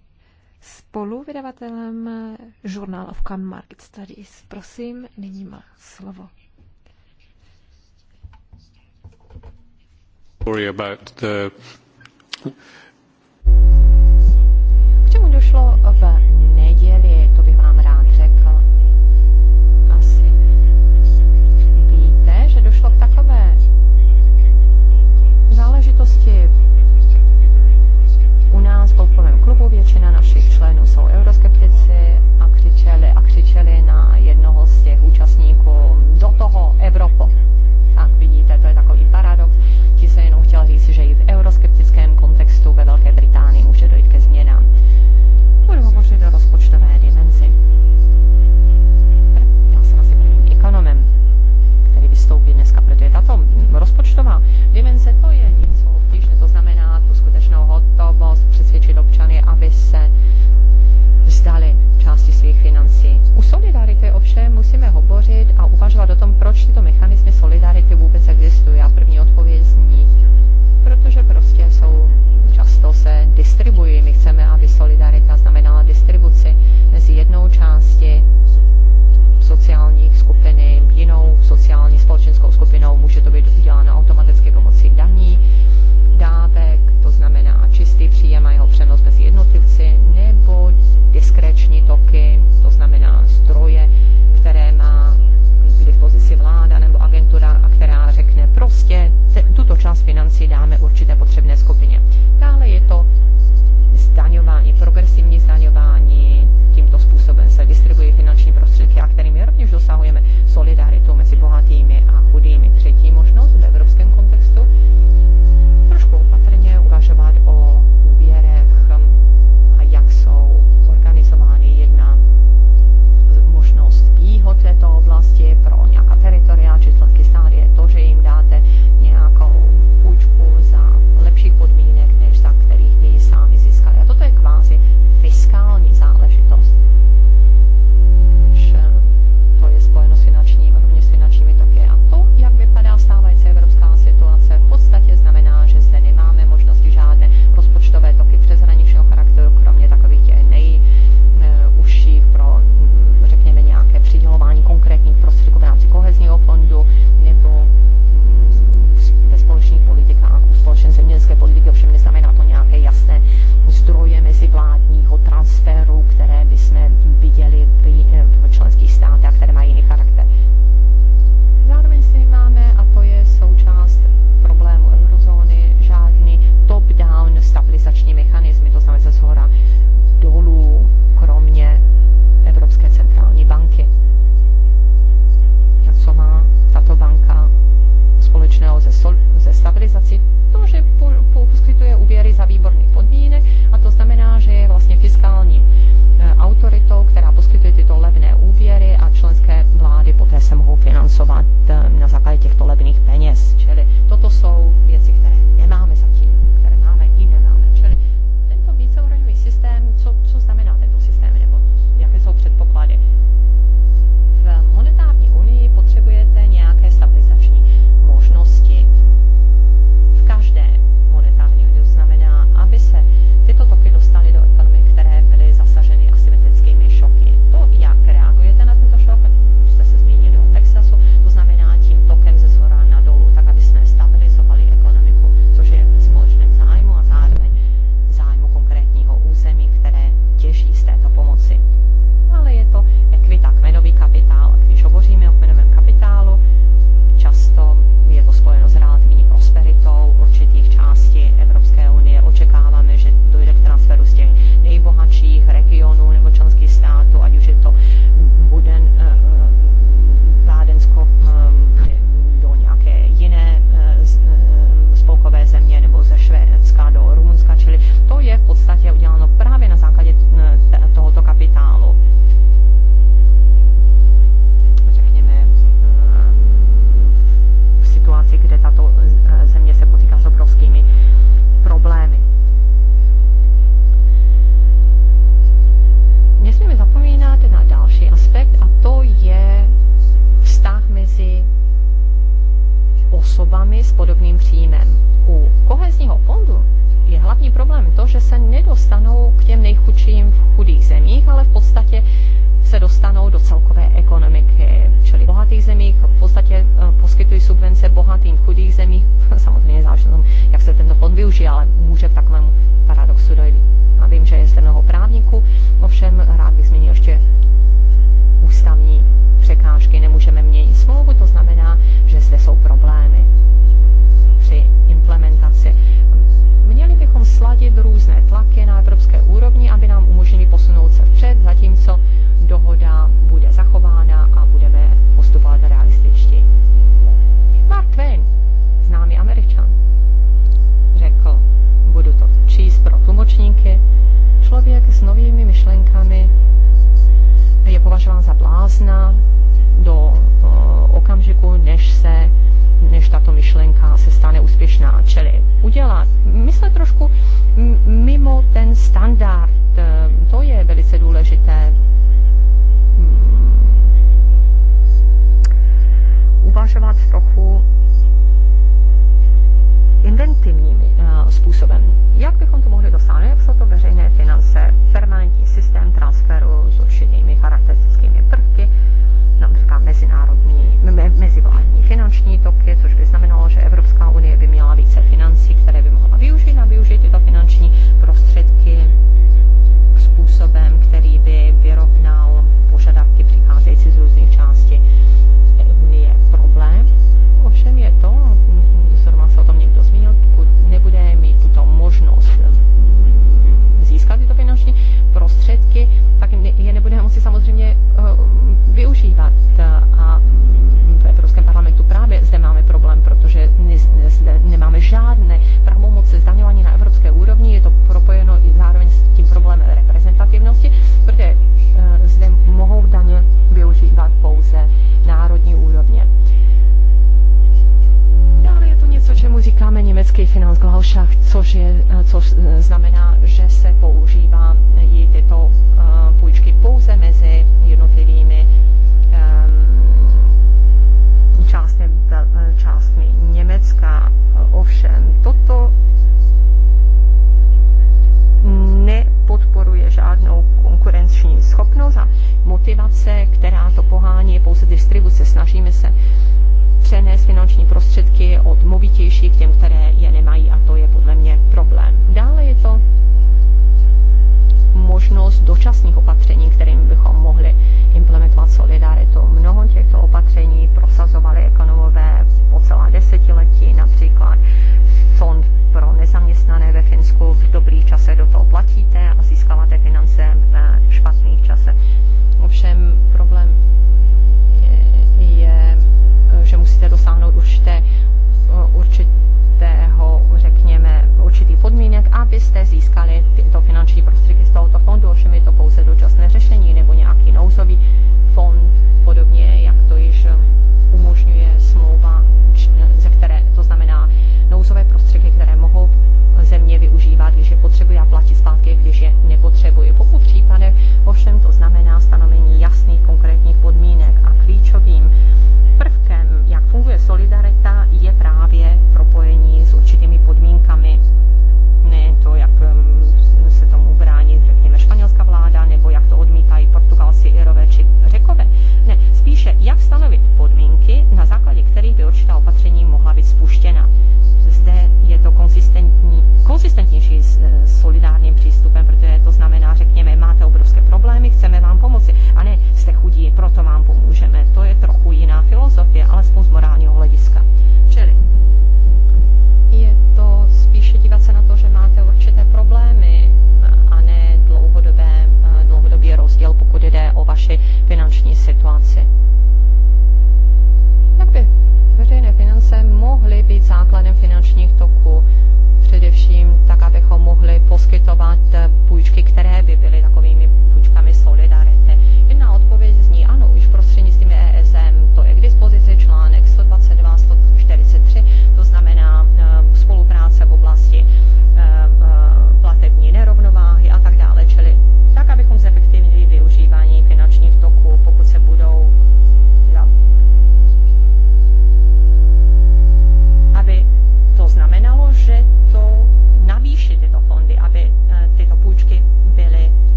vydavatelem Journal of Common Market Studies. Prosím, nyní má slovo. Worry about the... K čemu došlo v neděli, to bych vám rád řekl. Asi víte, že došlo k takové záležitosti u nás v klubu většina našich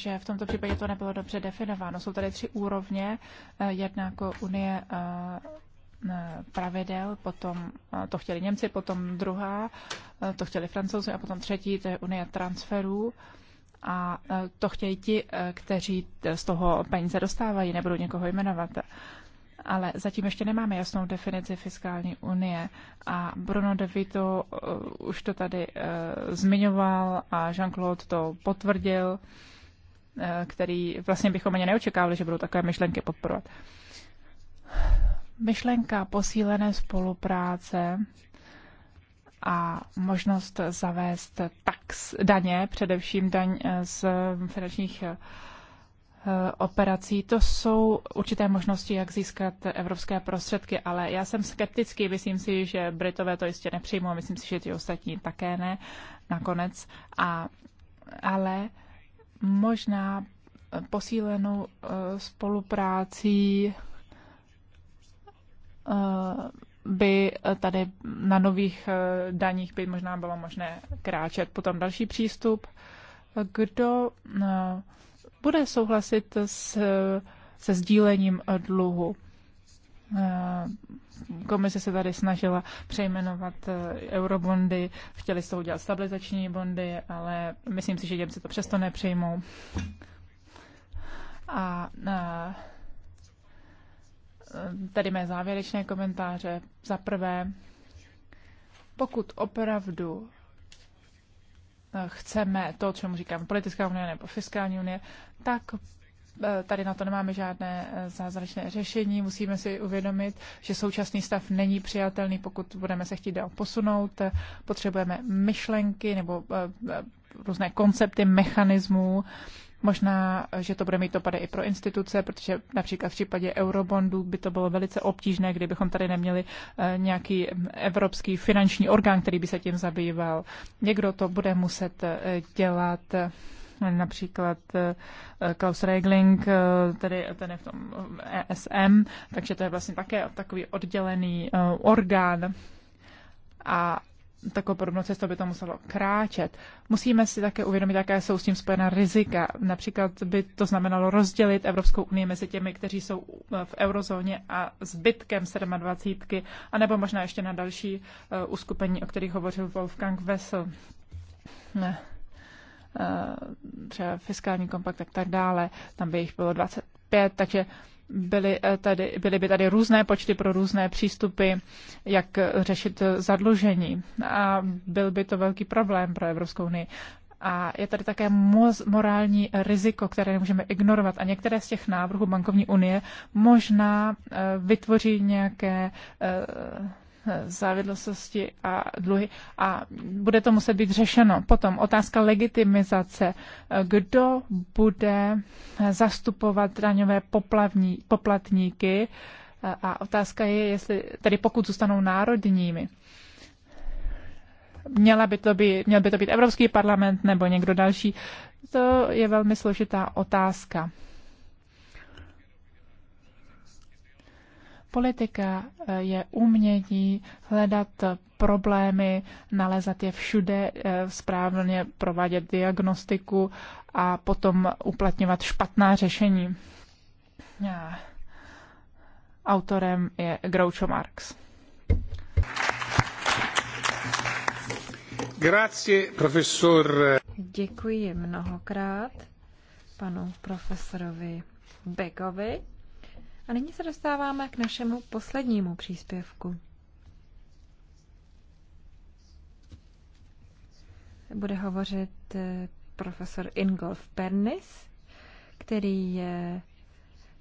že v tomto případě to nebylo dobře definováno. Jsou tady tři úrovně, eh, jedna jako unie eh, eh, pravidel, potom to chtěli Němci, potom druhá, to chtěli Francouzi a potom třetí, to je unie transferů. A to chtějí ti, kteří z toho peníze dostávají, nebudu někoho jmenovat ale zatím ještě nemáme jasnou definici fiskální unie a Bruno De Vito už to tady zmiňoval a Jean-Claude to potvrdil. Eh, který vlastně bychom ani neočekávali, že budou takové myšlenky podporovat. Myšlenka posílené spolupráce a možnost zavést tax daně, především daň eh, z finančních eh, operací. To jsou určité možnosti, jak získat evropské prostředky, ale já jsem skeptický. Myslím si, že Britové to jistě nepřijmou, myslím si, že ti ostatní také ne nakonec. A, ale možná eh, posílenou eh, spoluprácí eh, by tady na nových daních by možná bylo možné kráčet. Potom další přístup, kdo bude souhlasit s, se sdílením dluhu. Eh, komise se tady snažila přejmenovat eh, eurobondy, chtěli se udělat stabilizační bondy, ale myslím si, že Němci to přesto nepřejmou. A, a eh, tady mé závěrečné komentáře. Za prvé, pokud opravdu chceme to, čemu říkám politická unie nebo fiskální unie, tak Eh, tady na to nemáme žádné eh, zázračné řešení. Musíme si uvědomit, že současný stav není přijatelný, pokud budeme se chtít dál posunout. Eh, potřebujeme myšlenky nebo různé koncepty mechanismů. Možná, že to bude mít dopady i pro instituce, protože například v případě eurobondů by to bylo velice obtížné, kdybychom tady neměli nějaký evropský finanční orgán, který by se tím zabýval. Někdo to bude muset dělat například eh, Klaus Regling, eh, tedy ten je v tom ESM, takže to je vlastně také takový oddělený eh, orgán a takovou podobnou cestou by to muselo kráčet. Musíme si také uvědomit, jaké jsou s tím spojená rizika. Například by to znamenalo rozdělit Evropskou unii mezi těmi, kteří jsou v eurozóně a zbytkem 27, nebo možná ještě na další uh, uskupení, o kterých hovořil Wolfgang Wessel. Ne. Eh, třeba fiskální kompakt a tak dále, tam by jich bylo 25, takže byly, eh, tady, byly by tady různé počty pro různé přístupy, jak řešit zadlužení. A byl by to velký problém pro Evropskou unii. A je tady také moz, morální riziko, které nemůžeme ignorovat. A některé z těch návrhů bankovní unie možná eh, vytvoří nějaké závidlosti a dluhy a bude to muset být řešeno. Potom otázka legitimizace. Kdo bude zastupovat daňové poplatníky a otázka je, jestli tedy pokud zůstanou národními. Měla by to být, měl by to být Evropský parlament nebo někdo další. To je velmi složitá otázka. Politika eh, je umění hledat problémy, nalezat je všude, eh, správně provádět diagnostiku a potom uplatňovat špatná řešení. Autorem je Groucho Marx. Grazie, profesor. Děkuji mnohokrát panu profesorovi Begovi. A nyní se dostáváme k našemu poslednímu příspěvku. Bude hovořit eh, profesor Ingolf Pernis, který je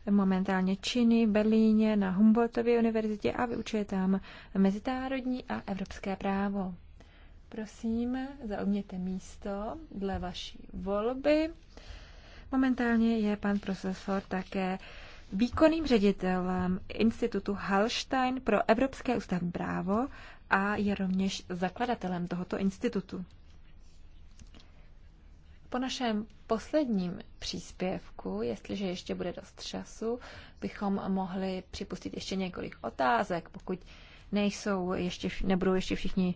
momentálně činný v Berlíně na Humboldtově univerzitě a vyučuje tam mezinárodní a evropské právo. Prosím, zaujměte místo dle vaší volby. Momentálně je pan profesor také výkonným ředitelem Institutu Hallstein pro Evropské ústavní právo a je rovněž zakladatelem tohoto institutu. Po našem posledním příspěvku, jestliže ještě bude dost času, bychom mohli připustit ještě několik otázek, pokud nejsou ještě, nebudou ještě všichni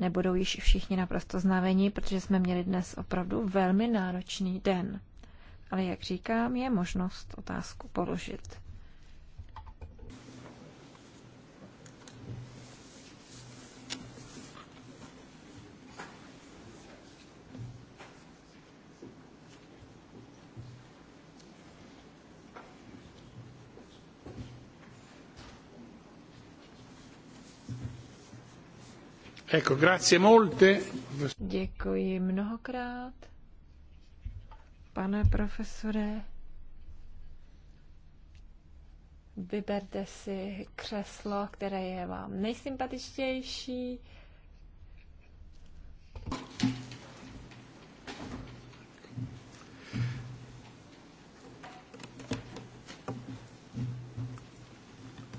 nebudou již všichni naprosto znavení, protože jsme měli dnes opravdu velmi náročný den ale jak říkám, je možnost otázku položit. Ecco, grazie molte. Děkuji mnohokrát. Pane profesore, vyberte si křeslo, které je vám nejsympatičtější.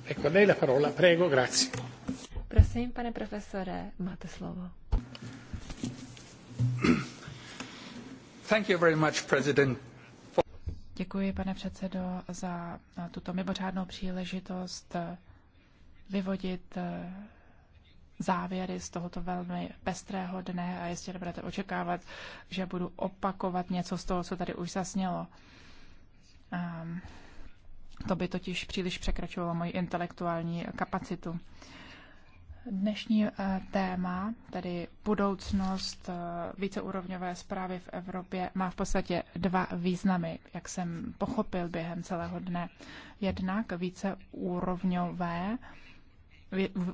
Ecco, lei la parola, prego, grazie. Prosím, pane profesore, máte slovo. Děkuji, pane předsedo, za eh, tuto mimořádnou příležitost eh, vyvodit eh, závěry z tohoto velmi pestrého dne a jestli nebudete očekávat, že budu opakovat něco z toho, co tady už zasnělo. Ehm, to by totiž příliš překračovalo moji intelektuální kapacitu. Dnešní eh, téma, tedy budoucnost eh, víceúrovňové zprávy v Evropě, má v podstatě dva významy, jak jsem pochopil během celého dne. Jednak víceúrovňové,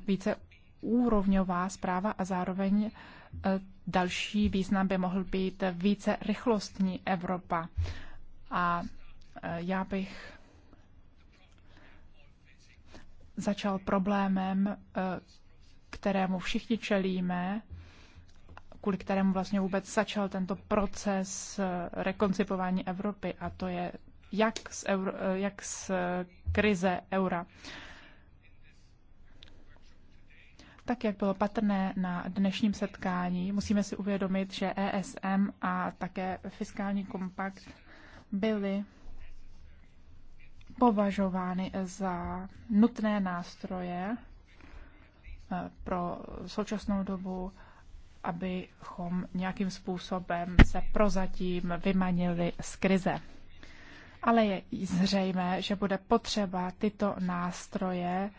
víceúrovňová zpráva a zároveň eh, další význam by mohl být více rychlostní Evropa. A já bych začal problémem, kterému všichni čelíme, kvůli kterému vlastně vůbec začal tento proces eh, rekoncipování Evropy a to je jak z, euro, eh, jak z eh, krize eura. Tak, jak bylo patrné na dnešním setkání, musíme si uvědomit, že ESM a také fiskální kompakt byly považovány za nutné nástroje pro současnou dobu, abychom nějakým způsobem se prozatím vymanili z krize. Ale je zřejmé, že bude potřeba tyto nástroje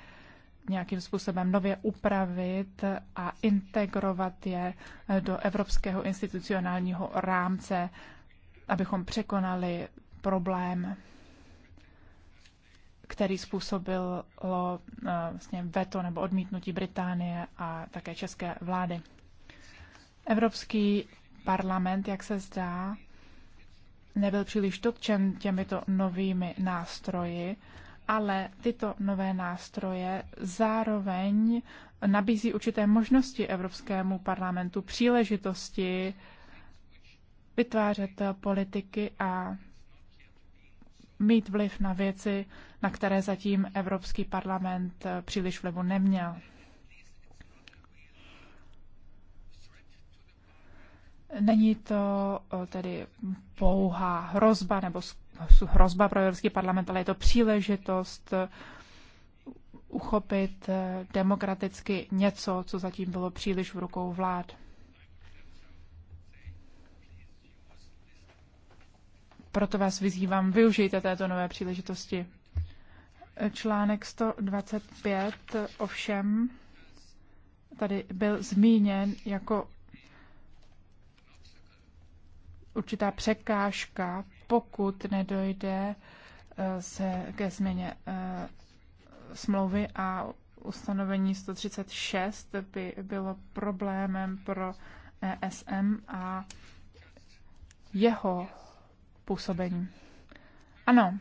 nějakým způsobem nově upravit a integrovat je do evropského institucionálního rámce, abychom překonali problém který způsobilo eh, vlastně veto nebo odmítnutí Británie a také české vlády. Evropský parlament, jak se zdá, nebyl příliš dotčen těmito novými nástroji, ale tyto nové nástroje zároveň nabízí určité možnosti Evropskému parlamentu, příležitosti vytvářet politiky a mít vliv na věci, na které zatím Evropský parlament eh, příliš vlivu neměl. Není to eh, tedy pouhá hrozba nebo hrozba pro Evropský parlament, ale je to příležitost eh, uchopit demokraticky něco, co zatím bylo příliš v rukou vlád. proto vás vyzývám, využijte této nové příležitosti. Článek 125 ovšem tady byl zmíněn jako určitá překážka, pokud nedojde eh, se ke změně eh, smlouvy a ustanovení 136 by bylo problémem pro ESM a jeho působení. Ano,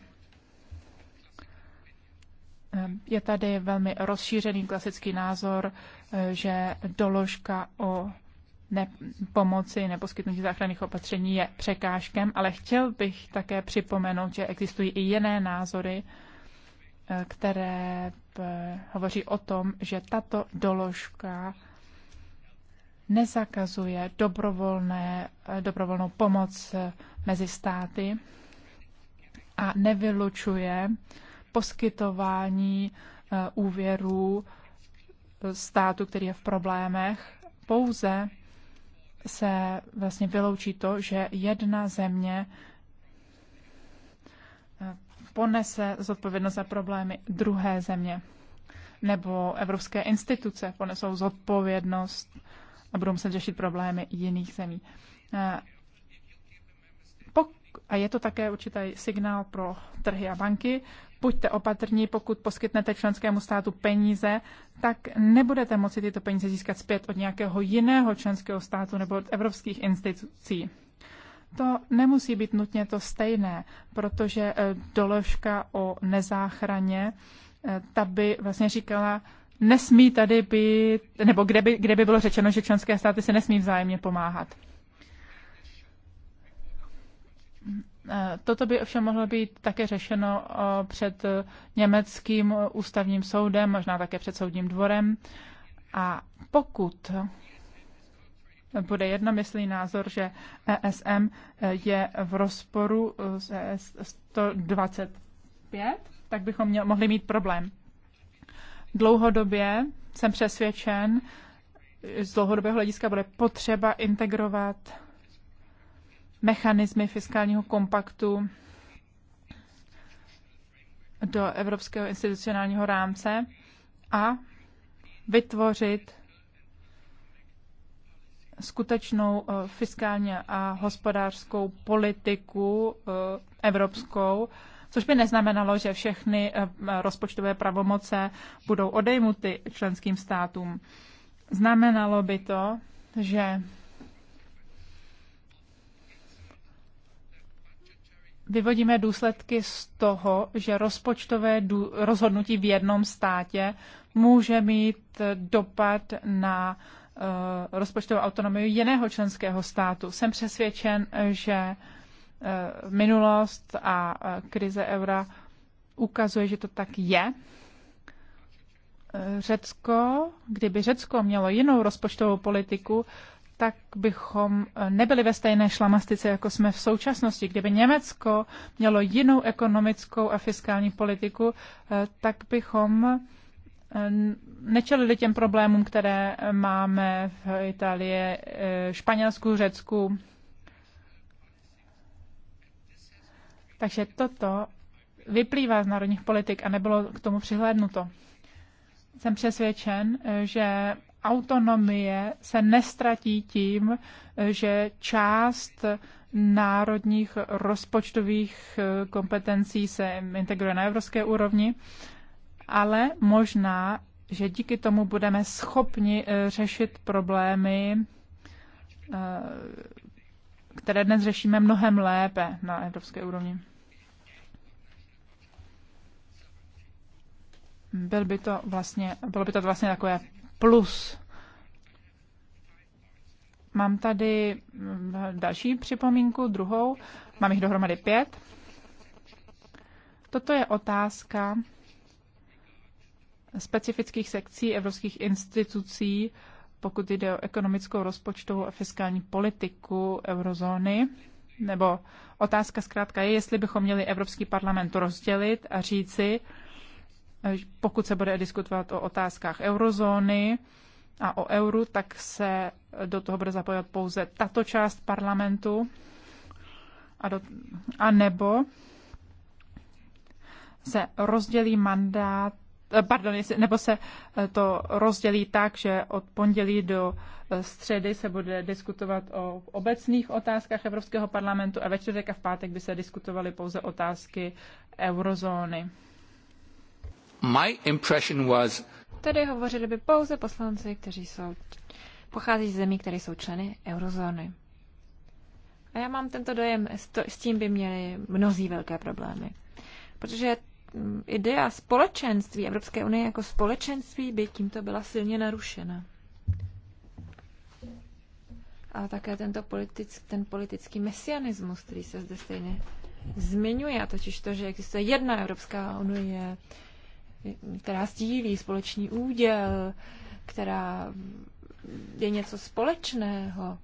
ehm, je tady velmi rozšířený klasický názor, eh, že doložka o ne- pomoci, neposkytnutí záchranných opatření je překážkem, ale chtěl bych také připomenout, že existují i jiné názory, eh, které eh, hovoří o tom, že tato doložka nezakazuje dobrovolné, dobrovolnou pomoc mezi státy a nevylučuje poskytování eh, úvěrů eh, státu, který je v problémech. Pouze se vlastně vyloučí to, že jedna země eh, ponese zodpovědnost za problémy druhé země, nebo evropské instituce ponesou zodpovědnost a budou muset řešit problémy jiných zemí. Eh, a je to také určitý signál pro trhy a banky. Buďte opatrní, pokud poskytnete členskému státu peníze, tak nebudete moci tyto peníze získat zpět od nějakého jiného členského státu nebo od evropských institucí. To nemusí být nutně to stejné, protože eh, doložka o nezáchraně, eh, ta by vlastně říkala, nesmí tady být, nebo kde by, kde by bylo řečeno, že členské státy se nesmí vzájemně pomáhat. Eh, toto by ovšem mohlo být také řešeno eh, před německým ústavním soudem, možná také před soudním dvorem. A pokud bude jednomyslný názor, že ESM eh, je v rozporu s 125, e tak bychom mohli mít problém. Dlouhodobě jsem přesvědčen, z dlouhodobého hlediska bude potřeba integrovat mechanismy fiskálního kompaktu do evropského institucionálního rámce a vytvořit skutečnou eh, fiskálně a hospodářskou politiku eh, evropskou, což by neznamenalo, že všechny eh, eh, rozpočtové pravomoce budou odejmuty členským státům. Znamenalo by to, že vyvodíme důsledky z toho, že rozpočtové rozhodnutí v jednom státě může mít eh, dopad na rozpočtovou autonomii jiného členského státu. Jsem přesvědčen, že Eh, minulost a eh, krize eura ukazuje, že to tak je. Eh, Řecko, kdyby Řecko mělo jinou rozpočtovou politiku, tak bychom nebyli ve stejné šlamastice, jako jsme v současnosti. Kdyby Německo mělo jinou ekonomickou a fiskální politiku, tak bychom nečelili těm problémům, které máme v Itálii, Španělsku, Řecku Takže toto vyplývá z národních politik a nebylo k tomu přihlédnuto. Jsem přesvědčen, že autonomie se nestratí tím, že část národních rozpočtových kompetencí se integruje na evropské úrovni, ale možná, že díky tomu budeme schopni eh, řešit problémy eh, které dnes řešíme mnohem lépe na evropské úrovni. Byl by to vlastně, bylo by to vlastně takové plus. Mám tady hm, další připomínku, druhou. Mám jich dohromady pět. Toto je otázka specifických sekcí evropských institucí pokud jde o ekonomickou, rozpočtovou a fiskální politiku eurozóny. Nebo otázka zkrátka je, jestli bychom měli Evropský parlament rozdělit a říci, pokud se bude diskutovat o otázkách eurozóny a o euru, tak se do toho bude zapojovat pouze tato část parlamentu a, do, a nebo se rozdělí mandát pardon, nebo se eh, to rozdělí tak, že od pondělí do eh, středy se bude diskutovat o obecných otázkách Evropského parlamentu a ve čtvrtek a v pátek by se diskutovaly pouze otázky eurozóny. My impression was... Tedy hovořili by pouze poslanci, kteří jsou, pochází z zemí, které jsou členy eurozóny. A já mám tento dojem, s tím by měli mnozí velké problémy. Protože idea společenství Evropské unie jako společenství by tímto byla silně narušena. A také tento politick, ten politický mesianismus, který se zde stejně zmiňuje, a totiž to, že existuje jedna Evropská unie, která sdílí společný úděl, která je něco společného,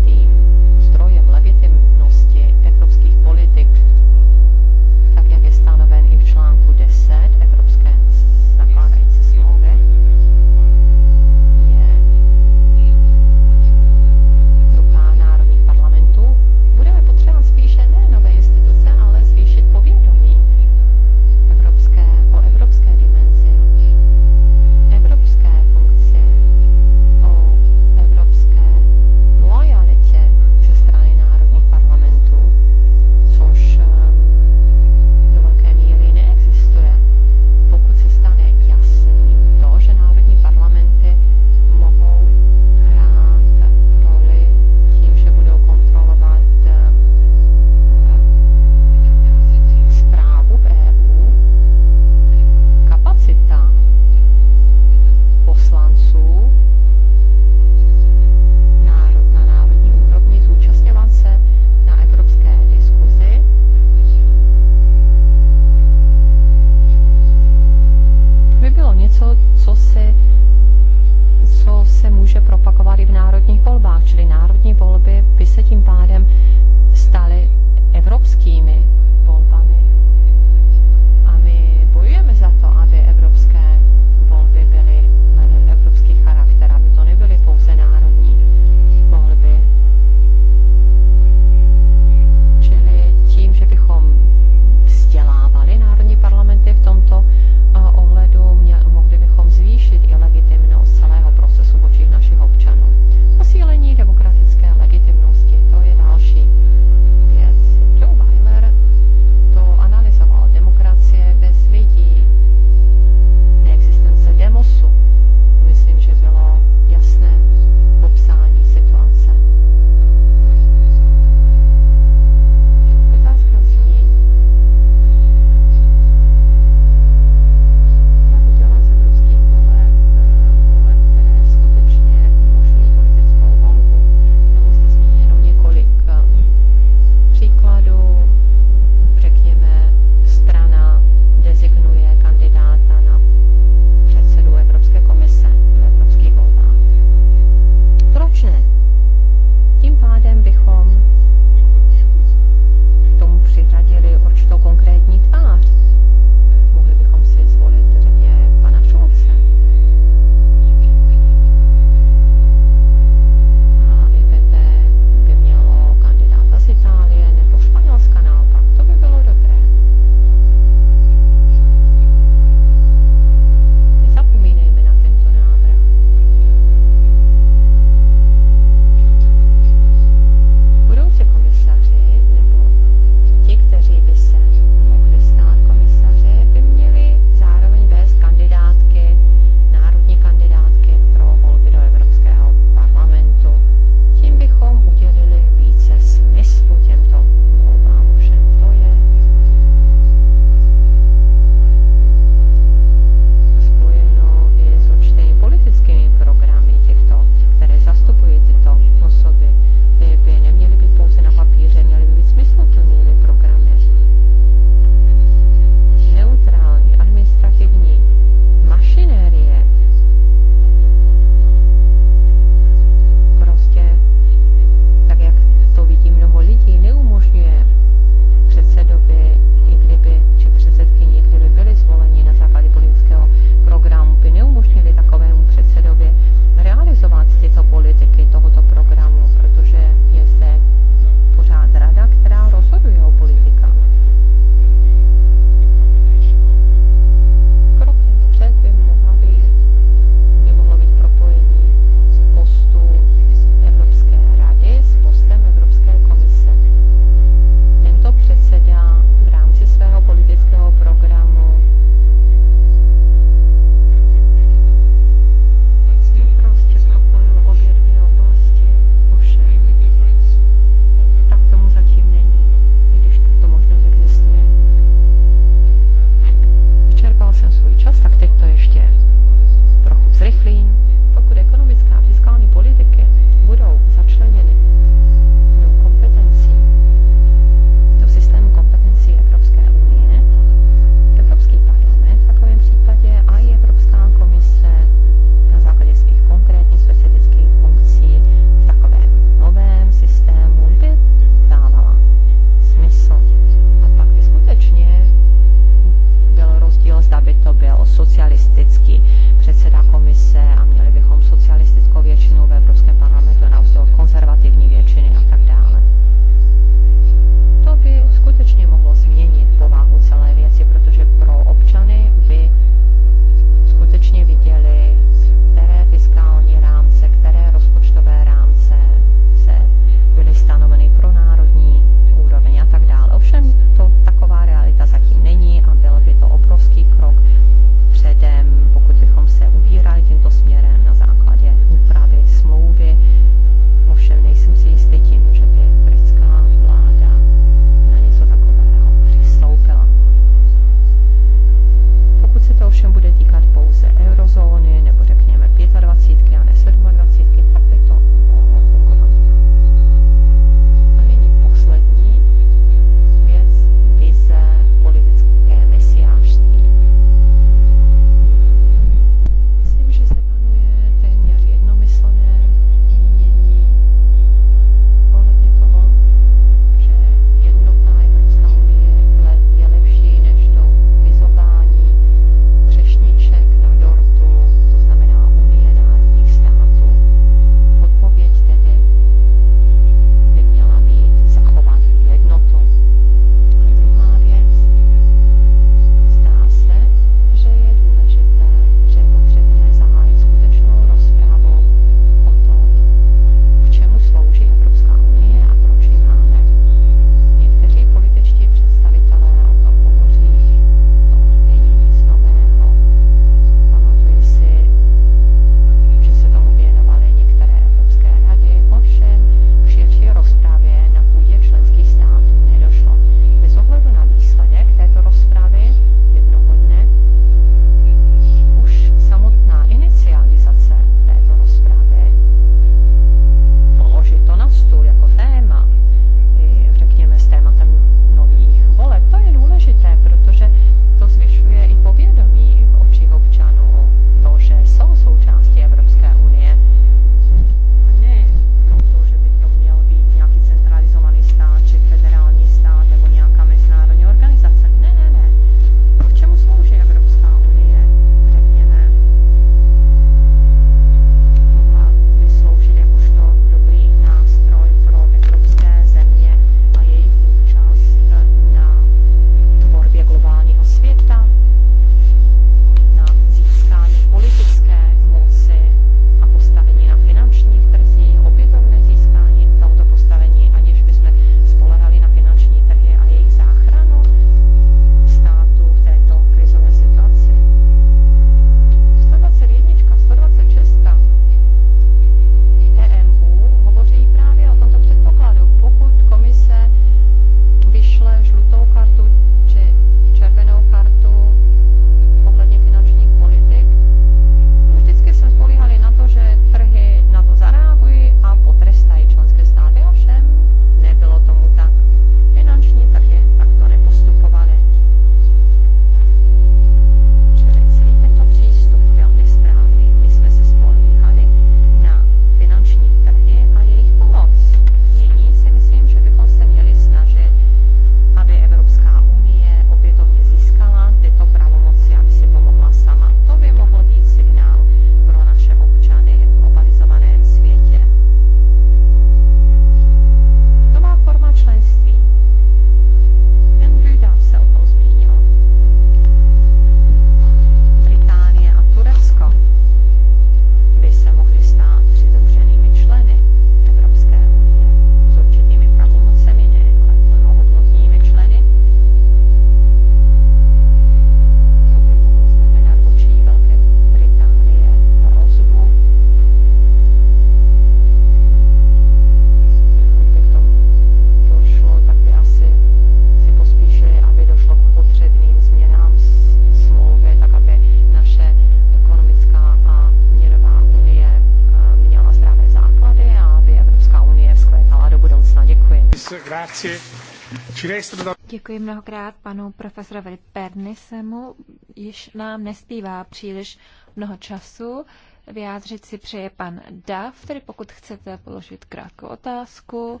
Děkuji mnohokrát panu profesorovi Pernisemu. Již nám nespívá příliš mnoho času. Vyjádřit si přeje pan Dav, který pokud chcete položit krátkou otázku,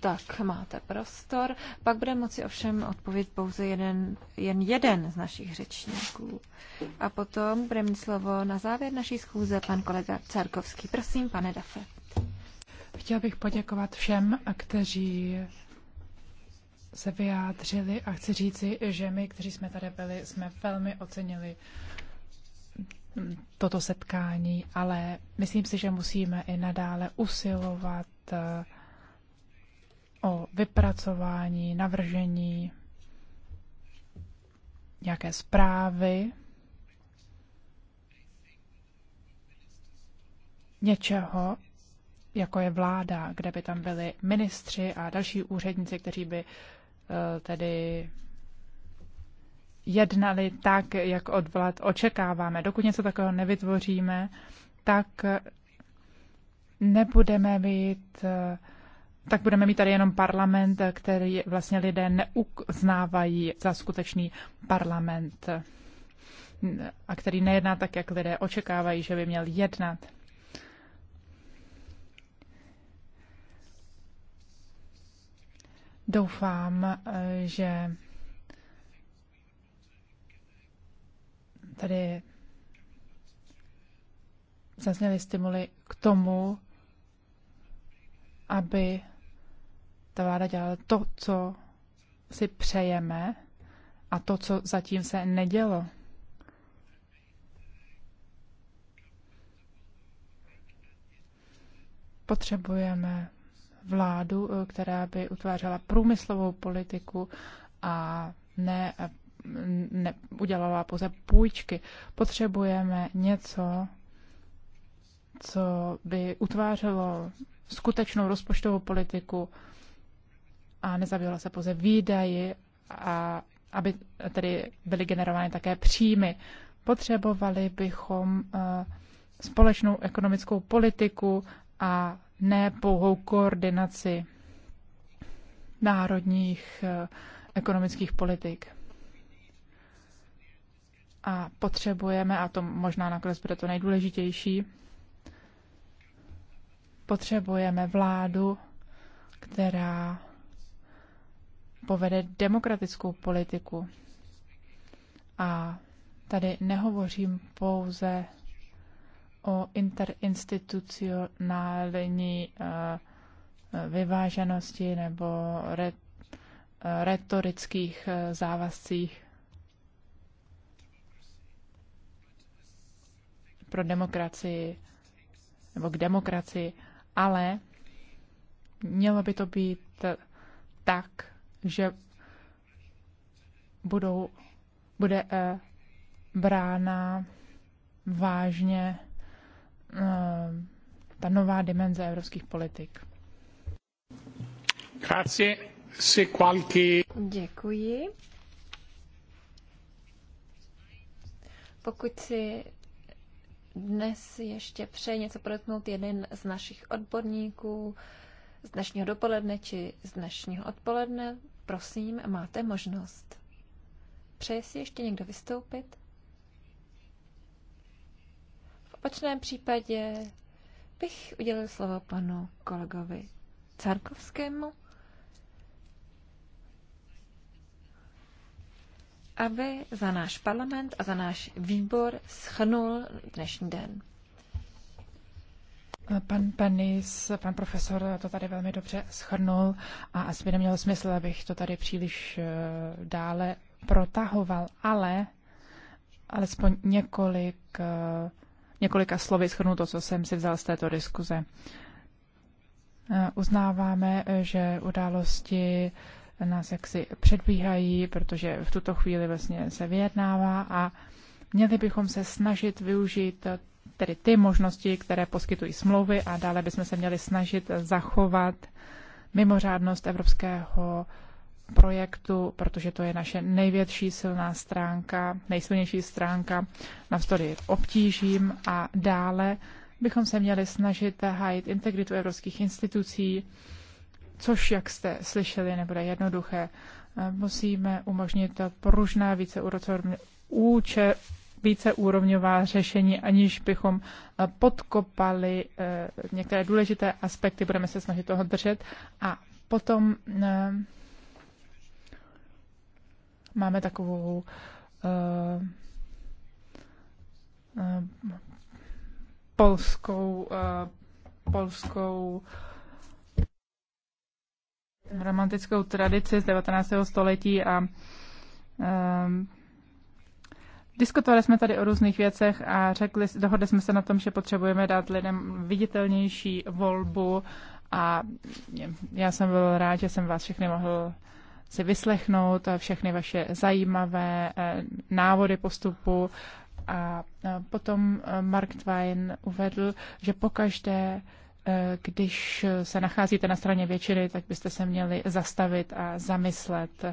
tak máte prostor. Pak bude moci ovšem odpovědět pouze jeden, jen jeden z našich řečníků. A potom bude mít slovo na závěr naší schůze pan kolega Carkovský. Prosím, pane Dafe. Chtěl bych poděkovat všem, kteří se vyjádřili a chci říci, že my, kteří jsme tady byli, jsme velmi ocenili toto setkání, ale myslím si, že musíme i nadále usilovat eh, o vypracování, navržení nějaké zprávy, něčeho, jako je vláda, kde by tam byli ministři a další úředníci, kteří by Eh, tedy jednali tak, jak od vlád očekáváme. Dokud něco takového nevytvoříme, tak nebudeme mít eh, tak budeme mít tady jenom parlament, který vlastně lidé neuznávají za skutečný parlament a který nejedná tak, jak lidé očekávají, že by měl jednat. Doufám, že tady zazněly stimuly k tomu, aby ta vláda dělala to, co si přejeme a to, co zatím se nedělo. Potřebujeme vládu, eh, která by utvářela průmyslovou politiku a ne, eh, ne udělala pouze půjčky. Potřebujeme něco, co by utvářelo skutečnou rozpočtovou politiku a nezabývala se pouze výdaji a aby tedy byly generovány také příjmy. Potřebovali bychom eh, společnou ekonomickou politiku a ne pouhou koordinaci národních eh, ekonomických politik. A potřebujeme, a to možná nakonec bude to nejdůležitější, potřebujeme vládu, která povede demokratickou politiku. A tady nehovořím pouze o interinstitucionální eh, vyváženosti nebo re, eh, retorických eh, závazcích pro demokracii nebo k demokracii, ale mělo by to být tak, že budou, bude brána vážně Eh, ta nová dimenze evropských politik. Grazie. Se qualche... Děkuji. Pokud si dnes ještě přeje něco podotknout jeden z našich odborníků z dnešního dopoledne či z dnešního odpoledne, prosím, máte možnost. Přeje si ještě někdo vystoupit? opačném případě bych udělil slovo panu kolegovi Carkovskému, aby za náš parlament a za náš výbor schnul dnešní den. Pan Penis, pan profesor to tady velmi dobře schrnul a asi by nemělo smysl, abych to tady příliš eh, dále protahoval, ale alespoň několik eh, několika slovy schrnu to, co jsem si vzal z této diskuze. Eh, uznáváme, že události nás jaksi předbíhají, protože v tuto chvíli vlastně se vyjednává a měli bychom se snažit využít eh, tedy ty možnosti, které poskytují smlouvy a dále bychom se měli snažit zachovat mimořádnost evropského projektu, protože to je naše největší silná stránka, nejsilnější stránka navzdory obtížím a dále bychom se měli snažit hájit integritu evropských institucí, což, jak jste slyšeli, nebude jednoduché. Musíme umožnit pružná více úče, víceúrovňová řešení, aniž bychom eh, podkopali eh, některé důležité aspekty, budeme se snažit toho držet a potom eh, máme takovou uh, uh, polskou, uh, polskou romantickou tradici z 19. století a um, Diskutovali jsme tady o různých věcech a řekli, dohodli jsme se na tom, že potřebujeme dát lidem viditelnější volbu a já jsem byl rád, že jsem vás všechny mohl si vyslechnout všechny vaše zajímavé eh, návody postupu. A eh, potom eh, Mark Twain uvedl, že pokaždé, když se nacházíte na straně většiny, tak byste se měli zastavit a zamyslet.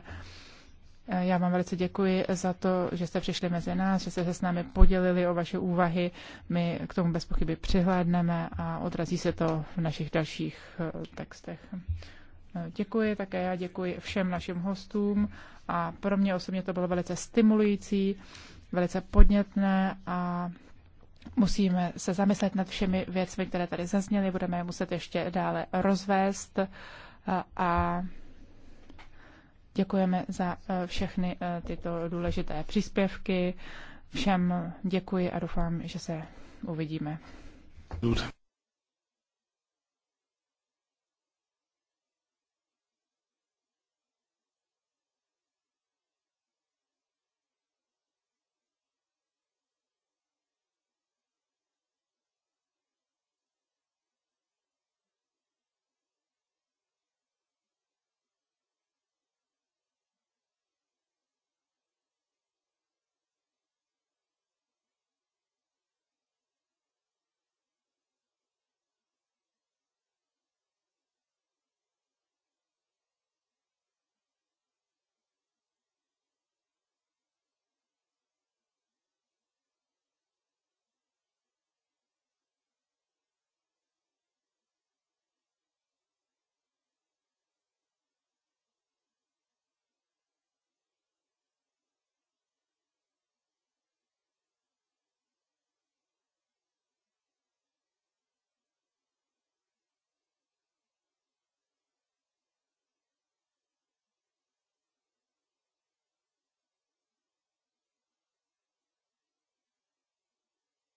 Já vám velice děkuji za to, že jste přišli mezi nás, že jste se s námi podělili o vaše úvahy. My k tomu bez pochyby přihlédneme a odrazí se to v našich dalších textech. Děkuji, také já děkuji všem našim hostům a pro mě osobně to bylo velice stimulující, velice podnětné a musíme se zamyslet nad všemi věcmi, které tady zazněly, budeme je muset ještě dále rozvést a, a děkujeme za e, všechny e, tyto důležité příspěvky. Všem děkuji a doufám, že se uvidíme. Dobře.